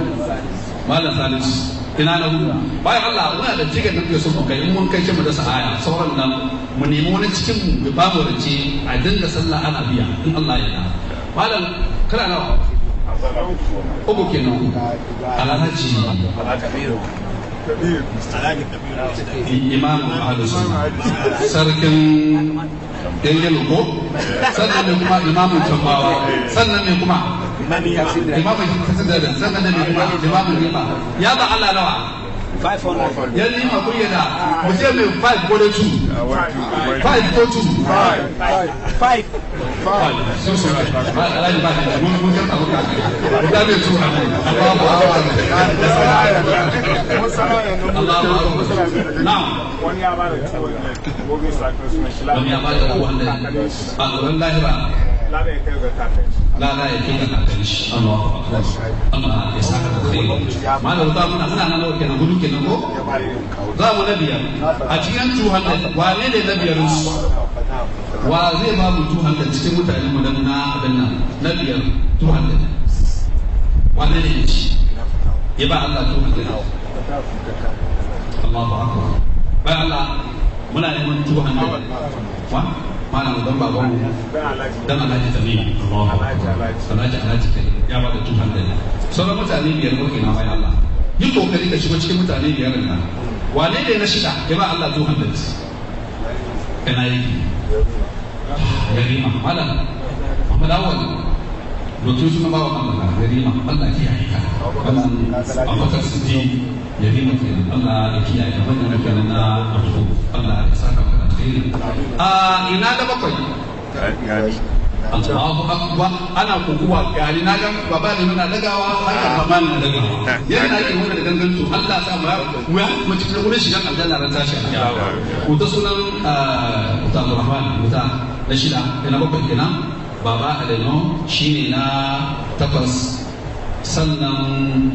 Speaker 5: malam salisu ina da hudu bayan Allah muna da jiga da muke so mu kai mun kai shi mu da sa'aya sauran nan mu nemi wani cikin mu babu rance a dinga sallah ana biya in Allah ya yarda malam kana nawa uku kenan alhaji imam ahlus sarkin dangin ko sannan ne kuma imamun tambawa sannan ne kuma mani ya da da lima ya ba Allah nawa 500 ya lima ko yana mu ce mai 5 ko da 2 5 ko 2 5 5 so so alaji ba ka mun mun san abu ka da mai da 200 gobe sakin sunan shi lafiya wani ya ba da 200 ba lada ya kai ga kafin lada ya kai ga kafin shi Allahu akbar Allah ya saka da kai malam ta muna muna nan wajen nan gudu kenan ko za mu na biyar a cikin 200 wane ne na biyar su wa zai ba mu cikin mutanen mu dan na abin nan na biyar 200 wane ne shi ya ba Allah 200 Allahu akbar bai Allah muna mun neman 200 wa mana mu dan baban mu dan alhaji tamim alhaji alhaji alhaji kai ya bada 200 sauran mutane biyar ko ina bai Allah yi kokari ka shigo cikin mutane biyar nan wane ne na shida ya ba Allah 200 kana yi garima malam Muhammad Awal mutum suna ba wa Allah garima Allah ya yi ka wannan abakar ji ya bi mu kenan Allah ya kiyaye ka wannan mutanen na wato Allah ya saka maka alkhairi a ina da bakwai Allahu akbar ana kokuwa gari na ga baba ne muna dagawa haka baba na dagawa yana ake wannan ganganto Allah sa mu mu mu cikin wurin shiga aljanna ran tashi ku ta sunan ta Rahman ku ta da ina bakwai kenan baba Adeno shine na takwas sannan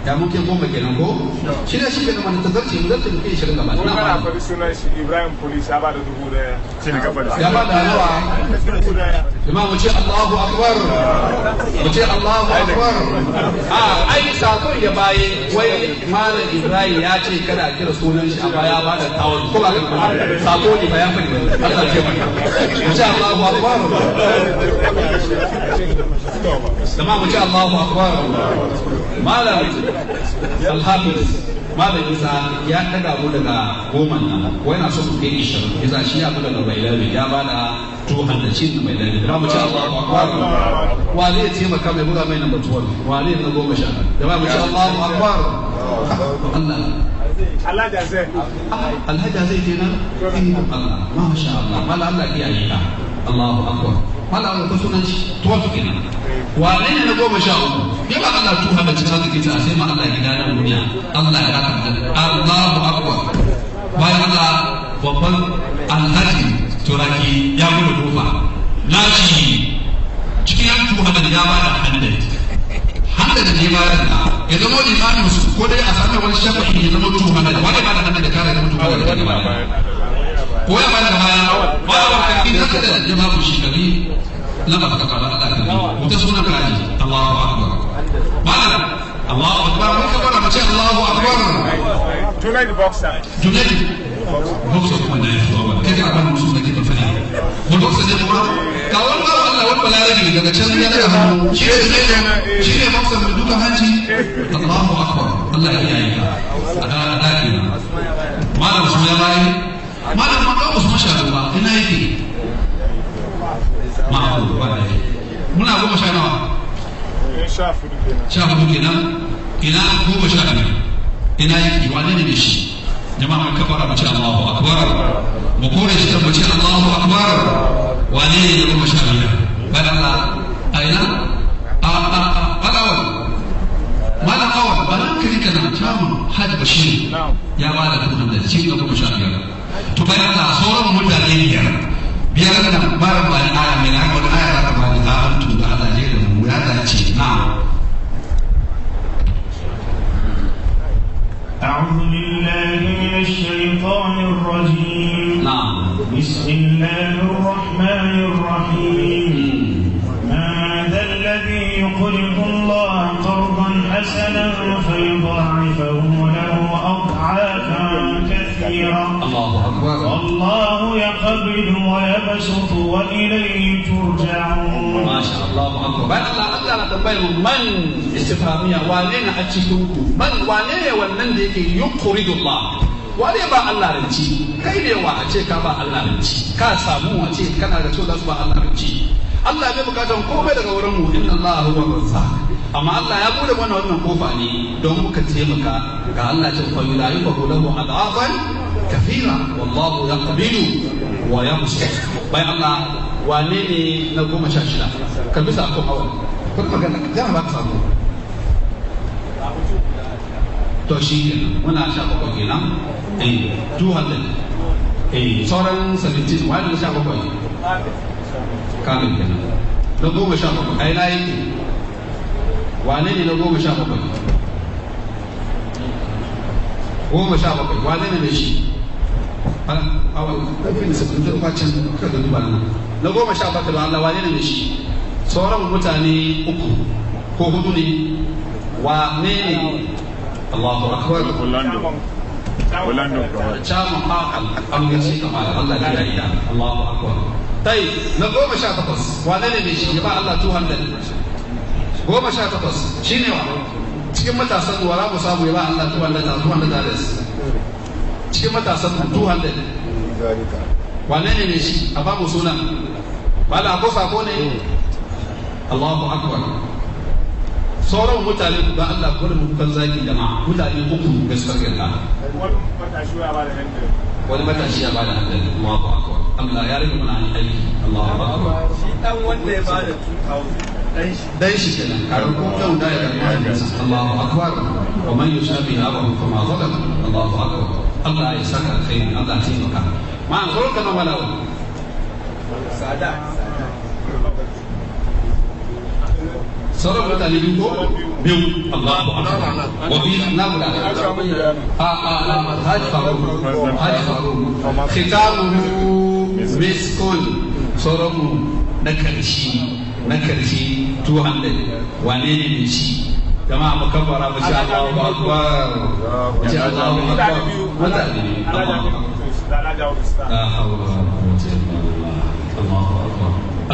Speaker 5: da muke goma kenan ko shi ne shi kenan wannan tazarci mu zata muke shirin gaba na ba
Speaker 2: fari sunan shi Ibrahim Police ya bada dubu daya
Speaker 5: shi ne kafa da ya bada nawa imam mu ce Allahu akbar mu ah, ce Allahu akbar a ai ko ya baye wai malam Ibrahim ya ce kada kira sunan shi amma ya bada tawon ko ba ko ne ba ya fadi Allah ce mana mu ce Allahu akbar jama'a mu ce Allahu akbar malam alhafiz malam isa ya daga mu daga goma na ko yana so mu kai ishirin isa shi ya buga da bailami ya ba 200 shi da bailami da mu ci Allahu akbar wa zai taimaka mai buga mai number 12 wa zai na goma sha da mu ci Allahu akbar Allah Alhaja zai. Alhaja zai Allah, masha Allah, mala Allah kiyaye ka. Allahu akbar. mala mu ko sunan shi tuwatu kenan wane ne na goma sha uku ya ba Allah tuha da cikin arziki ta sai ma Allah gida na duniya Allah ya raka da Allahu akbar bayan Allah babban alhaji turaki ya gudu Na nashi cikin yan tuha da ya ba da handai handai da ne ba da na ya zama limanin su ko dai a samu wani shafa'i ya zama tuha da wani ba da handai da kare da tuha da ba ويوم النهار ولو الحكيم هكذا الجمهور الشيكابي لقد تقال الأكبر وتسكن العلي الله أكبر معلم الله أكبر وكبر
Speaker 2: ما شاء الله أكبر جنيد بوكسر
Speaker 5: جنيد بوكسر كمان يا كده عمل مسؤول كده الفني والبوكسر ده مرة كأول مرة Allah wani balarabe daga can ya daga hannu shi ne shi ne mafsar da duka hanci Allahu akbar Allah ya yi ka a da ɗaki na malam su ya bayi malam maka Usman Sharuwa ina yake ma'abu ba da muna goma sha nawa
Speaker 2: sha hudu kenan
Speaker 5: sha hudu kenan ina goma sha biyu ina yake wane ne shi jama'a mun kabara mu ce Allahu akbar mu kore shi mu ce Allahu akbar wane ne goma sha biyu balalla aina a a balawal malam awar ba nan kiri kana samun hajji bashir ya ba da kuma da cikin gaba sha biyar to bayan na sauran mutane biyar biyar nan mara ba ni aya mai na wani aya ba ba ni za a mutu da Allah ne da mu ya dace na أعوذ بالله
Speaker 1: من الشيطان الرجيم نعم بسم الله الرحمن الرحيم ما ذا الذي يقرض الله قرضا حسنا فيقول الله يقبض ويبسط
Speaker 5: وإليه ترجعون ما شاء الله أكبر الله أكبر من استفهامية وانين أتشتوك من وانين وانين ديك يقرض الله wane ba Allah ranci kai ne wa a ce ka ba Allah ranci ka samu a ce kana da da ba Allah ranci Allah bai bukatan komai daga wurin mu inna Allah huwa razzaq amma Allah ya bude mana wannan kofa ne don muka taimaka ga Allah ta fa yulayu fa hulahu adafan كثيرة والله يقبل ويمسك باي الله وانيني نقوم شاشلا كبسا أكو حول كل ما قالك دعم أكثر توشيكنا وانا شابك كنا نعم؟ إيه. إيه. اي two hundred اي صورا seventeen وانا شابك كامل كنا نقوم شابك اي لايك وانيني نقوم شابك goma sha bakwai wane ne shi na goma sha bakwai don Allah wane ne shi sauran mutane uku ko hudu ne wa ne ne Allahu akbar Orlando Orlando Chairman al-Amir Sheikh Kamal Allah ya yi Allahu akbar tai na goma sha takwas wane ne ne shi ya ba Allah 200 goma sha takwas shine wa cikin matasan wara mu samu ya ba Allah 200 200 cikin matasan 200 wane ne ne shi a ba mu suna ba da ko sako ne mm. Allahu akbar sauran mutane ku ga Allah ko mu kan zaki jama'a mutane uku gaskar yalla
Speaker 2: wani matashi
Speaker 5: ya ba da hankali wani matashi ya ba da hankali Allahu akbar Allah ya rage mana aiki. Allahu akbar shi dan wanda ya ba da 2000 dan shi kenan karin kun kan da ya karɓi hadisin Allahu akbar wa man yusabi abahu fama zalam Allahu akbar الله يسر الخير الله يسلمك ما انظرك ما له سعداء سرقت لكم بيوم الله اكبر نعم، نعم، نعم. وفي نبلة اه اه اه حاج فاروق حاج فاروق ختامه مسك سرقوا نكرشي نكرشي 200 وانين من شي jama'a mu kabbara mu sha Allahu akbar mu ce Allahu akbar wanda ne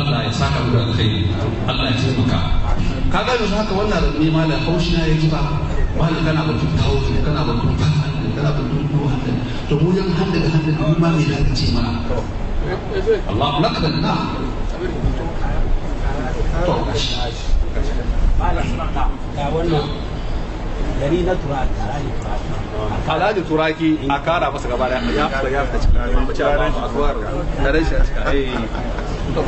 Speaker 5: Allah ya saka mu da alkhairi Allah ya taimaka ka ga yanzu haka wannan rabbi malam haushi na ya ba malam kana batun tawo kana batun fata kana batun duwa to mu yan handa da handa mu ma me da ce mana Allah lakana na to gari na turaki turaki a kara masa gaba da ya fita ya fita cikin imam bace ba a zuwa da rashi a cika eh to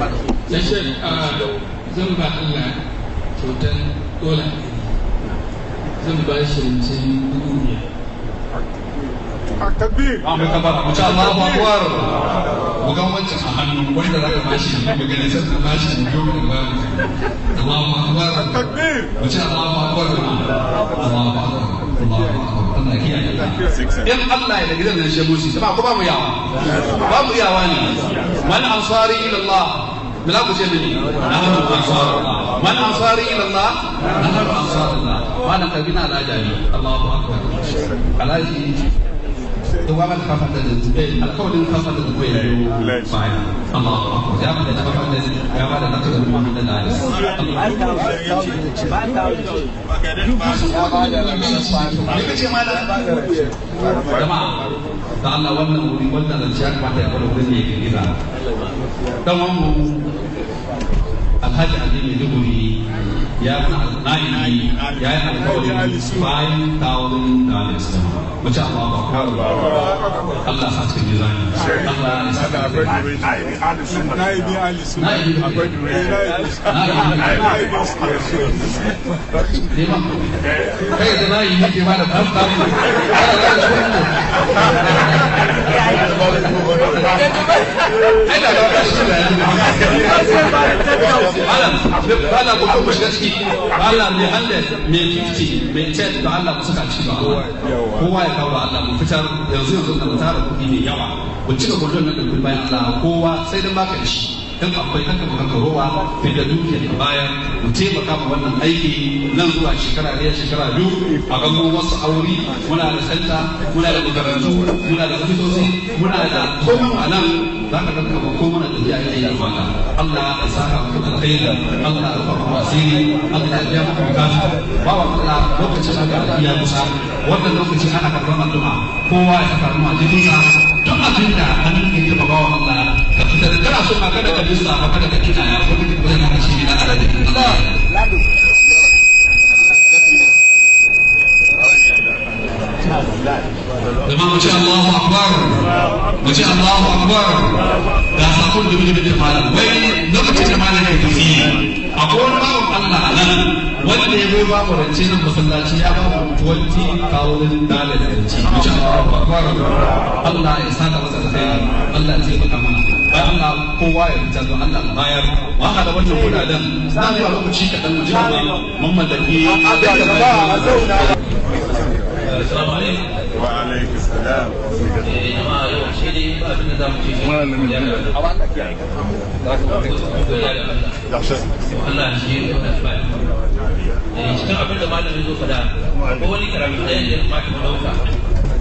Speaker 5: zan ba Allah kyautan dole, zan ba shi rancen dubu biyar التكبير الله اكبر وكان وانت حنن in Allah ya da gidan nan shi musi ba ku ba mu yawa ba mu yawa ne man ansari ila Allah bila ku ce mini nahnu man ansari ila Allah nahnu ansar Allah wa na kabina alaji alaji da wamal kafan da zubai alkawalin kafan da zubai ya yi bayan Allah ya ba da kafan da ya ba da nakar da muhammad da ali jama'a da Allah wannan wuri wannan zance alhaji addini duguri ya na'ibi ya yi alkawarin bayan tawon da alaihissalam mace Allah ba kawo Allah sa cikin nizami Allah ya sa na'ibi alisun
Speaker 2: na'ibi alisun
Speaker 4: na'ibi alisun na'ibi alisun
Speaker 5: kai da na'ibi ke ma da tantan Ay, la verdad es que malam malam ku kuma shiga ciki malam mai hundred mai fifty mai ten da Allah ku saka ci ba kowa ya kawo Allah mu fitar yanzu yanzu na tara kuɗi mai yawa mu cika gudun na ɗauki bayan Allah kowa sai dan baka da shi in akwai haka ka ka fi da dukiyar da baya mu taimaka ma wannan aiki nan zuwa shekara ɗaya shekara biyu a gano wasu aure muna da santa muna da makarantu muna da ofisoshi muna da komai a nan za ka ɗauka ba ko muna da jiya ɗaya albarka Allah ya saka mu da alkhairi Allah ya faru asiri Allah ya biya mu bukata ba wa Allah lokacin da ya kusa wannan lokaci ana karɓar addu'a kowa ya karɓi ma jikinsa duk abinda an yi ke taɓa bawa Allah kana so ka kada ka lissafa kada ka kina ya ko ko ya mace ne da muke da malam wai lokacin da malam ya tafi a kowane bawan Allah a nan wanda ya zo ba mu rance nan masallaci ya ba mu 20,000 dollar da rance. Mu ce Allahu Akbar, Allah ya dan Allah kowa ya rubuta don Allah bayar haka da wannan kudaden za mu yi lokaci mun mallaki da a zauna
Speaker 4: Assalamu alaikum. Wa alaikum Jama'a yau shi ne ba abin da za mu ci shi. Malamin A ba Allah da ba. Cikin abin da malamin zo fada, ko wani karamin da dauka.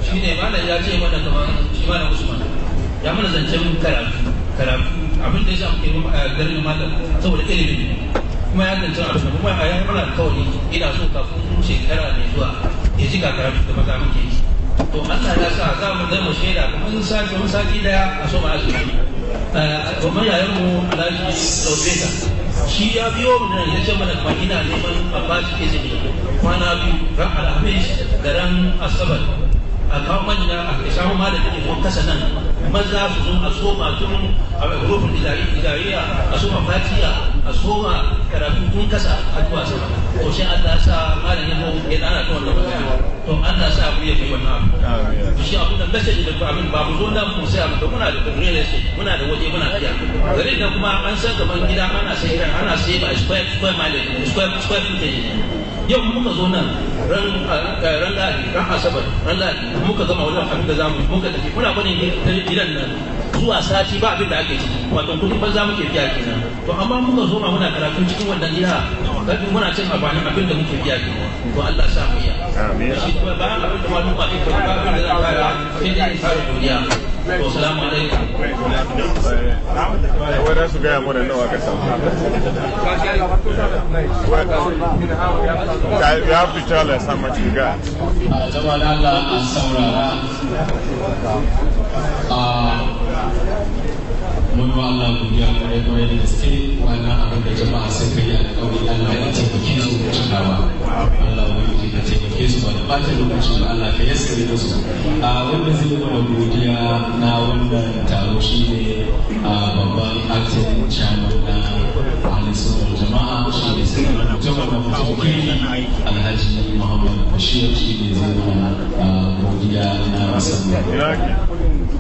Speaker 4: Shi ne ya ce mana kamar shi Usman. Ya mana zancen karatu. karatu abin da ya shafi eh, garin malam saboda ilimin kuma ya zance a cikin kuma ya mana kawai ina so ka kafin shekara mai zuwa ya ji ga karatu da maza muke yi to Allah ya sa za mu zama shaida mun sake mun sake daya a so ma azumi kamar eh, yayin mu alhaji Saubeka shi ya biyo mu nan ya ce mana kuma ina neman a bashi izini kwana biyu ran alhamis da ran asabar a kawo manya a samu malamin ko kasa nan maza su zo a soma tun a rufin idariya a soma fatiya a soma karatu tun kasa a zuwa sama to sai Allah sa malamin ko ya dana ta wannan magana to Allah sa abu ya fi wannan abu shi abu da message da abin ba mu zo nan mu sai abu muna da community muna da waje muna iya gare da kuma an san gaban gida ana sai ana sai ba square square mile square square footage yau muka zo nan ran lahadi ran asabar ran lahadi muka zama wajen abin da zamu muka tafi muna bane gidan nan zuwa sati ba abin da ake ciki wato kudin banza muke biya kenan to amma muka zo ma muna karatu cikin wannan jiha kafi muna cin amfanin abin da muke biya kenan to Allah sa mu iya amin shi ba ba abin da malum ba ko ba abin da za ka fara sai da fara duniya to assalamu alaikum
Speaker 2: wa da su ga mu da nawa ka samu you have to tell us how much you got
Speaker 1: ah, jama'a Allah an saurara
Speaker 3: ah,
Speaker 2: mun ma Allah godiya kwarai kwarai da
Speaker 3: gaske wannan abin da jama'a sai kai alƙawari Allah ya taimake su da cikawa Allah ubangiji ka taimake su ba da bata lokaci ba Allah ka yaskare su a wannan zai da godiya na wannan taro shi ne a babban acting chairman na halittar jama'a shi ne sai da mutum da mutum alhaji Muhammad Bashir shi ne zai mana godiya na musamman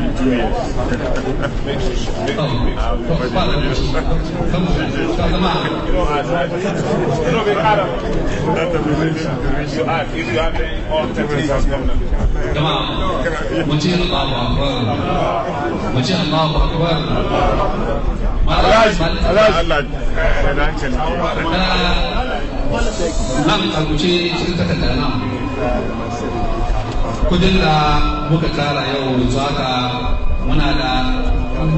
Speaker 2: You know, we kind of that's the relationship you have. If you have all the as government. तमाम मुझे अल्लाह अकबर मुझे अल्लाह
Speaker 5: Akbar Nan a guje cikin takardar nan kudin da muka tara yau yanzu ka muna da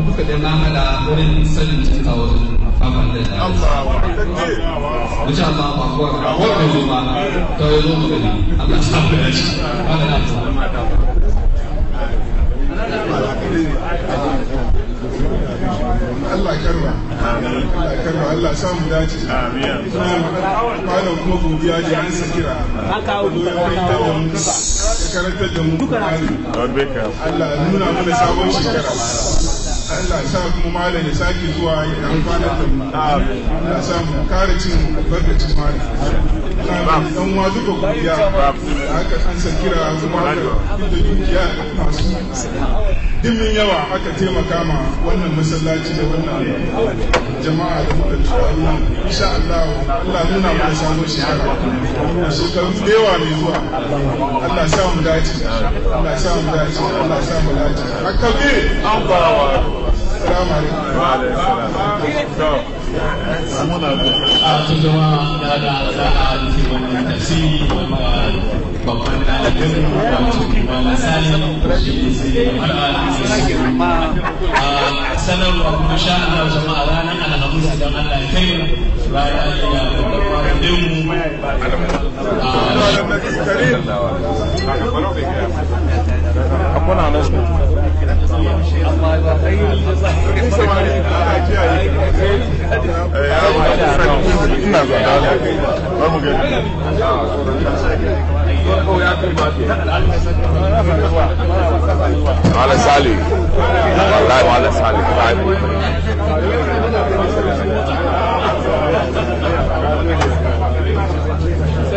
Speaker 5: muka da na da wurin sanin cikin wurin da Allah ba kuwa gani da shi ba da
Speaker 2: Allah Allah Allah dace amin kuma godiya ji an sakira ta karantar da mu Allah nuna mana sabon shekara Allah sa kuma malam ya sake zuwa ya amfana da mu Allah sa mu kare cin albarkacin malam dan wa duka godiya aka ansa kira kuma dimin yawa aka taimaka ma wannan masallaci da wannan jama'a da muka tuwa Allah insha Allah Allah nuna mana sabon shekara shekaru da yawa mai zuwa Allah sa mu dace Allah sa mu dace Allah sa mu dace akabe an bawa assalamu alaikum wa alaikum assalam a
Speaker 3: tunawa da da za a rufe wannan tafsiri wanda babban ɗalibin wato malam salim shi ne sai a sanarwa kuma sha Allah jama'a ranar alhamis idan Allah ya kai rana
Speaker 2: ne da babban mu a على سالي والله وعلى سالي طيب